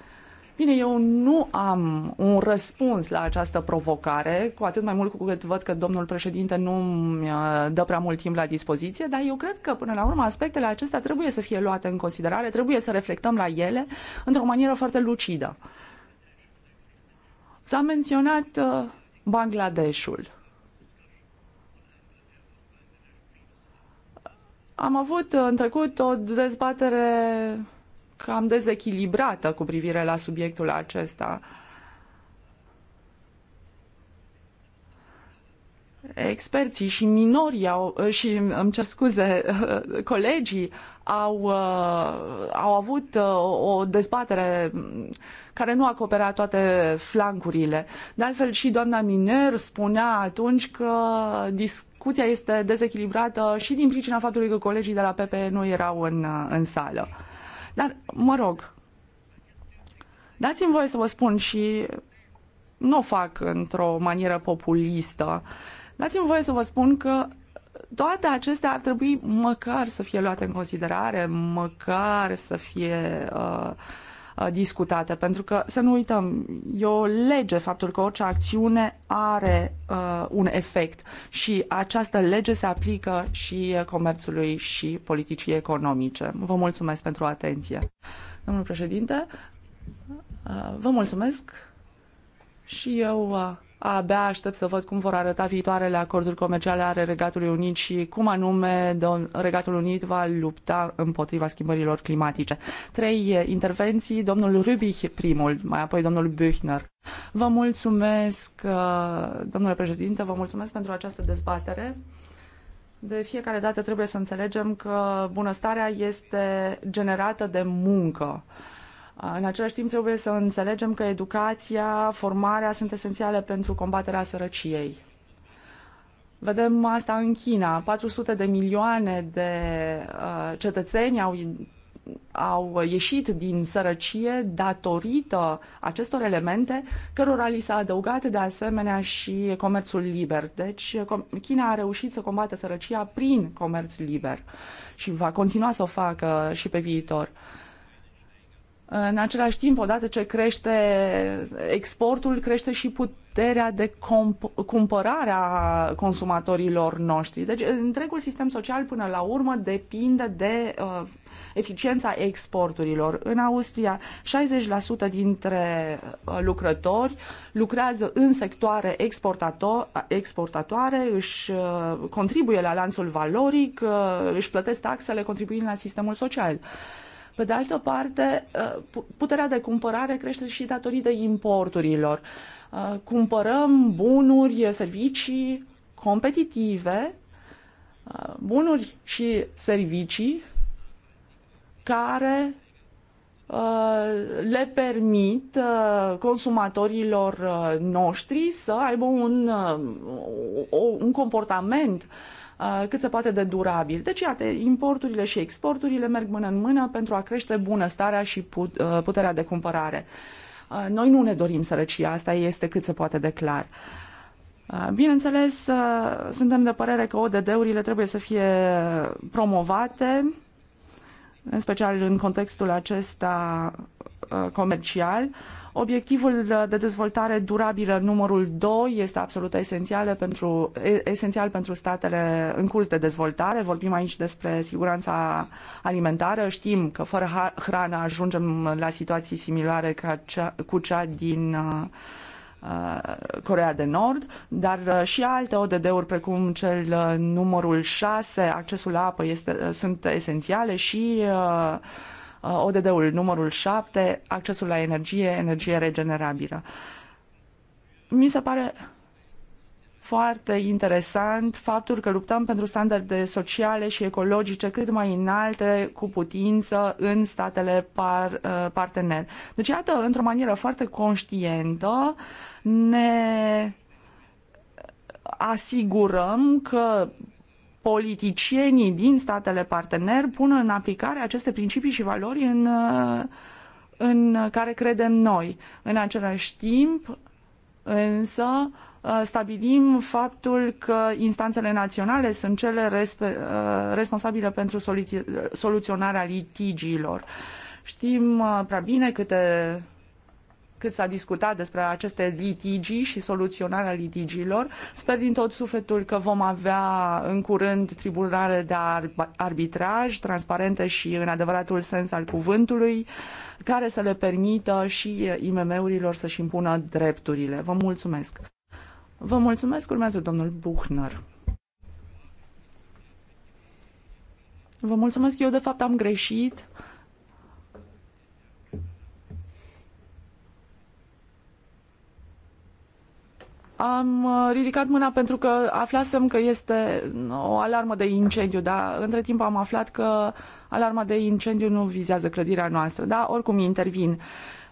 Speaker 3: Bine, eu nu am un răspuns la această provocare, cu atât mai mult cu cât văd că domnul președinte nu mi uh, dă prea mult timp la dispoziție, dar eu cred că, până la urmă, aspectele acestea trebuie să fie luate în considerare, trebuie să reflectăm la ele într-o manieră foarte lucidă. S-a menționat uh, Bangladeshul. Am avut uh, în trecut o dezbatere cam dezechilibrată cu privire la subiectul acesta. experții și minorii au, și îmi cer scuze, colegii au, uh, au avut uh, o dezbatere care nu acopera toate flancurile. De altfel și doamna Miner spunea atunci că discuția este dezechilibrată și din pricina faptului că colegii de la PPE nu erau în, în sală. Dar, mă rog, dați-mi voie să vă spun și nu o fac într-o manieră populistă. Dați-mi voie să vă spun că toate acestea ar trebui măcar să fie luate în considerare, măcar să fie uh, Uh, discutate, pentru că, să nu uităm, e o lege faptul că orice acțiune are uh, un efect și această lege se aplică și comerțului și politicii economice. Vă mulțumesc pentru atenție. Domnul președinte, uh, vă mulțumesc și eu uh, Abia aștept să văd cum vor arăta viitoarele acorduri comerciale ale Regatului Unit și cum anume Regatul Unit va lupta împotriva schimbărilor climatice. Trei eh, intervenții, domnul Rübich primul, mai apoi domnul Büchner. Vă mulțumesc, eh, domnule președinte, vă mulțumesc pentru această dezbatere. De fiecare dată trebuie să înțelegem că bunăstarea este generată de muncă în același timp trebuie să înțelegem că educația, formarea sunt esențiale pentru combaterea sărăciei. Vedem asta în China. 400 de milioane de uh, cetățeni au, au ieșit din sărăcie datorită acestor elemente, cărora li s-a adăugat de asemenea și comerțul liber. Deci China a reușit să combată sărăcia prin comerț liber și va continua să o facă și pe viitor. Uh, în același timp, odată ce crește exportul, crește și puterea de cumpărare a consumatorilor noștri. Deci, întregul sistem social, până la urmă, depinde de uh, eficiența exporturilor. În Austria, 60% dintre uh, lucrători lucrează în sectoare exportatoare, își uh, contribuie la lanțul valoric, uh, își plătesc taxele contribuind la sistemul social. Uh, pe de altă parte, ă, puterea de cumpărare crește și datorită importurilor. Ă, cumpărăm bunuri, servicii competitive, ă, bunuri și servicii care le permit consumatorilor noștri să aibă un, un comportament uh, Uh, cât se poate de durabil. Deci, iată, importurile și exporturile merg mână în mână pentru a crește bunăstarea și uh, puterea de cumpărare. Uh, noi nu ne dorim sărăcia, asta este cât se poate de clar. Bineînțeles, suntem de părere că ODD-urile trebuie să fie promovate, în special în contextul acesta comercial. Uh, Obiectivul de dezvoltare durabilă numărul 2 este absolut esențial pentru, esențial pentru statele în curs de dezvoltare. Vorbim aici despre siguranța alimentară. Știm că fără hrană ajungem la situații similare ca cea, cu cea din uh, uh, Corea de Nord, dar uh, și alte ODD-uri precum cel numărul 6, accesul la apă este, sunt esențiale și uh, Uh, ODD-ul numărul 7, accesul la energie, energie regenerabilă. Mi se pare foarte interesant faptul că luptăm pentru standarde sociale și ecologice cât mai înalte cu putință în statele par, uh, partener. Deci, iată, într-o manieră foarte conștientă, ne asigurăm că politicienii din statele partener pună în aplicare aceste principii și valori în, uh, în care credem noi. În același timp, însă, uh, stabilim faptul că instanțele naționale sunt cele uh, responsabile pentru soluționarea litigiilor. Știm prea bine câte cât s-a discutat despre aceste litigi și soluționarea litigiilor. Sper din tot sufletul că vom avea în curând tribunale de arbitraj transparente și în adevăratul sens al cuvântului, care să le permită și IMM-urilor să-și impună drepturile. Vă mulțumesc! Vă mulțumesc, urmează domnul Buchner. Vă mulțumesc, eu de fapt am greșit. Am uh, ridicat mâna pentru că aflasem că este mm, o alarmă de incendiu, dar între timp am aflat că alarma de incendiu nu vizează clădirea noastră. Da, oricum intervin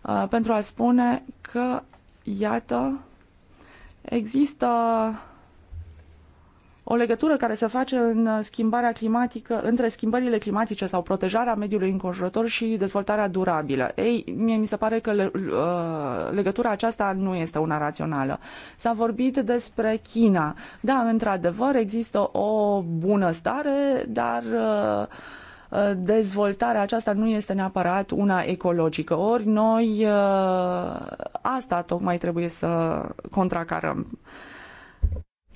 Speaker 3: uh, pentru a spune că, iată, există o legătură care se face în schimbarea climatică, între schimbările climatice sau protejarea mediului înconjurător și dezvoltarea durabilă. Ei, mie mi se pare că le, uh, legătura aceasta nu este una rațională. S-a vorbit despre China. Da, într-adevăr, există o bunăstare, dar uh, uh, dezvoltarea aceasta nu este neapărat una ecologică. Ori noi asta tocmai trebuie să contracarăm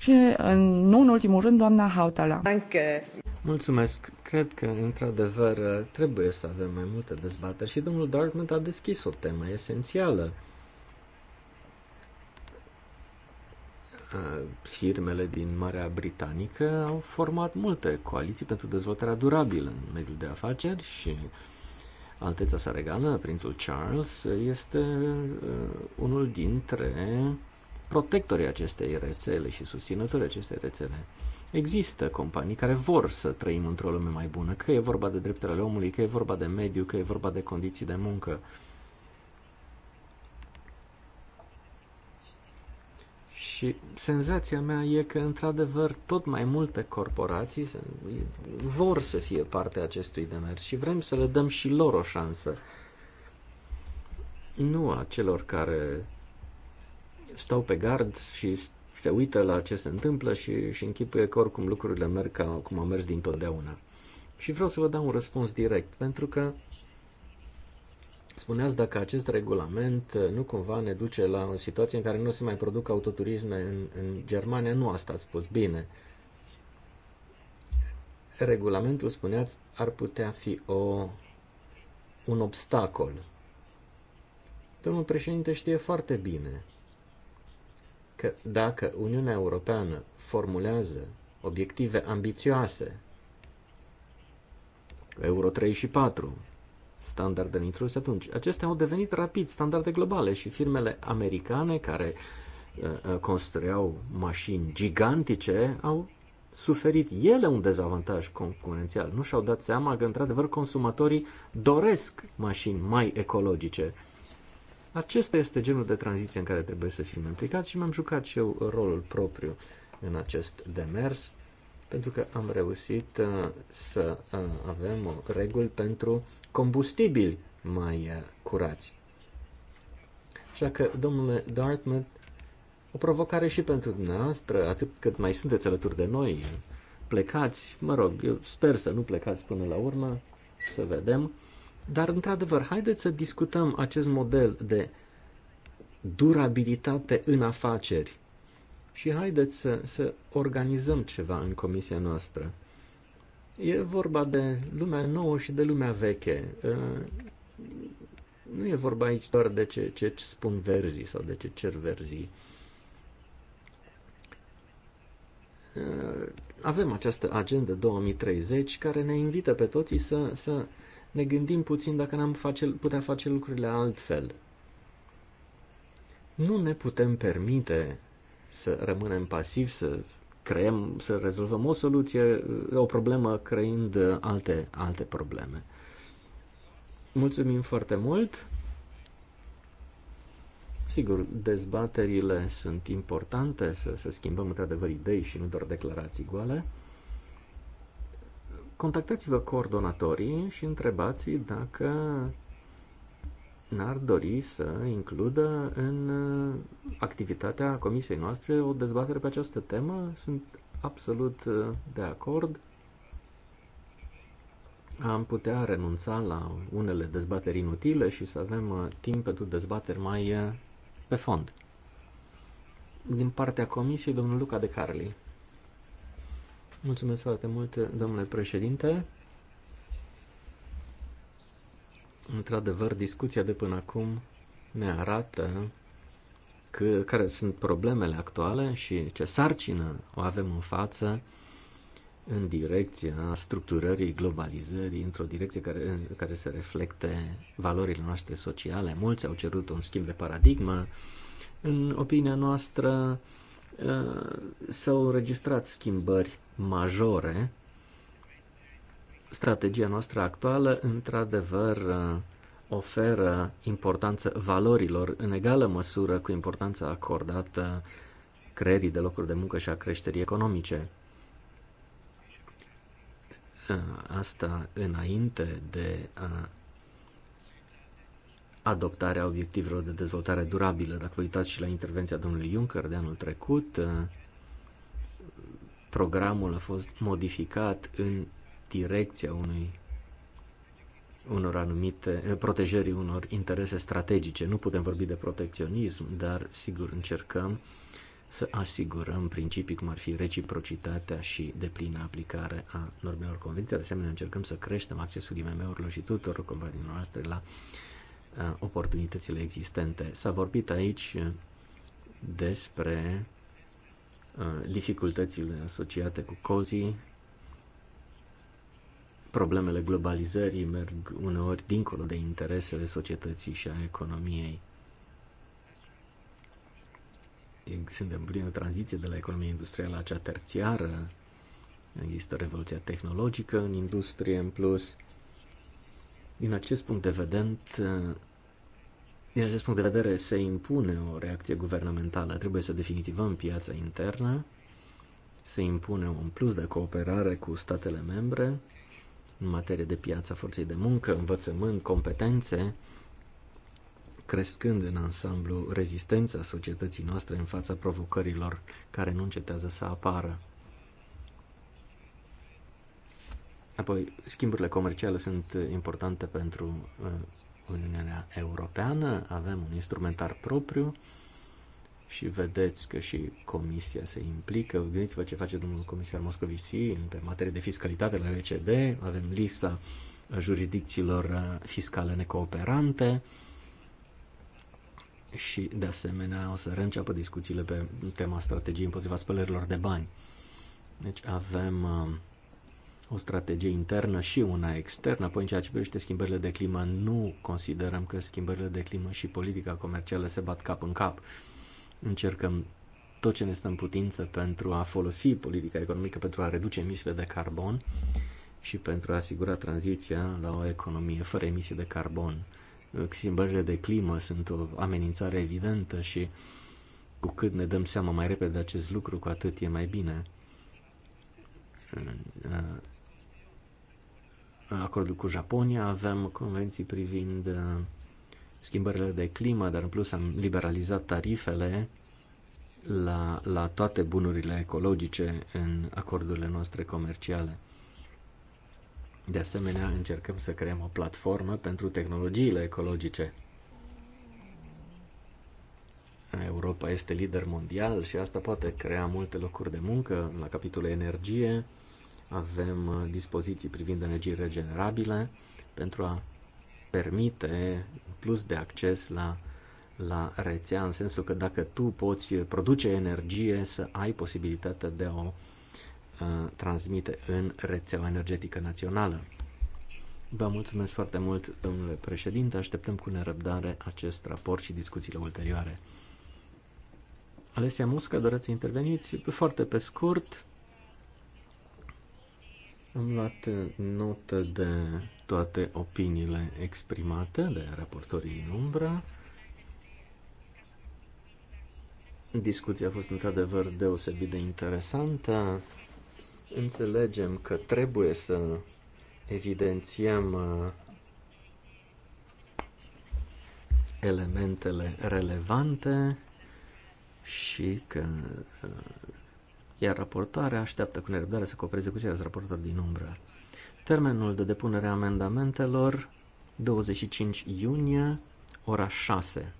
Speaker 3: și, în, nu în ultimul rând, doamna Hautala. Danke.
Speaker 1: Mulțumesc. Cred că, într-adevăr, trebuie să avem mai multe dezbateri și domnul Dartmouth a deschis o temă esențială. Firmele din Marea Britanică au format multe coaliții pentru dezvoltarea durabilă în mediul de afaceri și Alteța sa regală, prințul Charles, este uh, unul dintre protectorii acestei rețele și susținătorii acestei rețele. Există companii care vor să trăim într-o lume mai bună, că e vorba de drepturile omului, că e vorba de mediu, că e vorba de condiții de muncă. Și senzația mea e că, într-adevăr, tot mai multe corporații vor să fie parte a acestui demers și vrem să le dăm și lor o șansă. Nu a celor care stau pe gard și se uită la ce se întâmplă și, și închipuie că oricum lucrurile merg ca cum a mers dintotdeauna. Și vreau să vă dau un răspuns direct, pentru că spuneați dacă acest regulament uh, nu cumva ne duce la o situație în care nu se mai produc autoturisme în, în Germania. Nu asta ați spus bine. Regulamentul, spuneați, ar putea fi o, un obstacol. Domnul președinte știe foarte bine că dacă Uniunea Europeană formulează obiective ambițioase, Euro 3 și 4, standarde introduse atunci, acestea au devenit rapid standarde globale și firmele americane care uh, uh, construiau mașini gigantice au suferit ele un dezavantaj concurențial. Nu și-au dat seama că, într-adevăr, consumatorii doresc mașini mai ecologice acesta este genul de tranziție în care trebuie să fim implicați și mi am jucat și eu rolul propriu în acest demers, pentru că am reușit uh, să uh, avem reguli pentru combustibili mai uh, curați. Așa că, domnule Dartmouth, o provocare și pentru dumneavoastră, atât cât mai sunteți alături de noi, plecați, mă rog, eu sper să nu plecați până la urmă, să vedem. Dar, într-adevăr, haideți să discutăm acest model de durabilitate în afaceri și haideți să, să organizăm ceva în comisia noastră. E vorba de lumea nouă și de lumea veche. Ă, nu e vorba aici doar de ce, ce spun verzii sau de ce cer verzii. Ă, avem această agendă 2030 care ne invită pe toții să, să ne gândim puțin dacă n-am face, putea face lucrurile altfel. Nu ne putem permite să rămânem pasivi, să creăm, să rezolvăm o soluție, o problemă creând alte, alte probleme. Mulțumim foarte mult! Sigur, dezbaterile sunt importante, să, să schimbăm într-adevăr idei și nu doar declarații goale contactați-vă coordonatorii și întrebați dacă n-ar dori să includă în uh, activitatea comisiei noastre o dezbatere pe această temă. Sunt absolut uh, de acord. Am putea renunța la unele dezbateri inutile și să avem uh, timp pentru dezbateri mai pe fond. Din partea comisiei, domnul Luca de Carli. Mulțumesc foarte mult, domnule președinte. Într-adevăr, discuția de până acum ne arată că, care sunt problemele actuale și ce sarcină o avem în față în direcția structurării, globalizării, într-o direcție care, care se reflecte valorile noastre sociale. Mulți au cerut un schimb de paradigmă. În opinia noastră, uh, s-au înregistrat schimbări majore, strategia noastră actuală, într-adevăr, oferă importanță valorilor în egală măsură cu importanța acordată creierii de locuri de muncă și a creșterii economice. Asta înainte de adoptarea obiectivelor de dezvoltare durabilă. Dacă vă uitați și la intervenția domnului Juncker de anul trecut, programul a fost modificat în direcția unui unor anumite eh, protejării unor interese strategice. Nu putem vorbi de protecționism, dar sigur încercăm să asigurăm principii cum ar fi reciprocitatea și deplină aplicare a normelor convenite. De asemenea, încercăm să creștem accesul IMM-urilor și tuturor companiilor noastre la eh, oportunitățile existente. S-a vorbit aici eh, despre dificultățile asociate cu COZI, problemele globalizării merg uneori dincolo de interesele societății și a economiei. Suntem în plină tranziție de la economia industrială la cea terțiară, există revoluția tehnologică în industrie în plus. Din acest punct de vedere, din acest punct de vedere, se impune o reacție guvernamentală. Trebuie să definitivăm piața internă, se impune un plus de cooperare cu statele membre în materie de piața forței de muncă, învățământ, competențe, crescând în ansamblu rezistența societății noastre în fața provocărilor care nu încetează să apară. Apoi, schimburile comerciale sunt importante pentru uh, Uniunea Europeană, avem un instrumentar propriu și vedeți că și Comisia se implică. Gândiți-vă ce face domnul comisar Moscovici pe materie de fiscalitate la OECD, avem lista jurisdicțiilor uh, fiscale necooperante și, de asemenea, o să reînceapă discuțiile pe tema strategiei împotriva spălărilor de bani. Deci avem uh, o strategie internă și una externă. Apoi, în ceea ce privește schimbările de climă, nu considerăm că schimbările de climă și politica comercială se bat cap în cap. Încercăm tot ce ne stă în putință pentru a folosi politica economică pentru a reduce emisiile de carbon și pentru a asigura tranziția la o economie fără emisii de carbon. Schimbările de climă sunt o amenințare evidentă și cu cât ne dăm seama mai repede de acest lucru, cu atât e mai bine acordul cu Japonia, avem convenții privind uh, schimbările de climă, dar în plus am liberalizat tarifele la, la toate bunurile ecologice în acordurile noastre comerciale. De asemenea, încercăm să creăm o platformă pentru tehnologiile ecologice. Europa este lider mondial și asta poate crea multe locuri de muncă la capitolul energie, avem uh, dispoziții privind energii regenerabile pentru a permite plus de acces la, la rețea, în sensul că dacă tu poți produce energie, să ai posibilitatea de a o uh, transmite în rețeaua energetică națională. Vă mulțumesc foarte mult, domnule președinte. Așteptăm cu nerăbdare acest raport și discuțiile ulterioare. Alessia Musca, doreți să interveniți? Foarte pe scurt, am luat uh, notă de toate opiniile exprimate de raportorii în umbră. Discuția a fost într-adevăr deosebit de interesantă. Înțelegem că trebuie să evidențiem uh, elementele relevante și că uh, iar raportoarea așteaptă cu nerăbdare să coopereze cu ceilalți raportori din umbră. Termenul de depunere a amendamentelor 25 iunie, ora 6.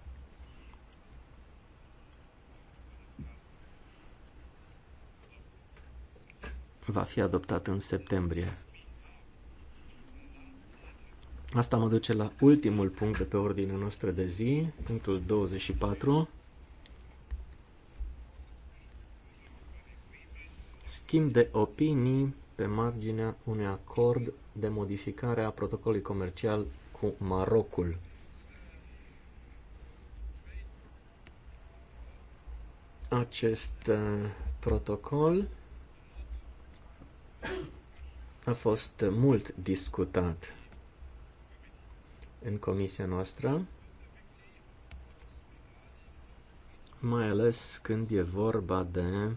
Speaker 1: Va fi adoptat în septembrie. Asta mă duce la ultimul punct de pe ordinea noastră de zi, punctul 24. schimb de opinii pe marginea unui acord de modificare a protocolului comercial cu Marocul. Acest uh, protocol a fost mult discutat în comisia noastră, mai ales când e vorba de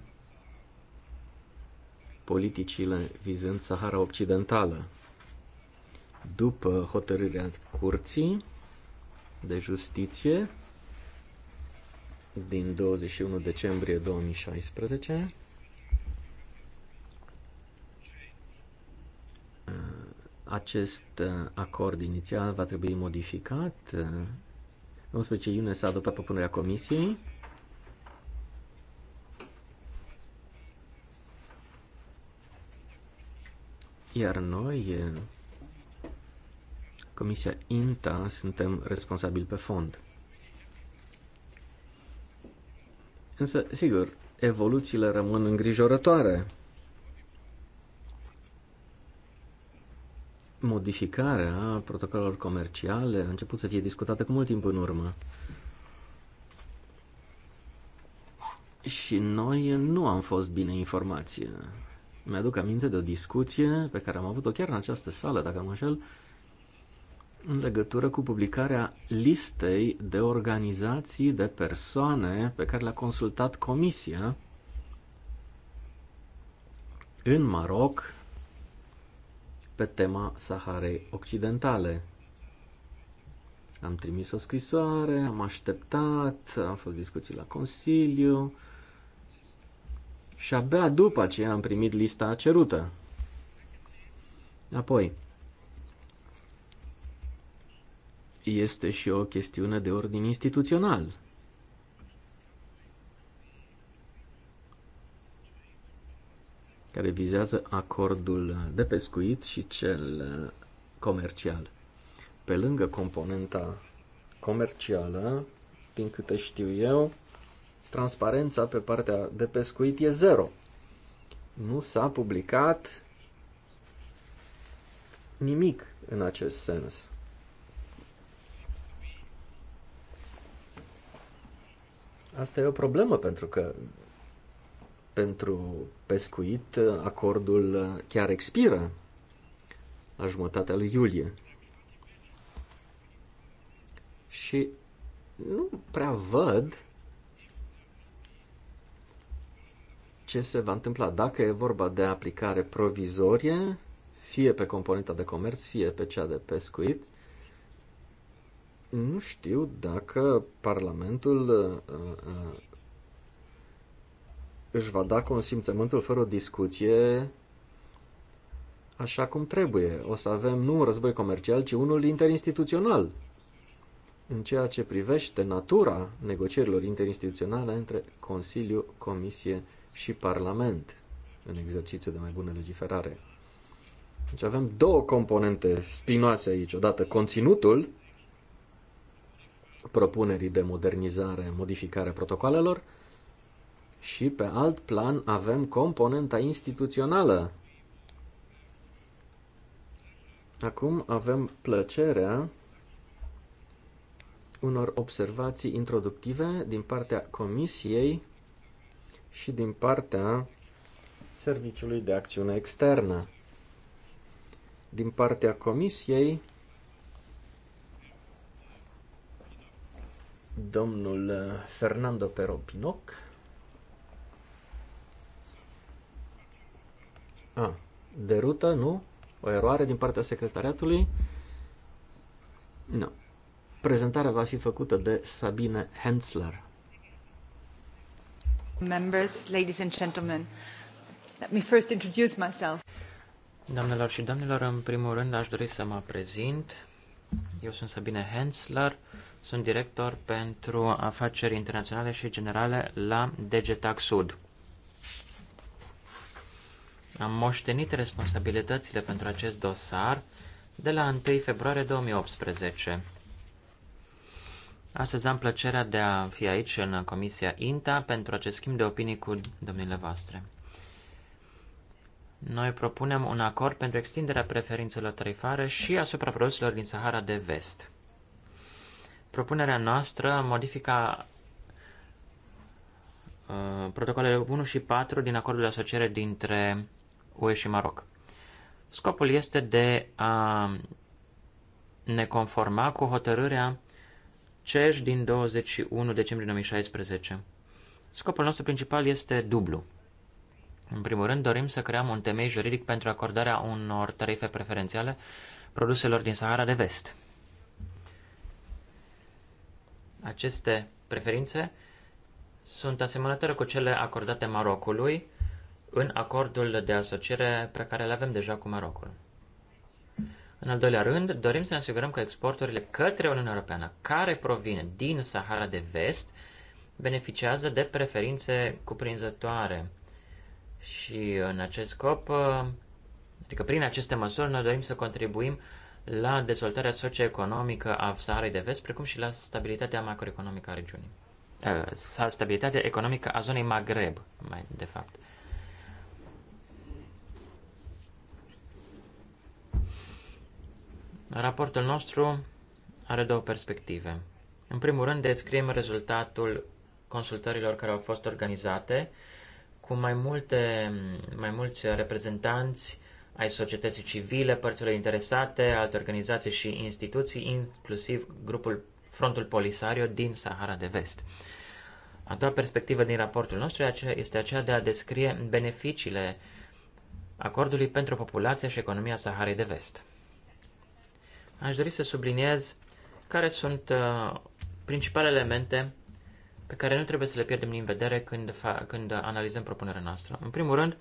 Speaker 1: politicile vizând Sahara Occidentală. După hotărârea Curții de Justiție din 21 decembrie 2016, acest uh, acord inițial va trebui modificat. 11 uh, iunie s-a adoptat propunerea Comisiei Iar noi, Comisia INTA, suntem responsabili pe fond. Însă, sigur, evoluțiile rămân îngrijorătoare. Modificarea protocolelor comerciale a început să fie discutată cu mult timp în urmă. Și noi nu am fost bine informați mi-aduc aminte de o discuție pe care am avut-o chiar în această sală, dacă mă înșel, în legătură cu publicarea listei de organizații, de persoane pe care le-a consultat Comisia în Maroc pe tema Saharei Occidentale. Am trimis o scrisoare, am așteptat, am fost discuții la Consiliu, și abia după aceea am primit lista cerută. Apoi, este și o chestiune de ordin instituțional. care vizează acordul de pescuit și cel uh, comercial. Pe lângă componenta comercială, din câte știu eu, transparența pe partea de pescuit e zero. Nu s-a publicat nimic în acest sens. Asta e o problemă pentru că pentru pescuit acordul chiar expiră la jumătatea lui iulie. Și nu prea văd ce se va întâmpla dacă e vorba de aplicare provizorie, fie pe componenta de comerț, fie pe cea de pescuit. Nu știu dacă Parlamentul uh, uh, își va da consimțământul fără o discuție așa cum trebuie. O să avem nu un război comercial, ci unul interinstituțional în ceea ce privește natura negocierilor interinstituționale între Consiliu, Comisie și Parlament în exercițiu de mai bună legiferare. Deci avem două componente spinoase aici. Odată conținutul propunerii de modernizare, modificare a și pe alt plan avem componenta instituțională. Acum avem plăcerea unor observații introductive din partea Comisiei și din partea Serviciului de Acțiune Externă. Din partea Comisiei, domnul Fernando Peropinoc. A, de rută, nu? O eroare din partea secretariatului? Nu. Prezentarea va fi făcută de Sabine Hensler.
Speaker 3: Members, ladies and gentlemen, let me first introduce myself.
Speaker 2: Doamnelor și domnilor, în primul rând aș dori să mă prezint. Eu sunt Sabine Hensler, sunt director pentru afaceri internaționale și generale la DGTAC Sud. Am moștenit responsabilitățile pentru acest dosar de la 1 februarie 2018. Astăzi am plăcerea de a fi aici în Comisia INTA pentru acest schimb de opinii cu domnile voastre. Noi propunem un acord pentru extinderea preferințelor tarifare și asupra produselor din Sahara de Vest. Propunerea noastră modifica uh, protocolele 1 și 4 din acordul de asociere dintre UE și Maroc. Scopul este de a ne conforma cu hotărârea CEJ din 21 decembrie 2016. Scopul nostru principal este dublu. În primul rând, dorim să creăm un temei juridic pentru acordarea unor tarife preferențiale produselor din Sahara de Vest. Aceste preferințe sunt asemănătoare cu cele acordate Marocului în acordul de asociere pe care le avem deja cu Marocul. În al doilea rând, dorim să ne asigurăm că exporturile către Uniunea Europeană, care provin din Sahara de Vest, beneficiază de preferințe cuprinzătoare. Și în acest scop, uh, adică prin aceste măsuri, noi dorim să contribuim la dezvoltarea socioeconomică a Saharei de Vest, precum și la stabilitatea macroeconomică a regiunii. Uh, stabilitatea economică a zonei Maghreb, mai de fapt. Raportul nostru are două perspective. În primul rând, descriem rezultatul consultărilor care au fost organizate cu mai, multe, mai mulți reprezentanți ai societății civile, părțile interesate, alte organizații și instituții, inclusiv grupul Frontul Polisario din Sahara de Vest. A doua perspectivă din raportul nostru este aceea de a descrie beneficiile acordului pentru populația și economia Saharei de Vest aș dori să subliniez care sunt uh, principalele elemente pe care nu trebuie să le pierdem din vedere când, fa- când analizăm propunerea noastră. În primul rând,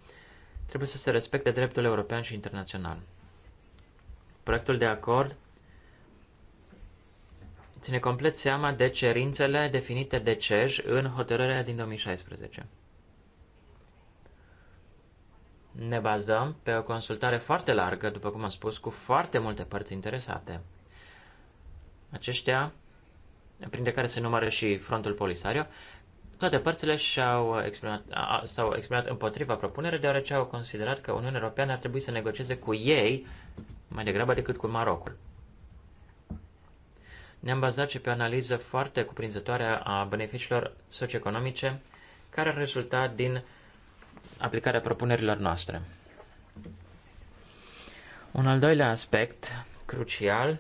Speaker 2: trebuie să se respecte dreptul european și internațional. Proiectul de acord ține complet seama de cerințele definite de CEJ în hotărârea din 2016 ne bazăm pe o consultare foarte largă, după cum am spus, cu foarte multe părți interesate. Aceștia, printre care se numără și frontul Polisario, toate părțile s-au exprimat, s-au exprimat împotriva propunerii, deoarece au considerat că Uniunea Europeană ar trebui să negocieze cu ei mai degrabă decât cu Marocul. Ne-am bazat și pe o analiză foarte cuprinzătoare a beneficiilor socioeconomice care ar rezulta din aplicarea propunerilor noastre. Un al doilea aspect crucial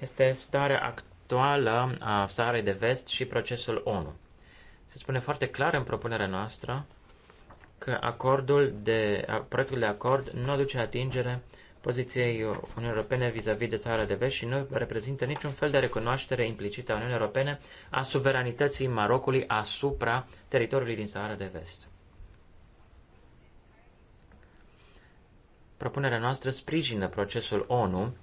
Speaker 2: este starea actuală a Saharei de Vest și procesul ONU. Se spune foarte clar în propunerea noastră că acordul de, proiectul de acord nu aduce atingere poziției Uniunii Europene vis-a-vis -vis de Sahara de Vest și nu reprezintă niciun fel de recunoaștere implicită a Uniunii Europene a suveranității Marocului asupra teritoriului din Sahara de Vest. Propunerea noastră sprijină procesul ONU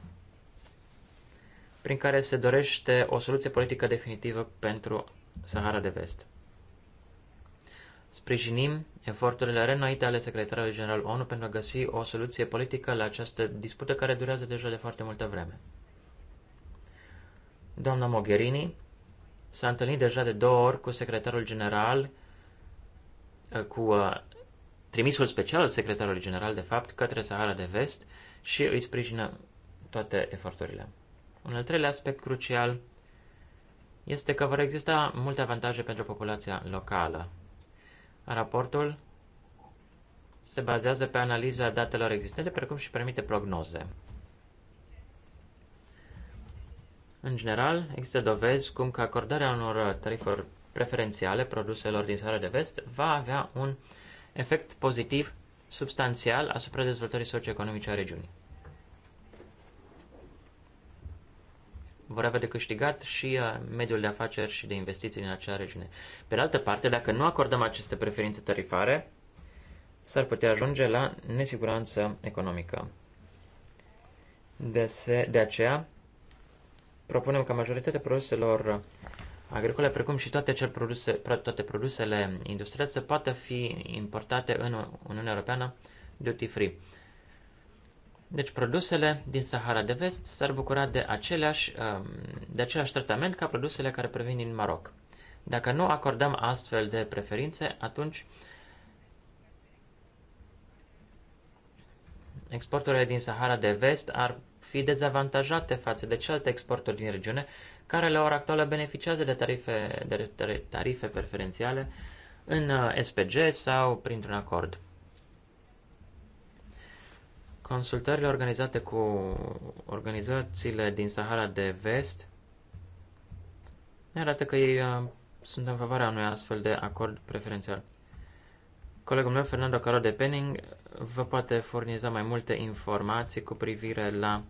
Speaker 2: prin care se dorește o soluție politică definitivă pentru Sahara de Vest. Sprijinim eforturile renoite ale secretarului general ONU pentru a găsi o soluție politică la această dispută care durează deja de foarte multă vreme. Doamna Mogherini s-a întâlnit deja de două ori cu secretarul general, cu uh, trimisul special al secretarului general, de fapt, către Sahara de Vest și îi sprijină toate eforturile. Un al treilea aspect crucial este că vor exista multe avantaje pentru populația locală. Raportul se bazează pe analiza datelor existente, precum și permite prognoze. În general, există dovezi cum că acordarea unor tarifuri preferențiale produselor din țara de vest va avea un uh, efect pozitiv substanțial asupra dezvoltării socioeconomice a regiunii. Vor avea de câștigat și uh, mediul de afaceri și de investiții din acea regiune. Pe de altă parte, dacă nu acordăm aceste preferințe tarifare, s-ar putea ajunge la nesiguranță economică. De, se, de aceea, propunem ca majoritatea produselor agricole, precum și toate, cel produse, toate produsele industriale, să poată fi importate în Uniunea Europeană duty free. Deci produsele din Sahara de Vest s-ar bucura de, aceleași, um, de același tratament ca produsele care provin din Maroc. Dacă nu acordăm astfel de preferințe, atunci exporturile din Sahara de Vest ar fi dezavantajate față de celelalte exporturi din regiune care la ora actuală beneficiază de tarife, de tarife preferențiale în uh, SPG sau printr-un acord. Consultările organizate cu organizațiile din Sahara de Vest ne arată că ei uh, sunt în favoarea unui astfel de acord preferențial. Colegul meu, Fernando Caro de Penning, vă poate furniza mai multe informații cu privire la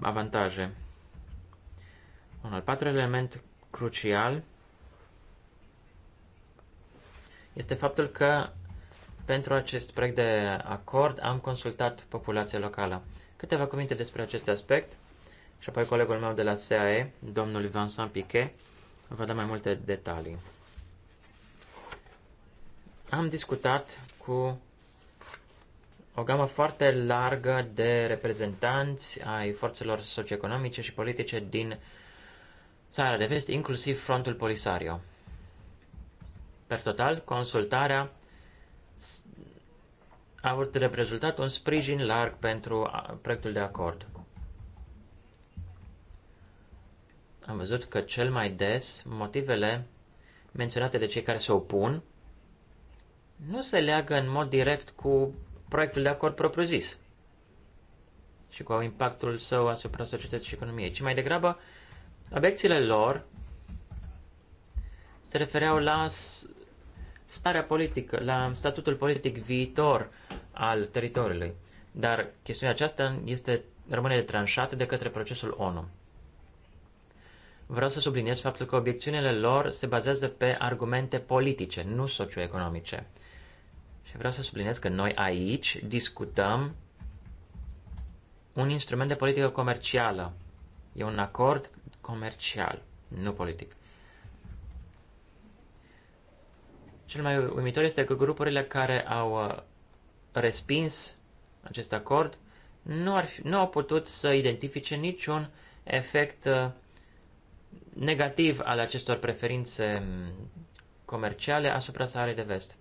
Speaker 2: avantaje. Un al patrulea element crucial este faptul că pentru acest proiect de acord am consultat populația locală. Câteva cuvinte despre acest aspect și apoi colegul meu de la SAE, domnul Vincent Piquet, va da mai multe detalii. Am discutat cu o gamă foarte largă de reprezentanți ai forțelor socioeconomice și politice din țara de vest, inclusiv frontul Polisario. Per total, consultarea a avut drept rezultat un sprijin larg pentru proiectul de acord. Am văzut că cel mai des motivele menționate de cei care se opun nu se leagă în mod direct cu proiectul de acord propriu-zis și cu impactul său asupra societății și economiei, ci mai degrabă Obiecțiile lor se refereau la starea politică, la statutul politic viitor al teritoriului. Dar chestiunea aceasta este, rămâne tranșată de către procesul ONU. Vreau să subliniez faptul că obiecțiunile lor se bazează pe argumente politice, nu socioeconomice. Și vreau să subliniez că noi aici discutăm un instrument de politică comercială. E un acord comercial, nu politic. Cel mai uimitor este că grupurile care au uh, respins acest acord nu, ar fi, nu au putut să identifice niciun efect uh, negativ al acestor preferințe mm, comerciale asupra Saharei de Vest.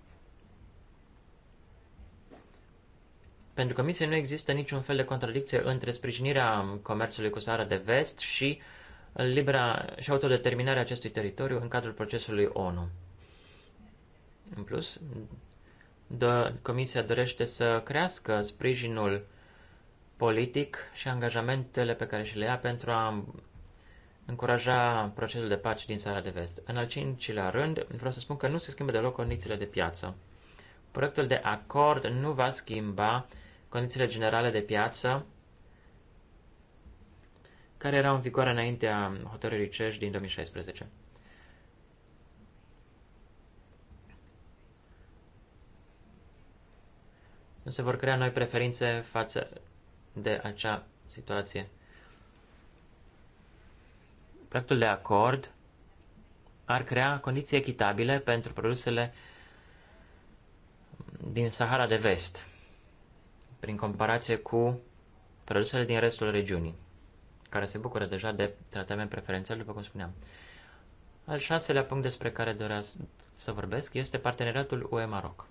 Speaker 2: Pentru Comisie nu există niciun fel de contradicție între sprijinirea comerțului cu Sahara de Vest și libera și autodeterminarea acestui teritoriu în cadrul procesului ONU. În plus, do- Comisia dorește să crească sprijinul politic și angajamentele pe care și le ia pentru a încuraja procesul de pace din Sala de Vest. În al cincilea rând, vreau să spun că nu se schimbă deloc condițiile de piață. Proiectul de acord nu va schimba condițiile generale de piață care erau în vigoare înaintea hotărârii CEJ din 2016. Nu se vor crea noi preferințe față de acea situație. Proiectul de acord ar crea condiții echitabile pentru produsele din Sahara de Vest, prin comparație cu produsele din restul regiunii care se bucură deja de tratament preferențial, după cum spuneam. Al șaselea punct despre care doream să vorbesc este parteneriatul UE-Maroc.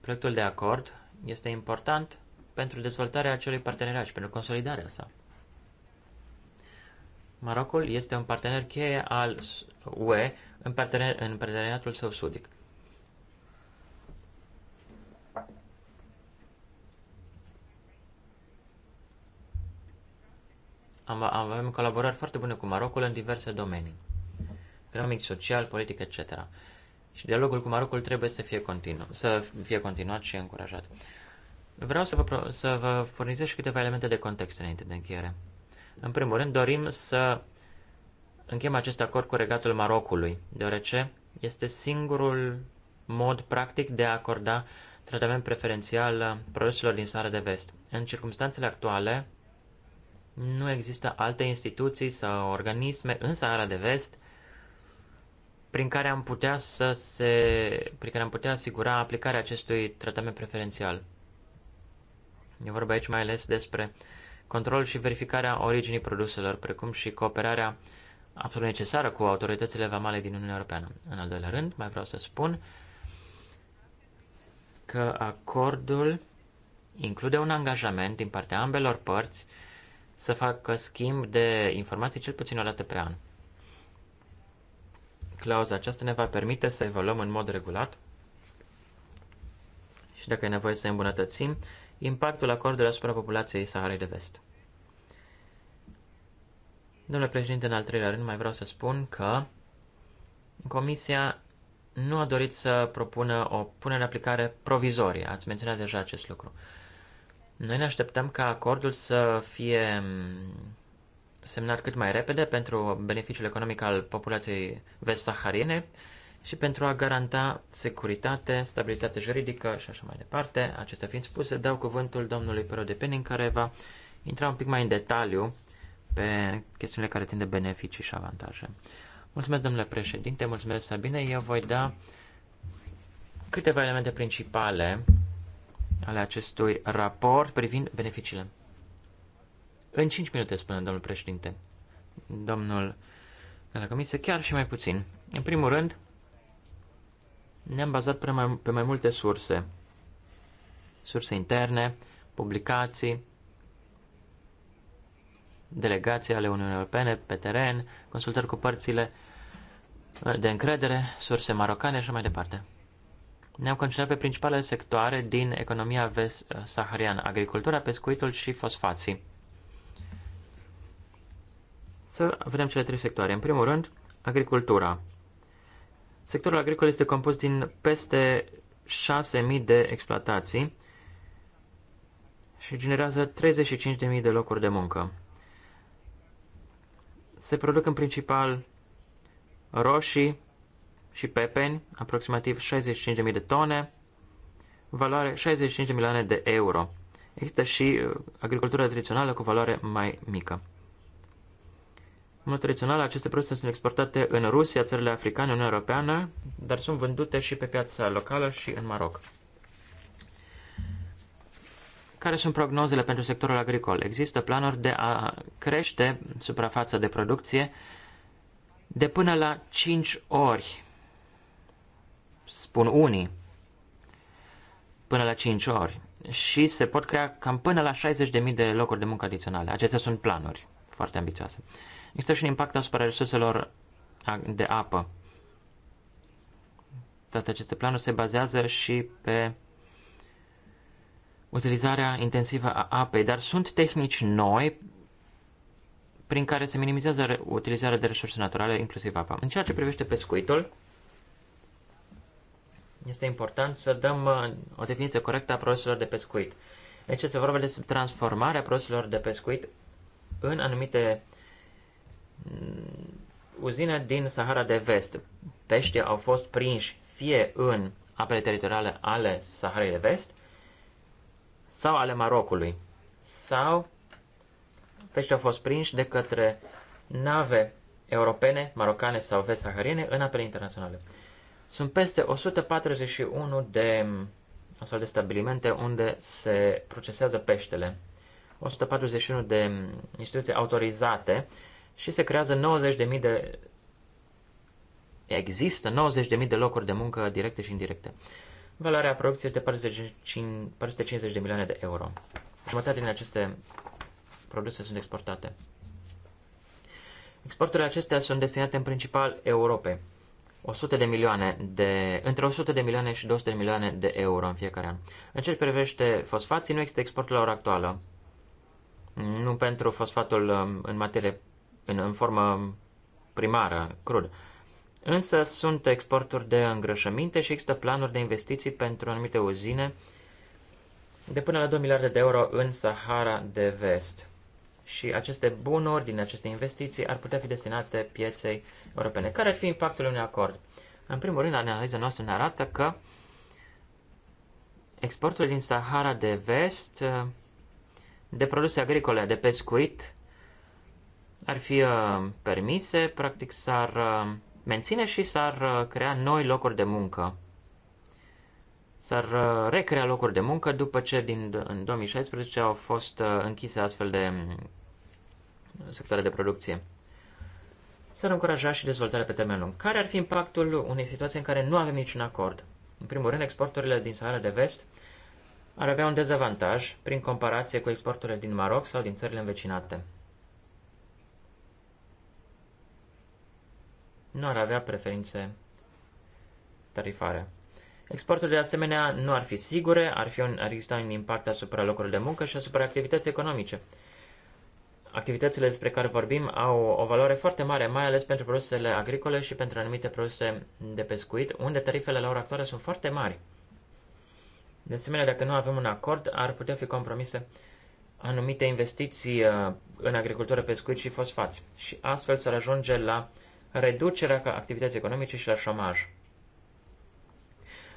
Speaker 2: Proiectul de acord este important pentru dezvoltarea acelui parteneriat și pentru consolidarea sa. Marocul este un partener cheie al UE în, în parteneriatul său sudic. Am, avem colaborări foarte bune cu Marocul în diverse domenii, economic, social, politic, etc. Și dialogul cu Marocul trebuie să fie, continu, să fie continuat și încurajat. Vreau să vă, să vă furnizez și câteva elemente de context înainte de încheiere. În primul rând, dorim să încheiem acest acord cu regatul Marocului, deoarece este singurul mod practic de a acorda tratament preferențial produselor din țara de vest. În circumstanțele actuale, nu există alte instituții sau organisme în Sahara de Vest prin care am putea să se, prin care am putea asigura aplicarea acestui tratament preferențial. E vorba aici mai ales despre control și verificarea originii produselor, precum și cooperarea absolut necesară cu autoritățile vamale din Uniunea Europeană. În al doilea rând, mai vreau să spun că acordul include un angajament din partea ambelor părți să facă schimb de informații cel puțin o dată pe an. Clauza aceasta ne va permite să evoluăm în mod regulat și dacă e nevoie să îmbunătățim impactul acordului asupra populației Saharei de Vest. Domnule președinte, în al treilea rând mai vreau să spun că Comisia nu a dorit să propună o punere în aplicare provizorie. Ați menționat deja acest lucru. Uh, noi ne așteptăm ca acordul să fie semnat cât mai repede pentru beneficiul economic al populației vest-sahariene și pentru a garanta securitate, stabilitate juridică și așa mai departe. Acestea fiind spuse, dau cuvântul domnului Pero de Penin, care va intra un pic mai în detaliu pe chestiunile care țin de beneficii și avantaje. Mulțumesc, domnule președinte, mulțumesc, Sabine. Eu voi da câteva elemente principale ale acestui raport privind beneficiile. În 5 minute, spune domnul președinte, domnul de la comisie, chiar și mai puțin. În primul rând, ne-am bazat pe mai, pe mai multe surse. Surse interne, publicații, delegații ale Uniunii Europene pe teren, consultări cu părțile de încredere, surse marocane și mai departe. Ne-am concentrat pe principalele sectoare din economia vest sahariană, agricultura, pescuitul și fosfații. Să vedem cele trei sectoare. În primul rând, agricultura. Sectorul agricol este compus din peste 6.000 de exploatații și generează 35.000 de locuri de muncă. Se produc în principal roșii, și pepeni, aproximativ 65.000 de tone, valoare 65 de milioane de euro. Există și uh, agricultura tradițională cu valoare mai mică. În mod tradițional, aceste produse sunt exportate în Rusia, țările africane, Uniunea Europeană, dar sunt vândute și pe piața locală și în Maroc. Care sunt prognozele pentru sectorul agricol? Există planuri de a crește suprafața de producție de până la 5 ori spun unii, până la 5 ori și se pot crea cam până la 60.000 de locuri de muncă adiționale. Acestea sunt planuri foarte ambițioase. Există și un impact asupra resurselor de apă. Toate aceste planuri se bazează și pe utilizarea intensivă a apei, dar sunt tehnici noi prin care se minimizează utilizarea de resurse naturale, inclusiv apa. În ceea ce privește pescuitul, este important să dăm uh, o definiție corectă a produselor de pescuit. Aici deci se vorba despre transformarea produselor de pescuit în anumite mm, uzine din Sahara de Vest. Peștii au fost prinși fie în apele teritoriale ale Saharei de Vest sau ale Marocului, sau peștii au fost prinși de către nave europene, marocane sau vest-sahariene în apele internaționale. Sunt peste 141 de astfel de stabilimente unde se procesează peștele. 141 de instituții autorizate și se creează 90.000 de... Există 90.000 de locuri de muncă directe și indirecte. Valoarea producției este 450 de milioane de euro. Jumătate din aceste produse sunt exportate. Exporturile acestea sunt destinate în principal Europei. 100 de milioane de, între 100 de milioane și 200 de milioane de euro în fiecare an. În ce privește fosfații, nu există exportul la ora actuală. Nu pentru fosfatul um, în materie, în, în formă primară, crud. Însă sunt exporturi de îngrășăminte și există planuri de investiții pentru anumite uzine de până la 2 miliarde de euro în Sahara de Vest și aceste bunuri din aceste investiții ar putea fi destinate pieței europene. Care ar fi impactul unui acord? În primul rând, analiza noastră ne arată că exportul din Sahara de vest de produse agricole, de pescuit, ar fi uh, permise, practic s-ar uh, menține și s-ar uh, crea noi locuri de muncă s-ar uh, recrea locuri de muncă după ce din, în 2016 au fost uh, închise astfel de mm, sectoare de producție. S-ar încuraja și dezvoltarea pe termen lung. Care ar fi impactul unei situații în care nu avem niciun acord? În primul rând, exporturile din Sahara de Vest ar avea un dezavantaj prin comparație cu exporturile din Maroc sau din țările învecinate. Nu ar avea preferințe tarifare. Exporturile de asemenea nu ar fi sigure, ar, fi un, ar exista un impact asupra locurilor de muncă și asupra activității economice. Activitățile despre care vorbim au o valoare foarte mare, mai ales pentru produsele agricole și pentru anumite produse de pescuit, unde tarifele la ora actuală sunt foarte mari. De asemenea, dacă nu avem un acord, ar putea fi compromise anumite investiții uh, în agricultură, pescuit și fosfați. Și astfel s-ar ajunge la reducerea activității economice și la șomaj.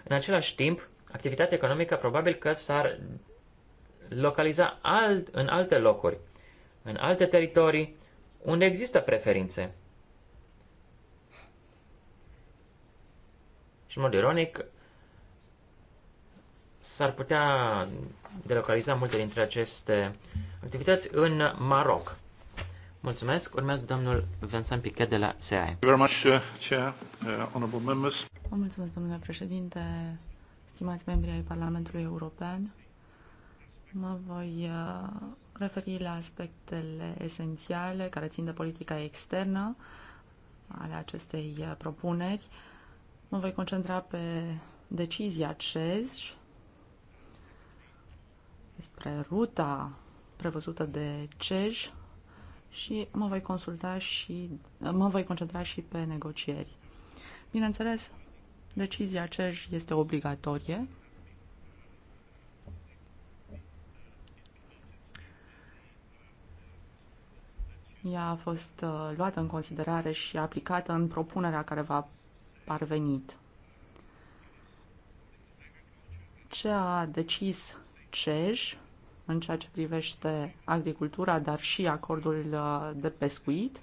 Speaker 2: În același timp, activitatea economică probabil că s-ar localiza alt, în alte locuri, în alte teritorii, unde există preferințe. Și, în mod ironic, s-ar putea delocaliza multe dintre aceste activități în Maroc. Mulțumesc. Urmează domnul Vincent Piquet de la SEAE. Very much, uh, Chair, uh, honorable members.
Speaker 3: Vă mulțumesc, domnule președinte, stimați membri ai Parlamentului European. Mă voi uh, referi la aspectele esențiale care țin de politica externă ale acestei uh, propuneri. Mă voi concentra pe decizia CEJ despre ruta prevăzută de CEJ și mă voi consulta și uh, mă voi concentra și pe negocieri. Bineînțeles, Decizia CEJ este obligatorie. Ea a fost uh, luată în considerare și aplicată în propunerea care va parvenit. Ce a decis CEJ în ceea ce privește agricultura, dar și acordul uh, de pescuit?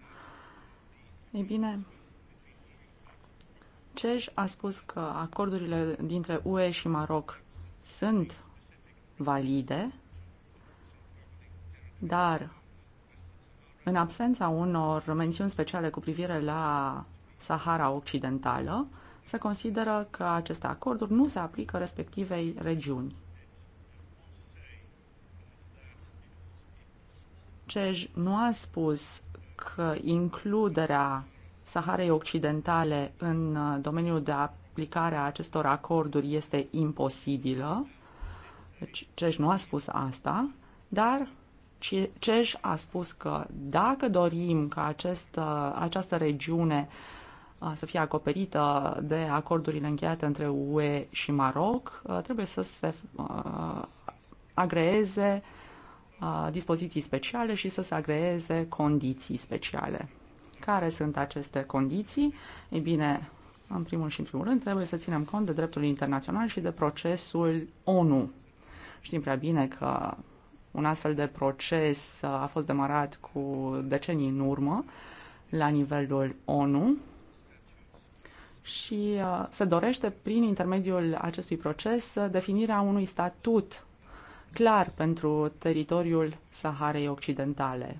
Speaker 3: Ei bine, CEJ a spus că acordurile dintre UE și Maroc sunt valide, dar în absența unor mențiuni speciale cu privire la Sahara Occidentală, se consideră că aceste acorduri nu se aplică respectivei regiuni. CEJ nu a spus că includerea Saharei Occidentale în uh, domeniul de aplicare a acestor acorduri este imposibilă. Deci CEJ nu a spus asta, dar CEJ a spus că dacă dorim ca acest, uh, această regiune uh, să fie acoperită de acordurile încheiate între UE și Maroc, trebuie să se agreeze dispoziții speciale și să se agreeze condiții speciale. Care sunt aceste condiții? Ei bine, în primul și în primul rând, trebuie să ținem cont de dreptul internațional și de procesul ONU. Știm prea bine că un astfel de proces a fost demarat cu decenii în urmă la nivelul ONU și uh, se dorește prin intermediul acestui proces uh, definirea unui statut clar pentru teritoriul Saharei Occidentale.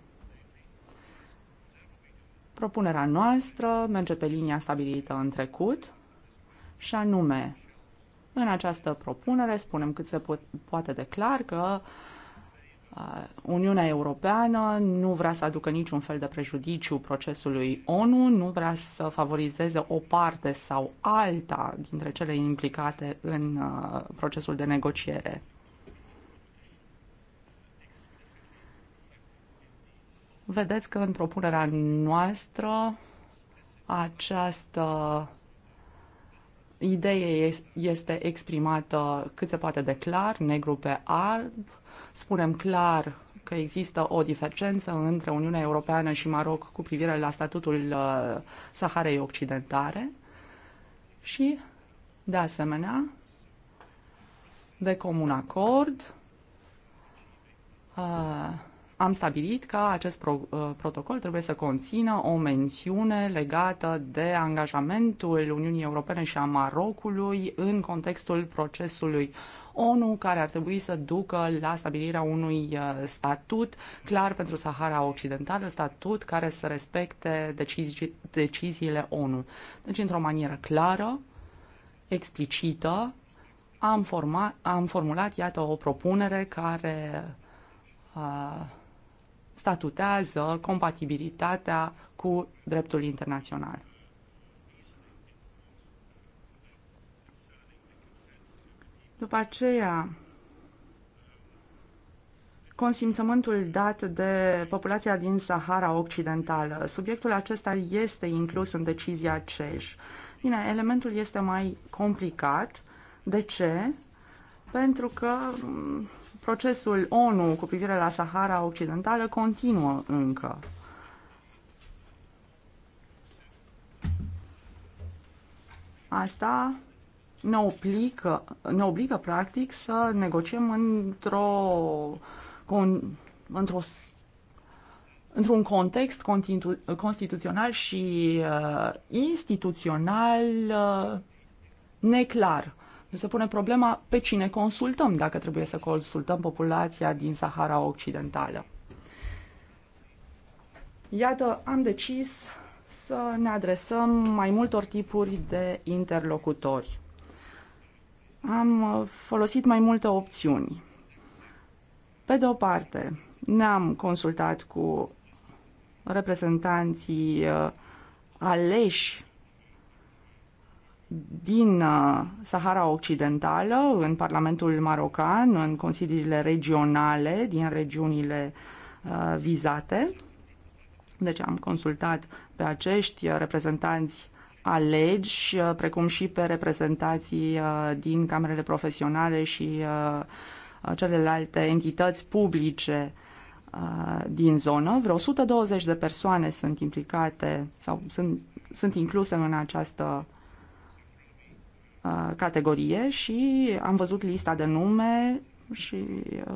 Speaker 3: Propunerea noastră merge pe linia stabilită în trecut și anume, în această propunere spunem cât se po poate de clar că uh, Uniunea Europeană nu vrea să aducă niciun fel de prejudiciu procesului ONU, nu vrea să favorizeze o parte sau alta dintre cele implicate în uh, procesul de negociere. Vedeți că în propunerea noastră această idee este exprimată cât se poate de clar, negru pe alb. Spunem clar că există o divergență între Uniunea Europeană și Maroc cu privire la statutul uh, Saharei Occidentale și, de asemenea, de comun acord, uh, am stabilit că acest pro- uh, protocol trebuie să conțină o mențiune legată de angajamentul Uniunii Europene și a Marocului în contextul procesului ONU, care ar trebui să ducă la stabilirea unui uh, statut clar pentru Sahara Occidentală, statut care să respecte decizi- deciziile ONU. Deci, într-o manieră clară, explicită, am, forma- am formulat, iată, o propunere care uh, statutează compatibilitatea cu dreptul internațional. După aceea, consimțământul dat de populația din Sahara Occidentală. Subiectul acesta este inclus în decizia CEJ. Bine, elementul este mai complicat. De ce? Pentru că Procesul ONU cu privire la Sahara Occidentală continuă încă. Asta ne obligă, ne obligă practic să negociem într-o într într-un context constitu, constituțional și uh, instituțional uh, neclar se pune problema pe cine consultăm, dacă trebuie să consultăm populația din Sahara Occidentală. Iată, am decis să ne adresăm mai multor tipuri de interlocutori. Am folosit mai multe opțiuni. Pe de o parte, ne-am consultat cu reprezentanții uh, aleși din uh, Sahara Occidentală, în Parlamentul Marocan, în consiliile regionale din regiunile uh, vizate. Deci am consultat pe acești uh, reprezentanți alegi, precum și pe reprezentații din camerele profesionale și celelalte entități publice din zonă. Vreo 120 de persoane sunt implicate sau sunt, sunt incluse în această Uh, categorie și am văzut lista de nume și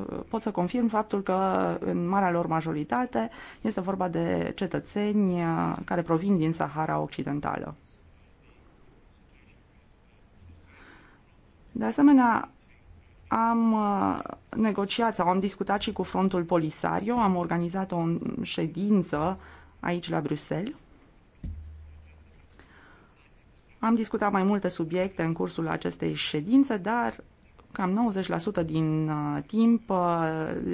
Speaker 3: uh, pot să confirm faptul că în marea lor majoritate este vorba de cetățeni uh, care provin din Sahara Occidentală. De asemenea, am negociat sau am discutat și cu Frontul Polisario, am organizat o ședință aici la Bruxelles am discutat mai multe subiecte în cursul acestei ședințe, dar cam 90% din uh, timp uh,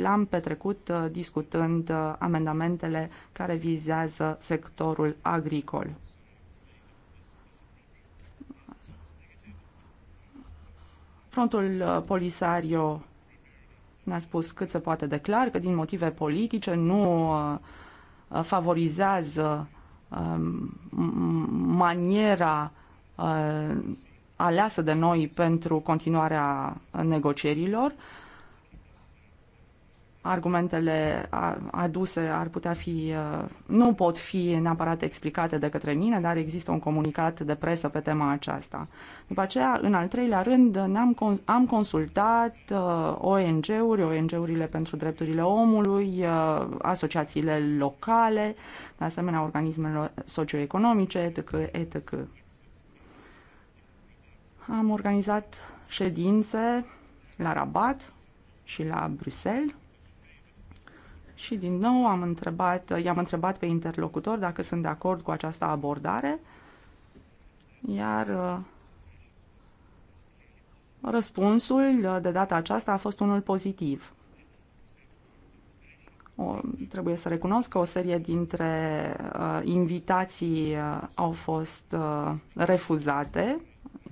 Speaker 3: l-am petrecut uh, discutând amendamentele care vizează sectorul agricol. Frontul Polisario ne-a spus cât se poate de clar că din motive politice nu favorizează um, maniera Uh, aleasă de noi pentru continuarea negocierilor. Argumentele aduse ar putea fi, uh, nu pot fi neapărat explicate de către mine, dar există un comunicat de presă pe tema aceasta. După aceea, în al treilea rând, am am consultat uh, ONG-uri, ONG-urile pentru drepturile omului, asociațiile locale, de asemenea organismele socioeconomice, etc. etc am organizat ședințe la Rabat și la Bruxelles și din nou am întrebat, i-am întrebat pe interlocutor dacă sunt de acord cu această abordare, iar uh, răspunsul de data aceasta a fost unul pozitiv. O, trebuie să recunosc că o serie dintre uh, invitații uh, au fost uh, refuzate,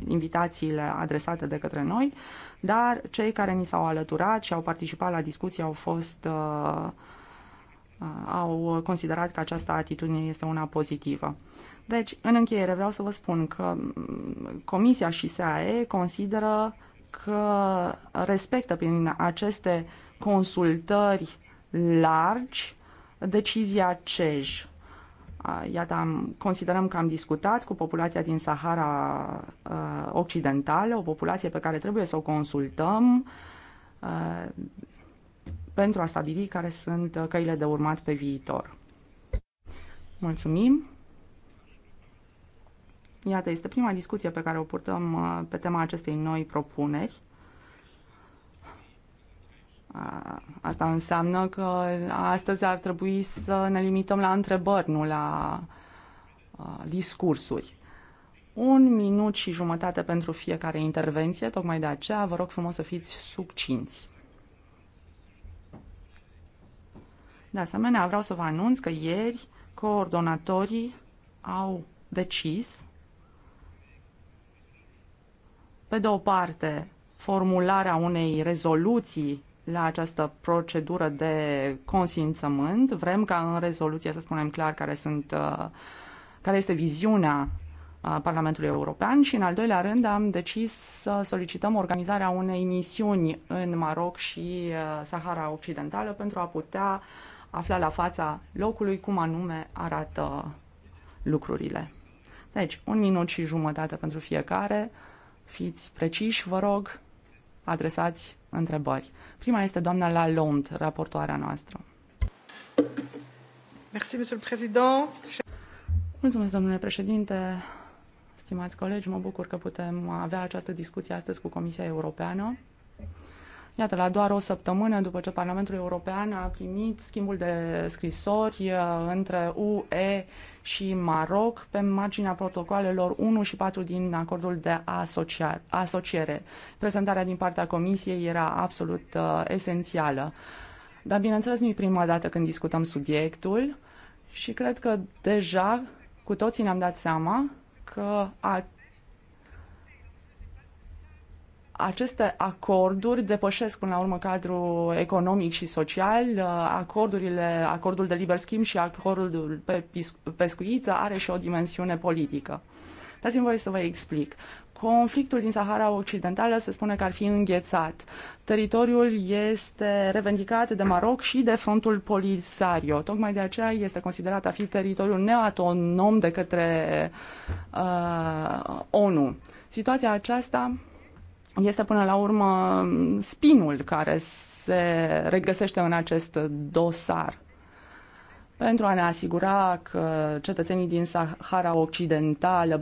Speaker 3: invitațiile adresate de către noi, dar cei care ni s-au alăturat și au participat la discuții au fost uh, uh au considerat că această atitudine este una pozitivă. Deci, în încheiere, vreau să vă spun că mm, Comisia și SAE consideră că respectă prin aceste consultări largi decizia CEJ Iată, am, considerăm că am discutat cu populația din Sahara Occidentală, o populație pe care trebuie să o consultăm pentru a stabili care sunt căile de urmat pe viitor. Mulțumim! Iată, este prima discuție pe care o purtăm pe tema acestei noi propuneri. Asta înseamnă că astăzi ar trebui să ne limităm la întrebări, nu la discursuri. Un minut și jumătate pentru fiecare intervenție, tocmai de aceea vă rog frumos să fiți succinți. De asemenea, vreau să vă anunț că ieri coordonatorii au decis pe de o parte formularea unei rezoluții la această procedură de consimțământ. Vrem ca în rezoluție să spunem clar care, sunt, uh, care este viziunea uh, Parlamentului European și, în al doilea rând, am decis să solicităm organizarea unei misiuni în Maroc și uh, Sahara Occidentală pentru a putea afla la fața locului cum anume arată lucrurile. Deci, un minut și jumătate pentru fiecare. Fiți preciși, vă rog adresați întrebări. Prima este doamna Lalonde, raportoarea noastră. Merci, monsieur le président. Mulțumesc, domnule președinte. Stimați colegi, mă bucur că putem avea această discuție astăzi cu Comisia Europeană. Iată, la doar o săptămână după ce Parlamentul European a primit schimbul de scrisori uh, între UE și Maroc pe marginea protocoalelor 1 și 4 din acordul de asociere. Prezentarea din partea Comisiei era absolut uh, esențială. Dar, bineînțeles, nu e prima dată când discutăm subiectul și cred că deja cu toții ne-am dat seama că a aceste acorduri depășesc până la urmă cadrul economic și social. Acordurile, acordul de liber schimb și acordul pe pescuit are și o dimensiune politică. Dați-mi voie să vă explic. Conflictul din Sahara Occidentală se spune că ar fi înghețat. Teritoriul este revendicat de Maroc și de frontul Polisario. Tocmai de aceea este considerat a fi teritoriul neautonom de către uh, ONU. Situația aceasta este până la urmă spinul care se regăsește în acest dosar pentru a ne asigura că cetățenii din Sahara Occidentală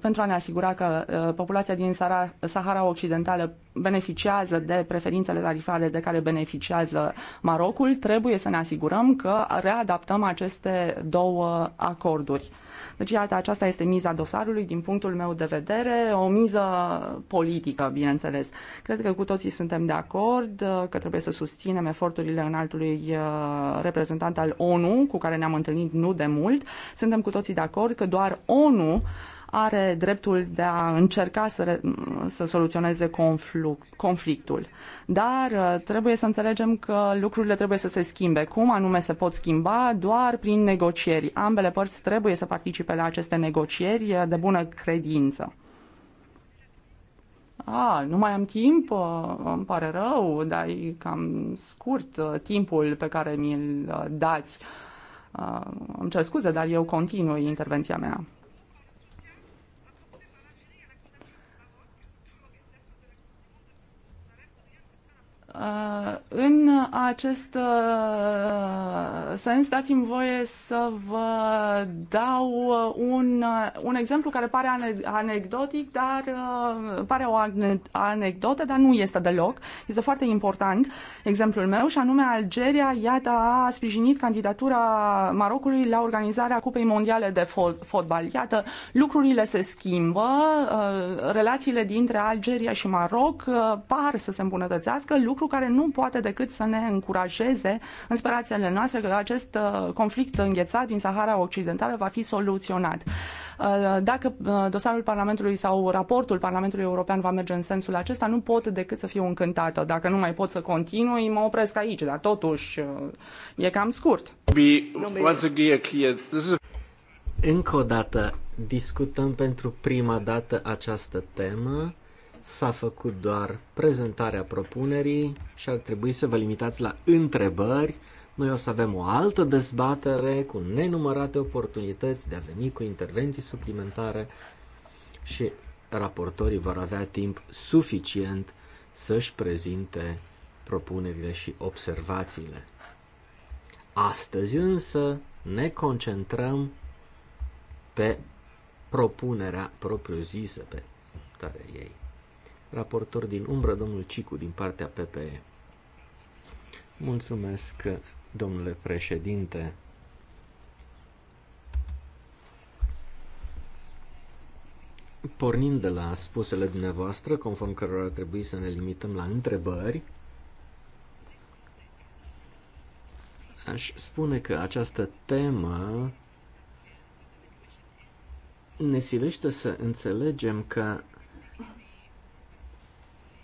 Speaker 3: pentru a ne asigura că uh, populația din Sahara, Sahara Occidentală beneficiază de preferințele tarifare de care beneficiază Marocul, trebuie să ne asigurăm că readaptăm aceste două acorduri. Deci, iată, aceasta este miza dosarului din punctul meu de vedere, o miză politică, bineînțeles. Cred că cu toții suntem de acord uh, că trebuie să susținem eforturile înaltului uh, reprezentant al ONU, cu care ne-am întâlnit nu de mult. Suntem cu toții de acord că doar ONU are dreptul de a încerca să, să soluționeze conflu, conflictul. Dar uh, trebuie să înțelegem că lucrurile trebuie să se schimbe. Cum anume se pot schimba? Doar prin negocieri. Ambele părți trebuie să participe la aceste negocieri uh, de bună credință. A, nu mai am timp, uh, îmi pare rău, dar e cam scurt timpul pe care mi-l dați. Îmi cer scuze, dar eu continui intervenția mea. Uh, în acest uh, sens, dați-mi voie să vă dau uh, un, un exemplu care pare anecdotic, dar pare o anecdotă, dar nu este deloc. Este foarte important exemplul meu și anume Algeria, iată, a sprijinit candidatura Marocului la organizarea Cupei Mondiale de Fotbal. Iată, lucrurile se schimbă, relațiile dintre Algeria și Maroc par să se îmbunătățească, lucru lucru care nu poate decât să ne încurajeze în sperațiile noastre că acest uh, conflict înghețat din Sahara Occidentală va fi soluționat. Uh, dacă uh, dosarul Parlamentului sau raportul Parlamentului European va merge în sensul acesta, nu pot decât să fiu încântată. Dacă nu mai pot să continui, mă opresc aici, dar totuși e cam scurt.
Speaker 1: Încă o dată, discutăm pentru prima dată această temă s-a făcut doar prezentarea propunerii și ar trebui să vă limitați la întrebări. Noi o să avem o altă dezbatere cu nenumărate oportunități de a veni cu intervenții suplimentare și raportorii vor avea timp suficient să-și prezinte propunerile și observațiile. Astăzi însă ne concentrăm pe propunerea propriu-zisă, pe care ei raportor din umbră, domnul Cicu, din partea PPE. Mulțumesc, domnule președinte. Pornind de la spusele dumneavoastră, conform cărora ar trebui să ne limităm la întrebări, aș spune că această temă ne silește să înțelegem că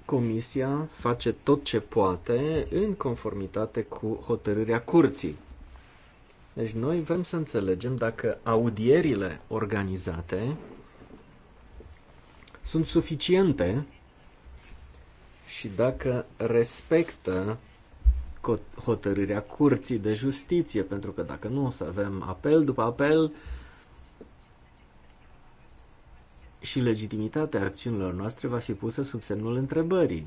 Speaker 1: Comisia face tot ce poate în conformitate cu hotărârea curții. Deci noi vrem să înțelegem dacă audierile organizate sunt suficiente și dacă respectă hotărârea curții de justiție, pentru că dacă nu o să avem apel după apel, și legitimitatea acțiunilor noastre va fi pusă sub semnul întrebării.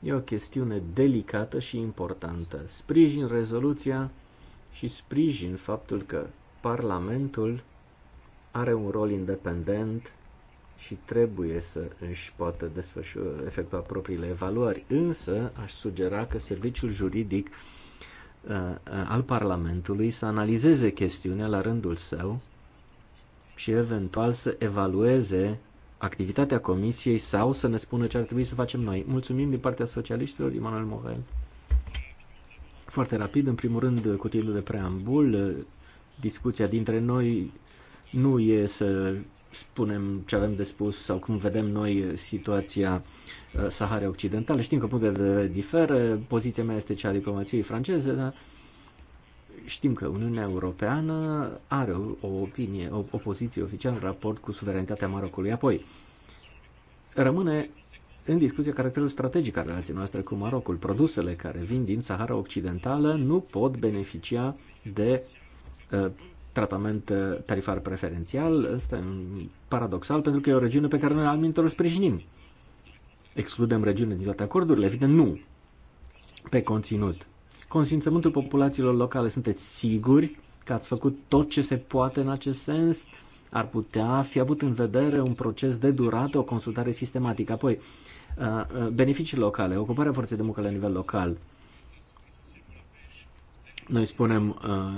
Speaker 1: E o chestiune delicată și importantă. Sprijin rezoluția și sprijin faptul că Parlamentul are un rol independent și trebuie să își poată desfășura, efectua propriile evaluări. Însă aș sugera că serviciul juridic uh, uh al Parlamentului să analizeze chestiunea la rândul său și eventual să evalueze activitatea comisiei sau să ne spună ce ar trebui să facem noi. Mulțumim din partea socialiștilor, Emanuel Morel. Foarte rapid, în primul rând, cu titlul de preambul, discuția dintre noi nu e să spunem ce avem de spus sau cum vedem noi situația uh, Sahara Occidentale. Știm că puncte de diferă, poziția mea este cea a diplomației franceze, dar Știm că Uniunea Europeană are o opinie, o, o poziție oficială în raport cu suveranitatea Marocului. Apoi, rămâne în discuție caracterul strategic al relației noastre cu Marocul. Produsele care vin din Sahara Occidentală nu pot beneficia de uh, tratament uh, tarifar preferențial. Este un paradoxal pentru că e o regiune pe care noi al o sprijinim. Excludem regiune din toate acordurile? Evident, nu. Pe conținut consimțământul populațiilor locale. Sunteți siguri că ați făcut tot ce se poate în acest sens? Ar putea fi avut în vedere un proces de durată, o consultare sistematică. Apoi, uh, uh, beneficii locale, ocuparea forței de muncă la nivel local. Noi spunem,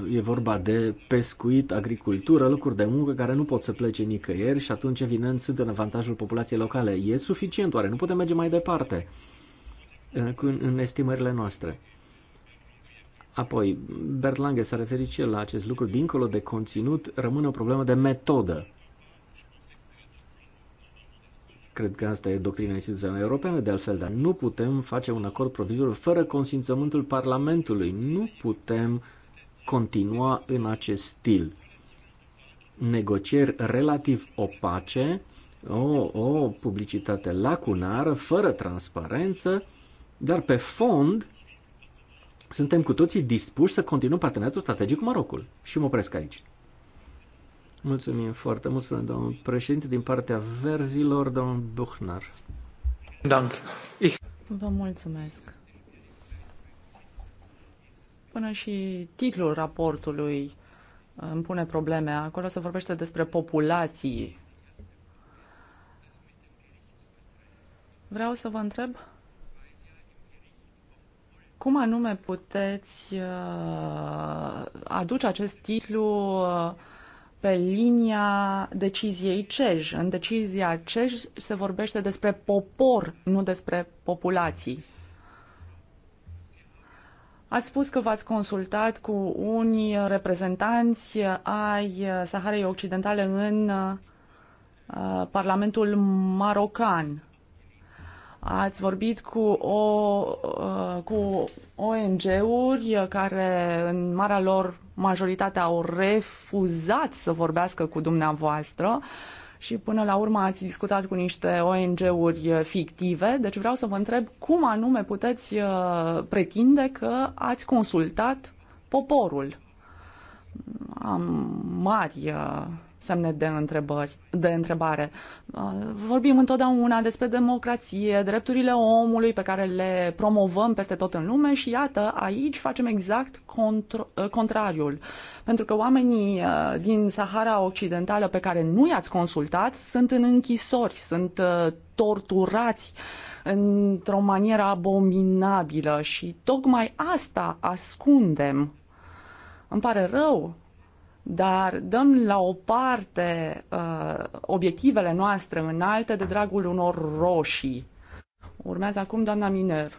Speaker 1: uh, e vorba de pescuit, agricultură, lucruri de muncă care nu pot să plece nicăieri și atunci, evident, sunt în avantajul populației locale. E suficient, oare? Nu putem merge mai departe în estimările noastre. Apoi, Bert Lange s-a referit și el la acest lucru. Dincolo de conținut, rămâne o problemă de metodă. Cred că asta e doctrina instituțională europeană, de altfel, dar nu putem face un acord provizor fără consimțământul Parlamentului. Nu putem continua în acest stil. Negocieri relativ opace, o, o publicitate lacunară, fără transparență, dar pe fond suntem cu toții dispuși să continuăm parteneriatul strategic cu Marocul. Și mă opresc aici. Mulțumim foarte mult, spune domnul președinte, din partea verzilor, domnul Buchner. Dank.
Speaker 3: Vă mulțumesc. Până și titlul raportului uh, îmi pune probleme. Acolo se vorbește despre populații. Vreau să vă întreb cum anume puteți uh, aduce acest titlu uh, pe linia deciziei CEJ? În decizia CEJ se vorbește despre popor, nu despre populații. Ați spus că v-ați consultat cu unii reprezentanți ai Saharei Occidentale în uh, Parlamentul Marocan. Ați vorbit cu, o, uh, cu ONG-uri care, în marea lor majoritate, au refuzat să vorbească cu dumneavoastră și până la urmă ați discutat cu niște ONG-uri fictive, deci vreau să vă întreb cum anume puteți uh, pretinde că ați consultat poporul. Am mari uh, semne de, întrebări, de întrebare. Uh, vorbim întotdeauna despre democrație, drepturile omului pe care le promovăm peste tot în lume și iată, aici facem exact contr- uh, contrariul. Pentru că oamenii uh, din Sahara Occidentală pe care nu i-ați consultat sunt în închisori, sunt torturați într-o manieră abominabilă și tocmai asta ascundem. Îmi pare rău dar dăm la o parte uh, obiectivele noastre înalte de dragul unor roșii. Urmează acum doamna Miner.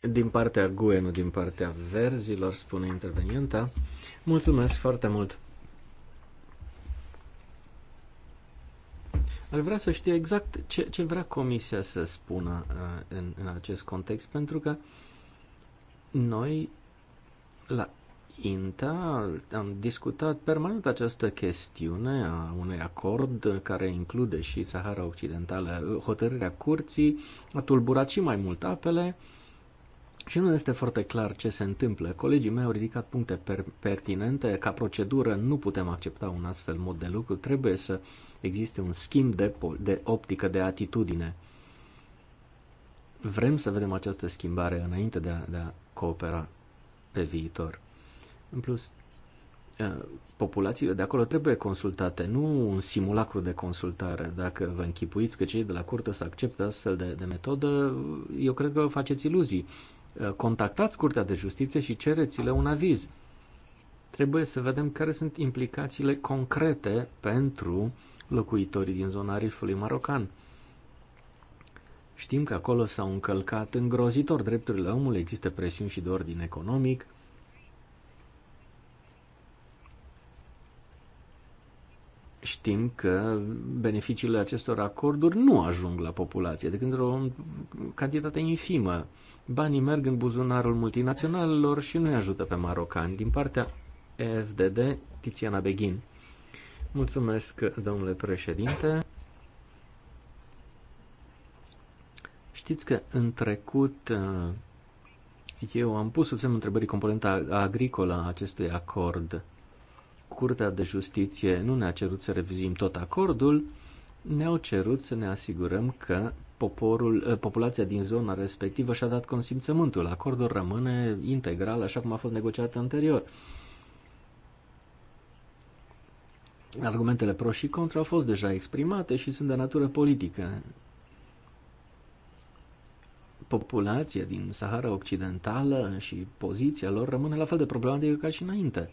Speaker 1: Din partea GUE, nu din partea verzilor, spune intervenienta. Mulțumesc foarte mult. Ar vrea să știe exact ce, ce vrea Comisia să spună uh, în, în acest context, pentru că noi la INTA am discutat permanent această chestiune a unui acord care include și Sahara Occidentală. Hotărârea curții a tulburat și mai mult apele și nu este foarte clar ce se întâmplă. Colegii mei au ridicat puncte per- pertinente. Ca procedură nu putem accepta un astfel mod de lucru. Trebuie să existe un schimb de, de optică, de atitudine. Vrem să vedem această schimbare înainte de a, de a coopera pe viitor. În plus, populațiile de acolo trebuie consultate, nu un simulacru de consultare. Dacă vă închipuiți că cei de la curte o să accepte astfel de, de metodă, eu cred că vă faceți iluzii. Ă, contactați Curtea de Justiție și cereți-le un aviz. Trebuie să vedem care sunt implicațiile concrete pentru locuitorii din zona rifului marocan. Știm că acolo s-au încălcat îngrozitor drepturile omului, există presiuni și de ordin economic, Știm că beneficiile acestor acorduri nu ajung la populație, decât într-o cantitate infimă. Banii merg în buzunarul multinaționalelor și nu-i ajută pe marocani. Din partea FDD, Tiziana Beghin. Mulțumesc, domnule președinte. Știți că în trecut uh, eu am pus sub semnul întrebării componenta agricolă a acestui acord Curtea de Justiție nu ne-a cerut să revizuim tot acordul, ne-au cerut să ne asigurăm că poporul, ă, populația din zona respectivă și-a dat consimțământul. Acordul rămâne integral așa cum a fost negociat anterior. Argumentele pro și contra au fost deja exprimate și sunt de natură politică. Populația din Sahara Occidentală și poziția lor rămâne la fel de problematică ca și înainte.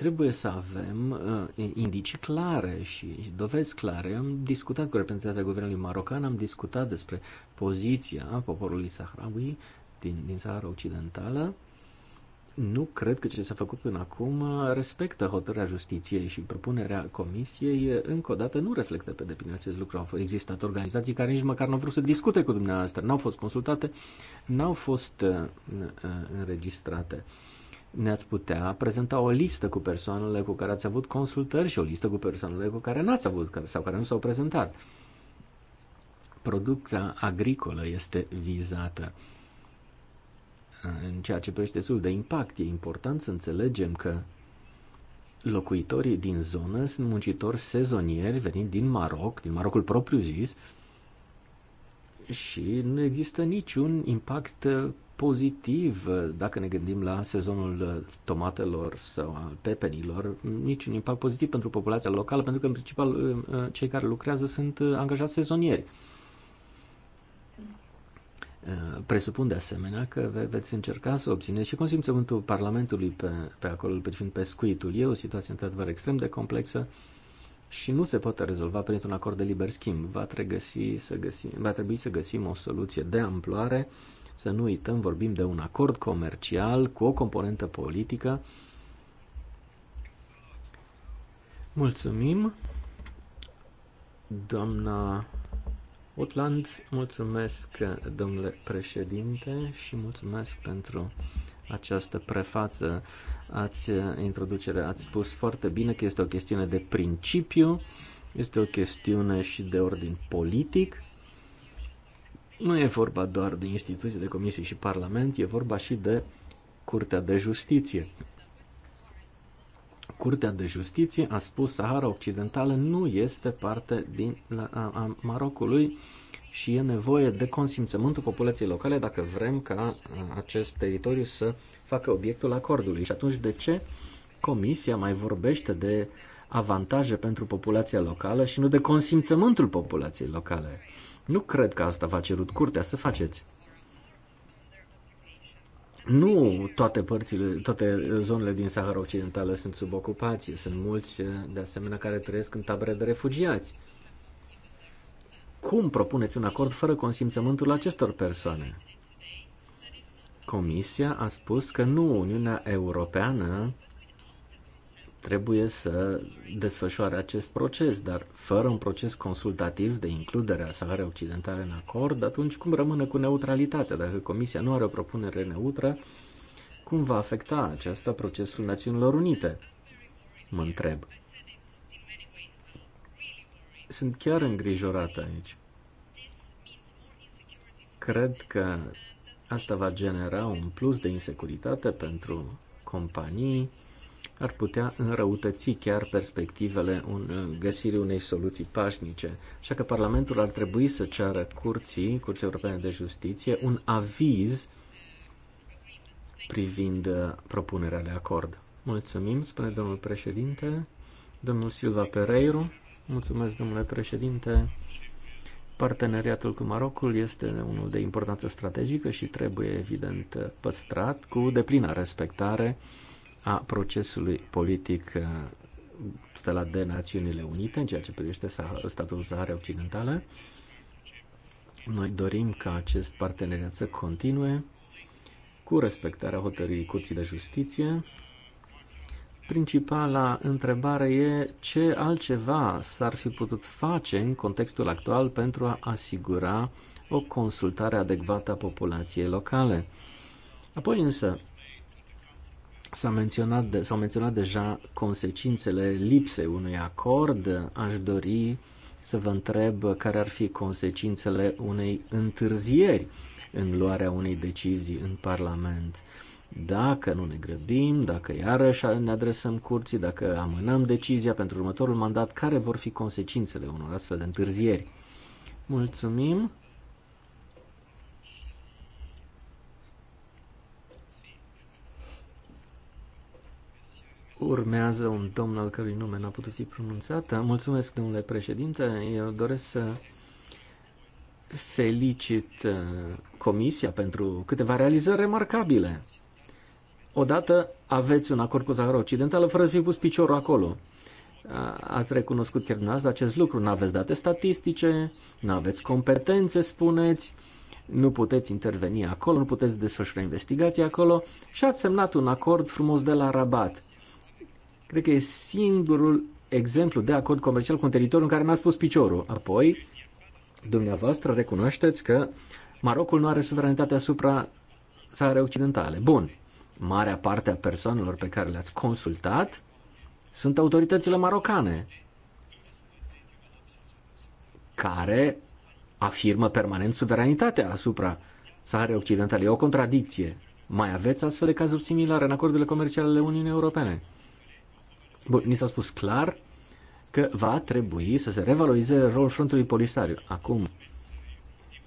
Speaker 1: Trebuie să avem uh, indicii clare și dovezi clare. Am discutat cu reprezentanța guvernului marocan, am discutat despre poziția poporului sahrawi din, din Sahara Occidentală. Nu cred că ce s-a făcut până acum respectă hotărârea justiției și propunerea comisiei. Încă o dată nu reflectă pe deplin acest lucru. Au existat organizații care nici măcar nu au vrut să discute cu dumneavoastră, n-au fost consultate, n-au fost uh, uh înregistrate. Uh, ne-ați putea prezenta o listă cu persoanele cu care ați avut consultări și o listă cu persoanele cu care n-ați avut sau care nu s-au prezentat. Producția agricolă este vizată. În ceea ce privește sul de impact, e important să înțelegem că locuitorii din zonă sunt muncitori sezonieri venind din Maroc, din Marocul propriu zis, și nu există niciun impact uh, pozitiv uh, dacă ne gândim la sezonul uh, tomatelor sau al pepenilor, niciun impact pozitiv pentru populația locală, pentru că în principal cei care lucrează sunt angajați sezonieri. Presupun de asemenea că ve- veți încerca să obțineți și consimțământul Parlamentului pe, pe acolo privind pescuitul. E o situație într-adevăr extrem de complexă. Uh, și nu se poate rezolva printr-un acord de liber schimb. Va, găsi să găsim, va trebui să găsim o soluție de amploare. Să nu uităm, vorbim de un acord comercial cu o componentă politică. Mulțumim, doamna Otland, mulțumesc, domnule președinte, și mulțumesc pentru această prefață, ați, introducere, ați spus foarte bine că este o chestiune de principiu, este o chestiune și de ordin politic. Nu e vorba doar de instituții, de comisii și parlament, e vorba și de Curtea de Justiție. Curtea de Justiție a spus Sahara Occidentală nu este parte din a, a Marocului și e nevoie de consimțământul populației locale dacă vrem ca uh, acest teritoriu să facă obiectul acordului. Și atunci de ce Comisia mai vorbește de avantaje pentru populația locală și nu de consimțământul populației locale? Nu cred că asta va a cerut curtea să faceți. Nu toate părțile, toate zonele din Sahara Occidentală sunt sub ocupație. Sunt mulți, de asemenea, care trăiesc în tabere de refugiați. Cum propuneți un acord fără consimțământul acestor persoane? Comisia a spus că nu Uniunea Europeană trebuie să desfășoare acest proces, dar fără un proces consultativ de includere a Saharei Occidentale în acord, atunci cum rămâne cu neutralitatea? Dacă Comisia nu are o propunere neutră, cum va afecta aceasta procesul Națiunilor Unite? Mă întreb sunt chiar îngrijorată aici. Cred că asta va genera un plus de insecuritate pentru companii, ar putea înrăutăți chiar perspectivele un, găsirii unei soluții pașnice. Așa că Parlamentul ar trebui să ceară curții, Curții Europene de Justiție, un aviz privind uh, propunerea de acord. Mulțumim, spune domnul președinte. Domnul Silva Pereiru. Mulțumesc, domnule președinte. Parteneriatul cu Marocul este unul de importanță strategică și trebuie, evident, păstrat cu deplină respectare a procesului politic uh, tutelat de Națiunile Unite în ceea ce privește statul Sahara Occidentală. Noi dorim ca acest parteneriat să continue cu respectarea hotărârii Curții de Justiție Principala întrebare e ce altceva s-ar fi putut face în contextul actual pentru a asigura o consultare adecvată a populației locale. Apoi însă, S-a menționat de, s-au menționat deja consecințele lipsei unui acord. Aș dori să vă întreb care ar fi consecințele unei întârzieri în luarea unei decizii în Parlament. Uh, dacă nu ne grăbim, dacă iarăși ne adresăm curții, dacă amânăm decizia pentru următorul mandat, care vor fi consecințele unor astfel de întârzieri? Mulțumim! Urmează un domn al cărui nume n-a putut fi pronunțat. Mulțumesc, domnule președinte. Eu doresc să felicit uh, comisia pentru câteva realizări remarcabile odată aveți un acord cu Zahara Occidentală fără să fi pus piciorul acolo. Ați recunoscut chiar dumneavoastră acest lucru, nu aveți date statistice, nu aveți competențe, spuneți, nu puteți interveni acolo, nu puteți desfășura investigații acolo și ați semnat un acord frumos de la Rabat. Cred că e singurul exemplu de acord comercial cu un teritoriu în care n-ați pus piciorul. Apoi, dumneavoastră recunoașteți că Marocul nu are suveranitate asupra Saharei Occidentale. Bun marea parte a persoanelor pe care le-ați consultat sunt autoritățile marocane, care afirmă permanent suveranitatea asupra Saharei Occidentale. E o contradicție. Mai aveți astfel de cazuri similare în acordurile comerciale ale Uniunii Europene? Bun, ni s-a spus clar că va trebui să se revalorizeze rolul frontului polisariu. Acum,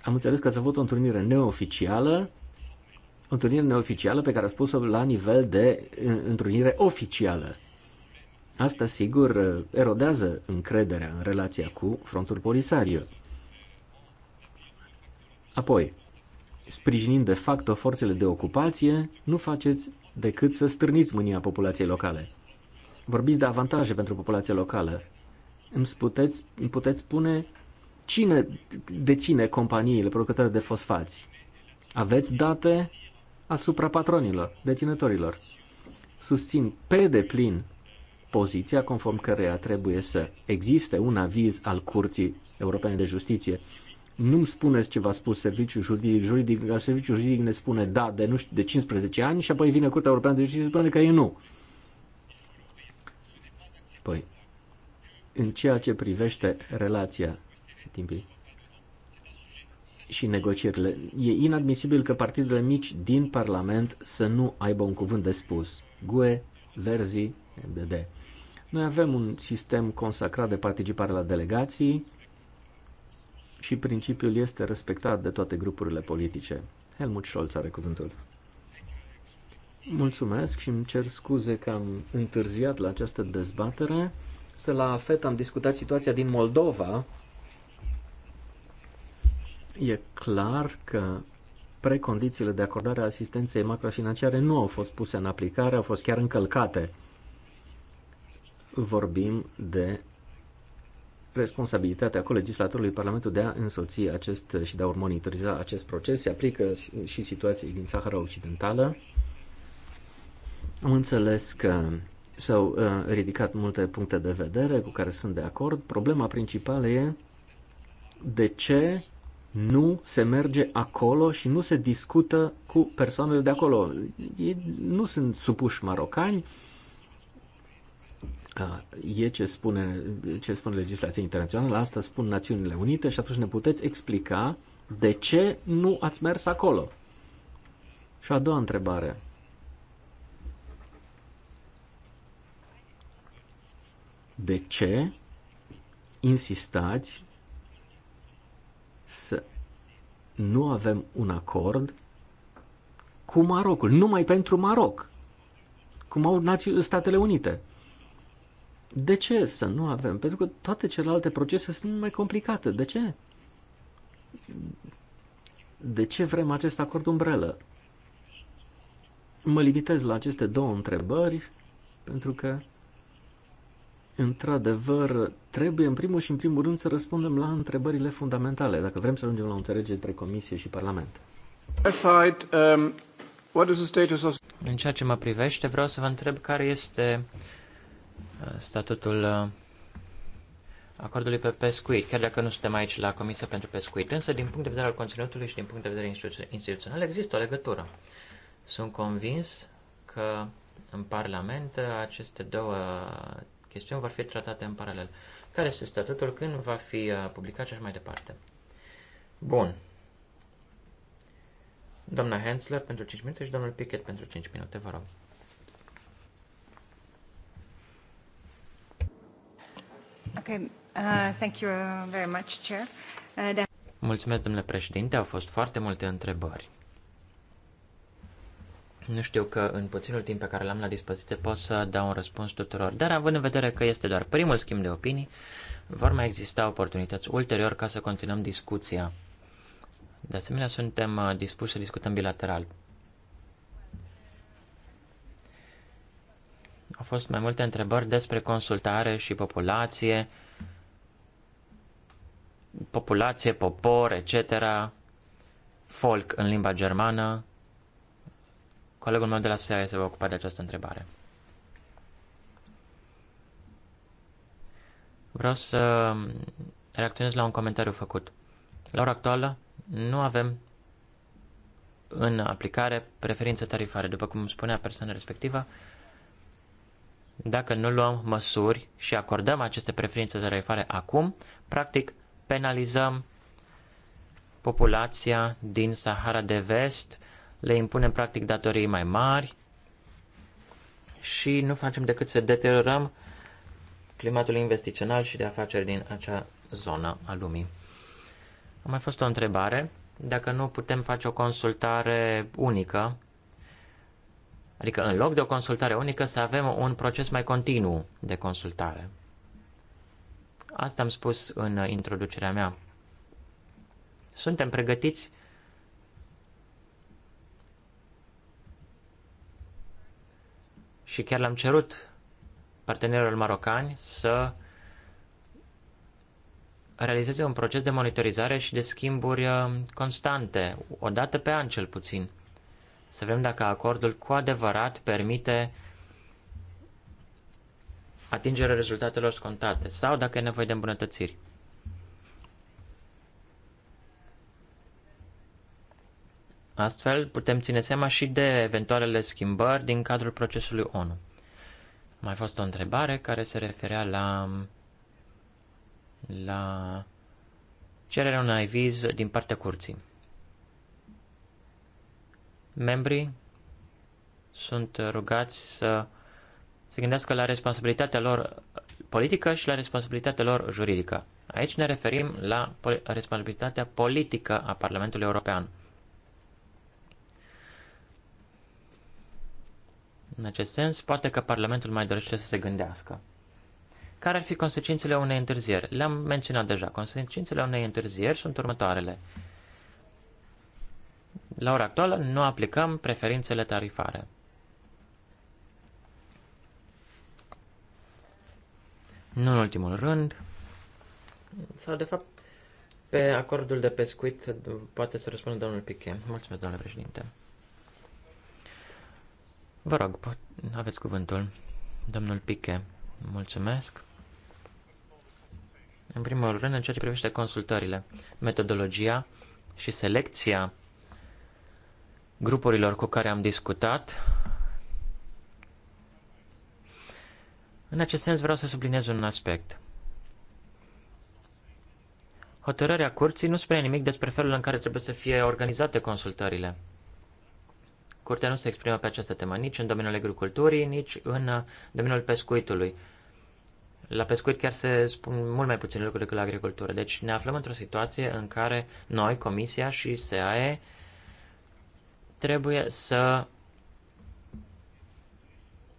Speaker 1: am înțeles că ați avut o întâlnire neoficială întâlnire neoficială pe care a spus-o la nivel de întâlnire oficială. Asta, sigur, erodează încrederea în relația cu frontul polisario. Apoi, sprijinind de facto forțele de ocupație, nu faceți decât să strâniți mânia populației locale. Vorbiți de avantaje pentru populația locală. Îmi puteți, îmi puteți spune cine deține companiile producătoare de fosfați? Aveți date? asupra patronilor, deținătorilor. Susțin pe deplin poziția conform căreia trebuie să existe un aviz al Curții Europene de Justiție. Nu-mi spuneți ce v-a spus serviciul juridic, juridic, serviciul juridic ne spune da de, nu știu, de 15 ani și apoi vine Curtea Europeană de Justiție și spune că e nu. Păi, în ceea ce privește relația timpii și negocierile. E inadmisibil că partidele mici din Parlament să nu aibă un cuvânt de spus. GUE, Verzi, MDD. Noi avem un sistem consacrat de participare la delegații și principiul este respectat de toate grupurile politice. Helmut Scholz are cuvântul. Mulțumesc și îmi cer scuze că am întârziat la această dezbatere. Să la FET am discutat situația din Moldova E clar că precondițiile de acordare a asistenței macrofinanciare nu au fost puse în aplicare, au fost chiar încălcate. Vorbim de responsabilitatea colegislatorului Parlamentului de a însoți acest și de a monitoriza acest proces. Se aplică și situației din Sahara Occidentală. Am înțeles că s-au uh, ridicat multe puncte de vedere cu care sunt de acord. Problema principală e de ce nu se merge acolo și nu se discută cu persoanele de acolo. Ei nu sunt supuși marocani, ah, e ce spune, ce spune legislația internațională, asta spun Națiunile Unite și atunci ne puteți explica de ce nu ați mers acolo. Și a doua întrebare. De ce insistați să nu avem un acord cu Marocul, numai pentru Maroc, cum au Statele Unite. De ce să nu avem? Pentru că toate celelalte procese sunt mai complicate. De ce? De ce vrem acest acord umbrelă? Mă limitez la aceste două întrebări, pentru că Într-adevăr, trebuie în primul și în primul rând să răspundem la întrebările fundamentale, dacă vrem să ajungem la o înțelegere între Comisie și Parlament.
Speaker 2: Um, în ceea ce mă privește, vreau să vă întreb care este uh, statutul uh, acordului pe pescuit, chiar dacă nu suntem aici la Comisia pentru Pescuit, însă din punct de vedere al conținutului și din punct de vedere instituțional există o legătură. Sunt convins că în Parlament uh, aceste două chestiuni vor fi tratate în paralel. Care este statutul, când va fi uh, publicat și așa mai departe. Bun. Doamna Hensler pentru 5 minute și domnul Pickett pentru 5 minute, vă rog.
Speaker 3: Okay. Uh, thank you uh, very much, Chair. Uh,
Speaker 2: Mulțumesc, domnule președinte. Au fost foarte multe întrebări. Nu știu că în puținul timp pe care l-am la dispoziție pot să dau un răspuns tuturor, dar având în vedere că este doar primul schimb de opinii, vor mai exista oportunități ulterior ca să continuăm discuția. De asemenea, suntem uh, dispuși să discutăm bilateral. Au fost mai multe întrebări despre consultare și populație, populație, popor, etc., folk în limba germană, Colegul meu de la SEA se va ocupa de această întrebare. Vreau să reacționez la un comentariu făcut. La ora actuală nu avem în aplicare preferință tarifare. După cum spunea persoana respectivă, dacă nu luăm măsuri și acordăm aceste preferințe tarifare acum, practic penalizăm populația din Sahara de Vest le impunem practic datorii mai mari și nu facem decât să deteriorăm climatul investițional și de afaceri din acea zonă a lumii. A mai fost o întrebare, dacă nu putem face o consultare unică, adică în loc de o consultare unică să avem un proces mai continuu de consultare. Asta am spus în introducerea mea. Suntem pregătiți și chiar l-am cerut partenerilor marocani să realizeze un proces de monitorizare și de schimburi uh, constante, o dată pe an cel puțin. Să vedem dacă acordul cu adevărat permite atingerea rezultatelor scontate sau dacă e nevoie de îmbunătățiri. Astfel, putem ține seama și de eventualele schimbări din cadrul procesului ONU. mai fost o întrebare care se referea la, la cererea unui viz din partea curții. Membrii sunt rugați să se gândească la responsabilitatea lor politică și la responsabilitatea lor juridică. Aici ne referim la responsabilitatea politică a Parlamentului European – În acest sens, poate că Parlamentul mai dorește să se gândească. Care ar fi consecințele unei întârzieri? Le-am menționat deja. Consecințele unei întârzieri sunt următoarele. La ora actuală nu aplicăm preferințele tarifare. Nu în ultimul rând, sau de fapt, pe acordul de pescuit poate să răspundă domnul Piche. Mulțumesc, domnule președinte. Vă rog, aveți cuvântul. Domnul Piche, mulțumesc. În primul rând, în ceea ce privește consultările, metodologia și selecția grupurilor cu care am discutat, în acest sens vreau să subliniez un aspect. Hotărârea curții nu spune nimic despre felul în care trebuie să fie organizate consultările. Curtea nu se exprimă pe această temă nici în domeniul agriculturii, nici în uh, domeniul pescuitului. La pescuit chiar se spun mult mai puține lucruri decât la agricultură. Deci ne aflăm într-o situație în care noi, Comisia și SAE, trebuie să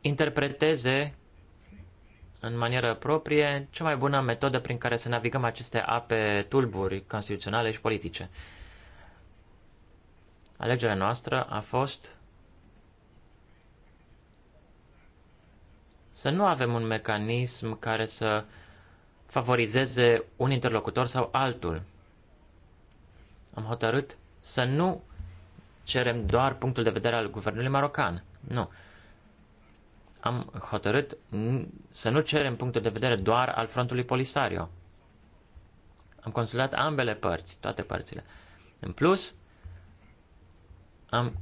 Speaker 2: interpreteze în manieră proprie cea mai bună metodă prin care să navigăm aceste ape tulburi constituționale și politice. Alegerea noastră a fost să nu avem un mecanism care să favorizeze un interlocutor sau altul. Am hotărât să nu cerem doar punctul de vedere al guvernului marocan. Nu. Am hotărât să nu cerem punctul de vedere doar al frontului Polisario. Am consultat ambele părți, toate părțile. În plus, am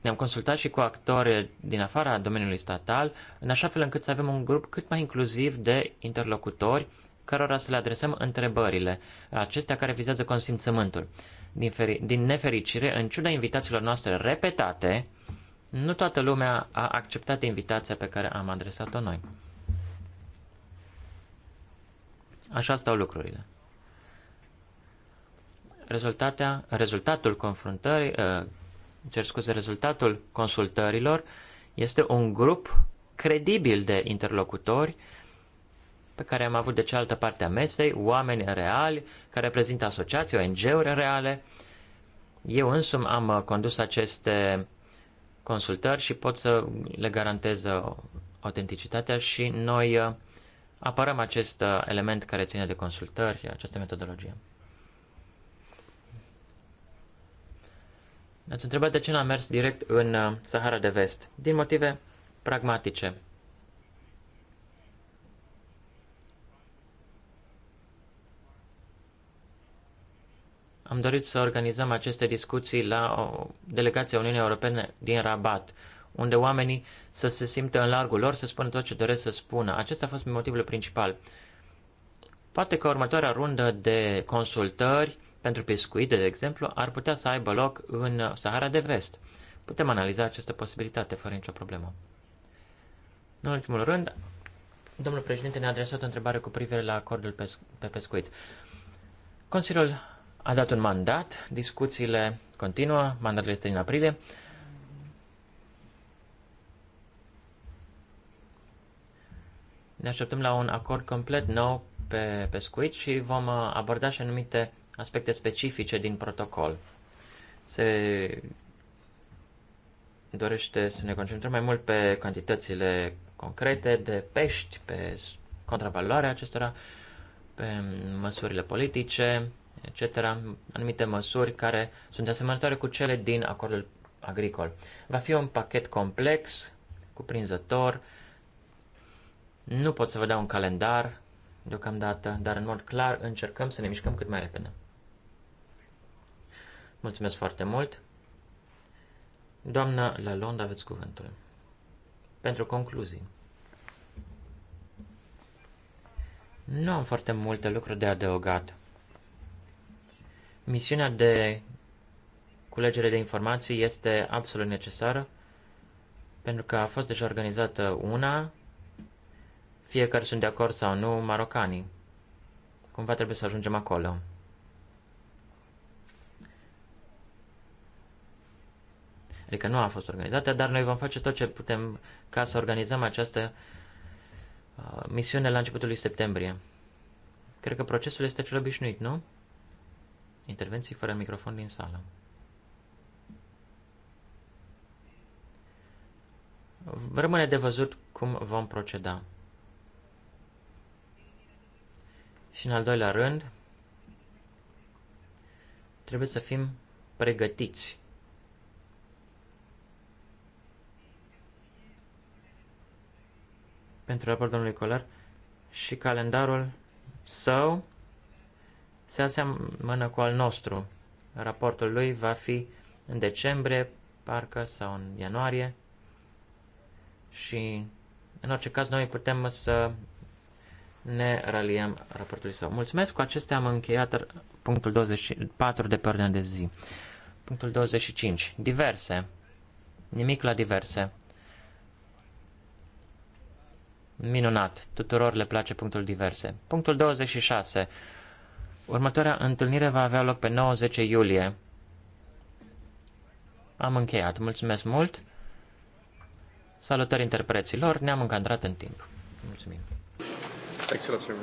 Speaker 2: ne-am consultat și cu actori din afara domeniului statal, în așa fel încât să avem un grup cât mai inclusiv de interlocutori cărora să le adresăm întrebările, acestea care vizează consimțământul. Din, feri- din nefericire, în ciuda invitațiilor noastre repetate, nu toată lumea a acceptat invitația pe care am adresat-o noi. Așa stau lucrurile. Rezultatea, rezultatul confruntării, uh, cer scuze, rezultatul consultărilor este un grup credibil de interlocutori pe care am avut de cealaltă parte a mesei, oameni reali care reprezintă asociații, ONG-uri reale. Eu însumi am condus aceste consultări și pot să le garantez autenticitatea și noi uh, apărăm acest uh, element care ține de consultări, această metodologie. Ne-ați întrebat de ce n-am mers direct în uh, Sahara de Vest. Din motive pragmatice. Am dorit să organizăm aceste discuții la o delegație a Uniunii Europene din Rabat, unde oamenii să se simtă în largul lor, să spună tot ce doresc să spună. Acesta a fost motivul principal. Poate că următoarea rundă de consultări pentru pescuit, de exemplu, ar putea să aibă loc în Sahara de Vest. Putem analiza această posibilitate fără nicio problemă. În ultimul rând, domnul președinte ne-a adresat o întrebare cu privire la acordul pe pescuit. Consiliul a dat un mandat, discuțiile continuă, mandatul este din aprilie. Ne așteptăm la un acord complet nou pe pescuit și vom aborda și anumite aspecte specifice din protocol. Se dorește să ne concentrăm mai mult pe cantitățile concrete de pești, pe contravaloarea acestora, pe măsurile politice, etc., anumite măsuri care sunt asemănătoare cu cele din acordul agricol. Va fi un pachet complex, cuprinzător, nu pot să vă dau un calendar deocamdată, dar în mod clar încercăm să ne mișcăm cât mai repede. Mulțumesc foarte mult. Doamna Lalonde, aveți cuvântul. Pentru concluzii. Nu am foarte multe lucruri de adăugat. Misiunea de culegere de informații este absolut necesară, pentru că a fost deja organizată una, fie că sunt de acord sau nu marocanii. Cumva trebuie să ajungem acolo. adică nu a fost organizată, dar noi vom face tot ce putem ca să organizăm această uh, misiune la începutul lui septembrie. Cred că procesul este cel obișnuit, nu? Intervenții fără microfon din sală. Rămâne de văzut cum vom proceda. Și în al doilea rând, trebuie să fim pregătiți pentru raportul domnului Colar și calendarul său se aseamănă cu al nostru. Raportul lui va fi în decembrie, parcă, sau în ianuarie și, în orice caz, noi putem să ne raliem raportului său. Mulțumesc, cu acestea am încheiat punctul 24 de pe de zi. Punctul 25. Diverse. Nimic la diverse. Minunat, tuturor le place punctul diverse. Punctul 26. Următoarea întâlnire va avea loc pe 90 iulie. Am încheiat. Mulțumesc mult. Salutări interpreților. Ne-am încadrat în timp. Mulțumim. Excellent.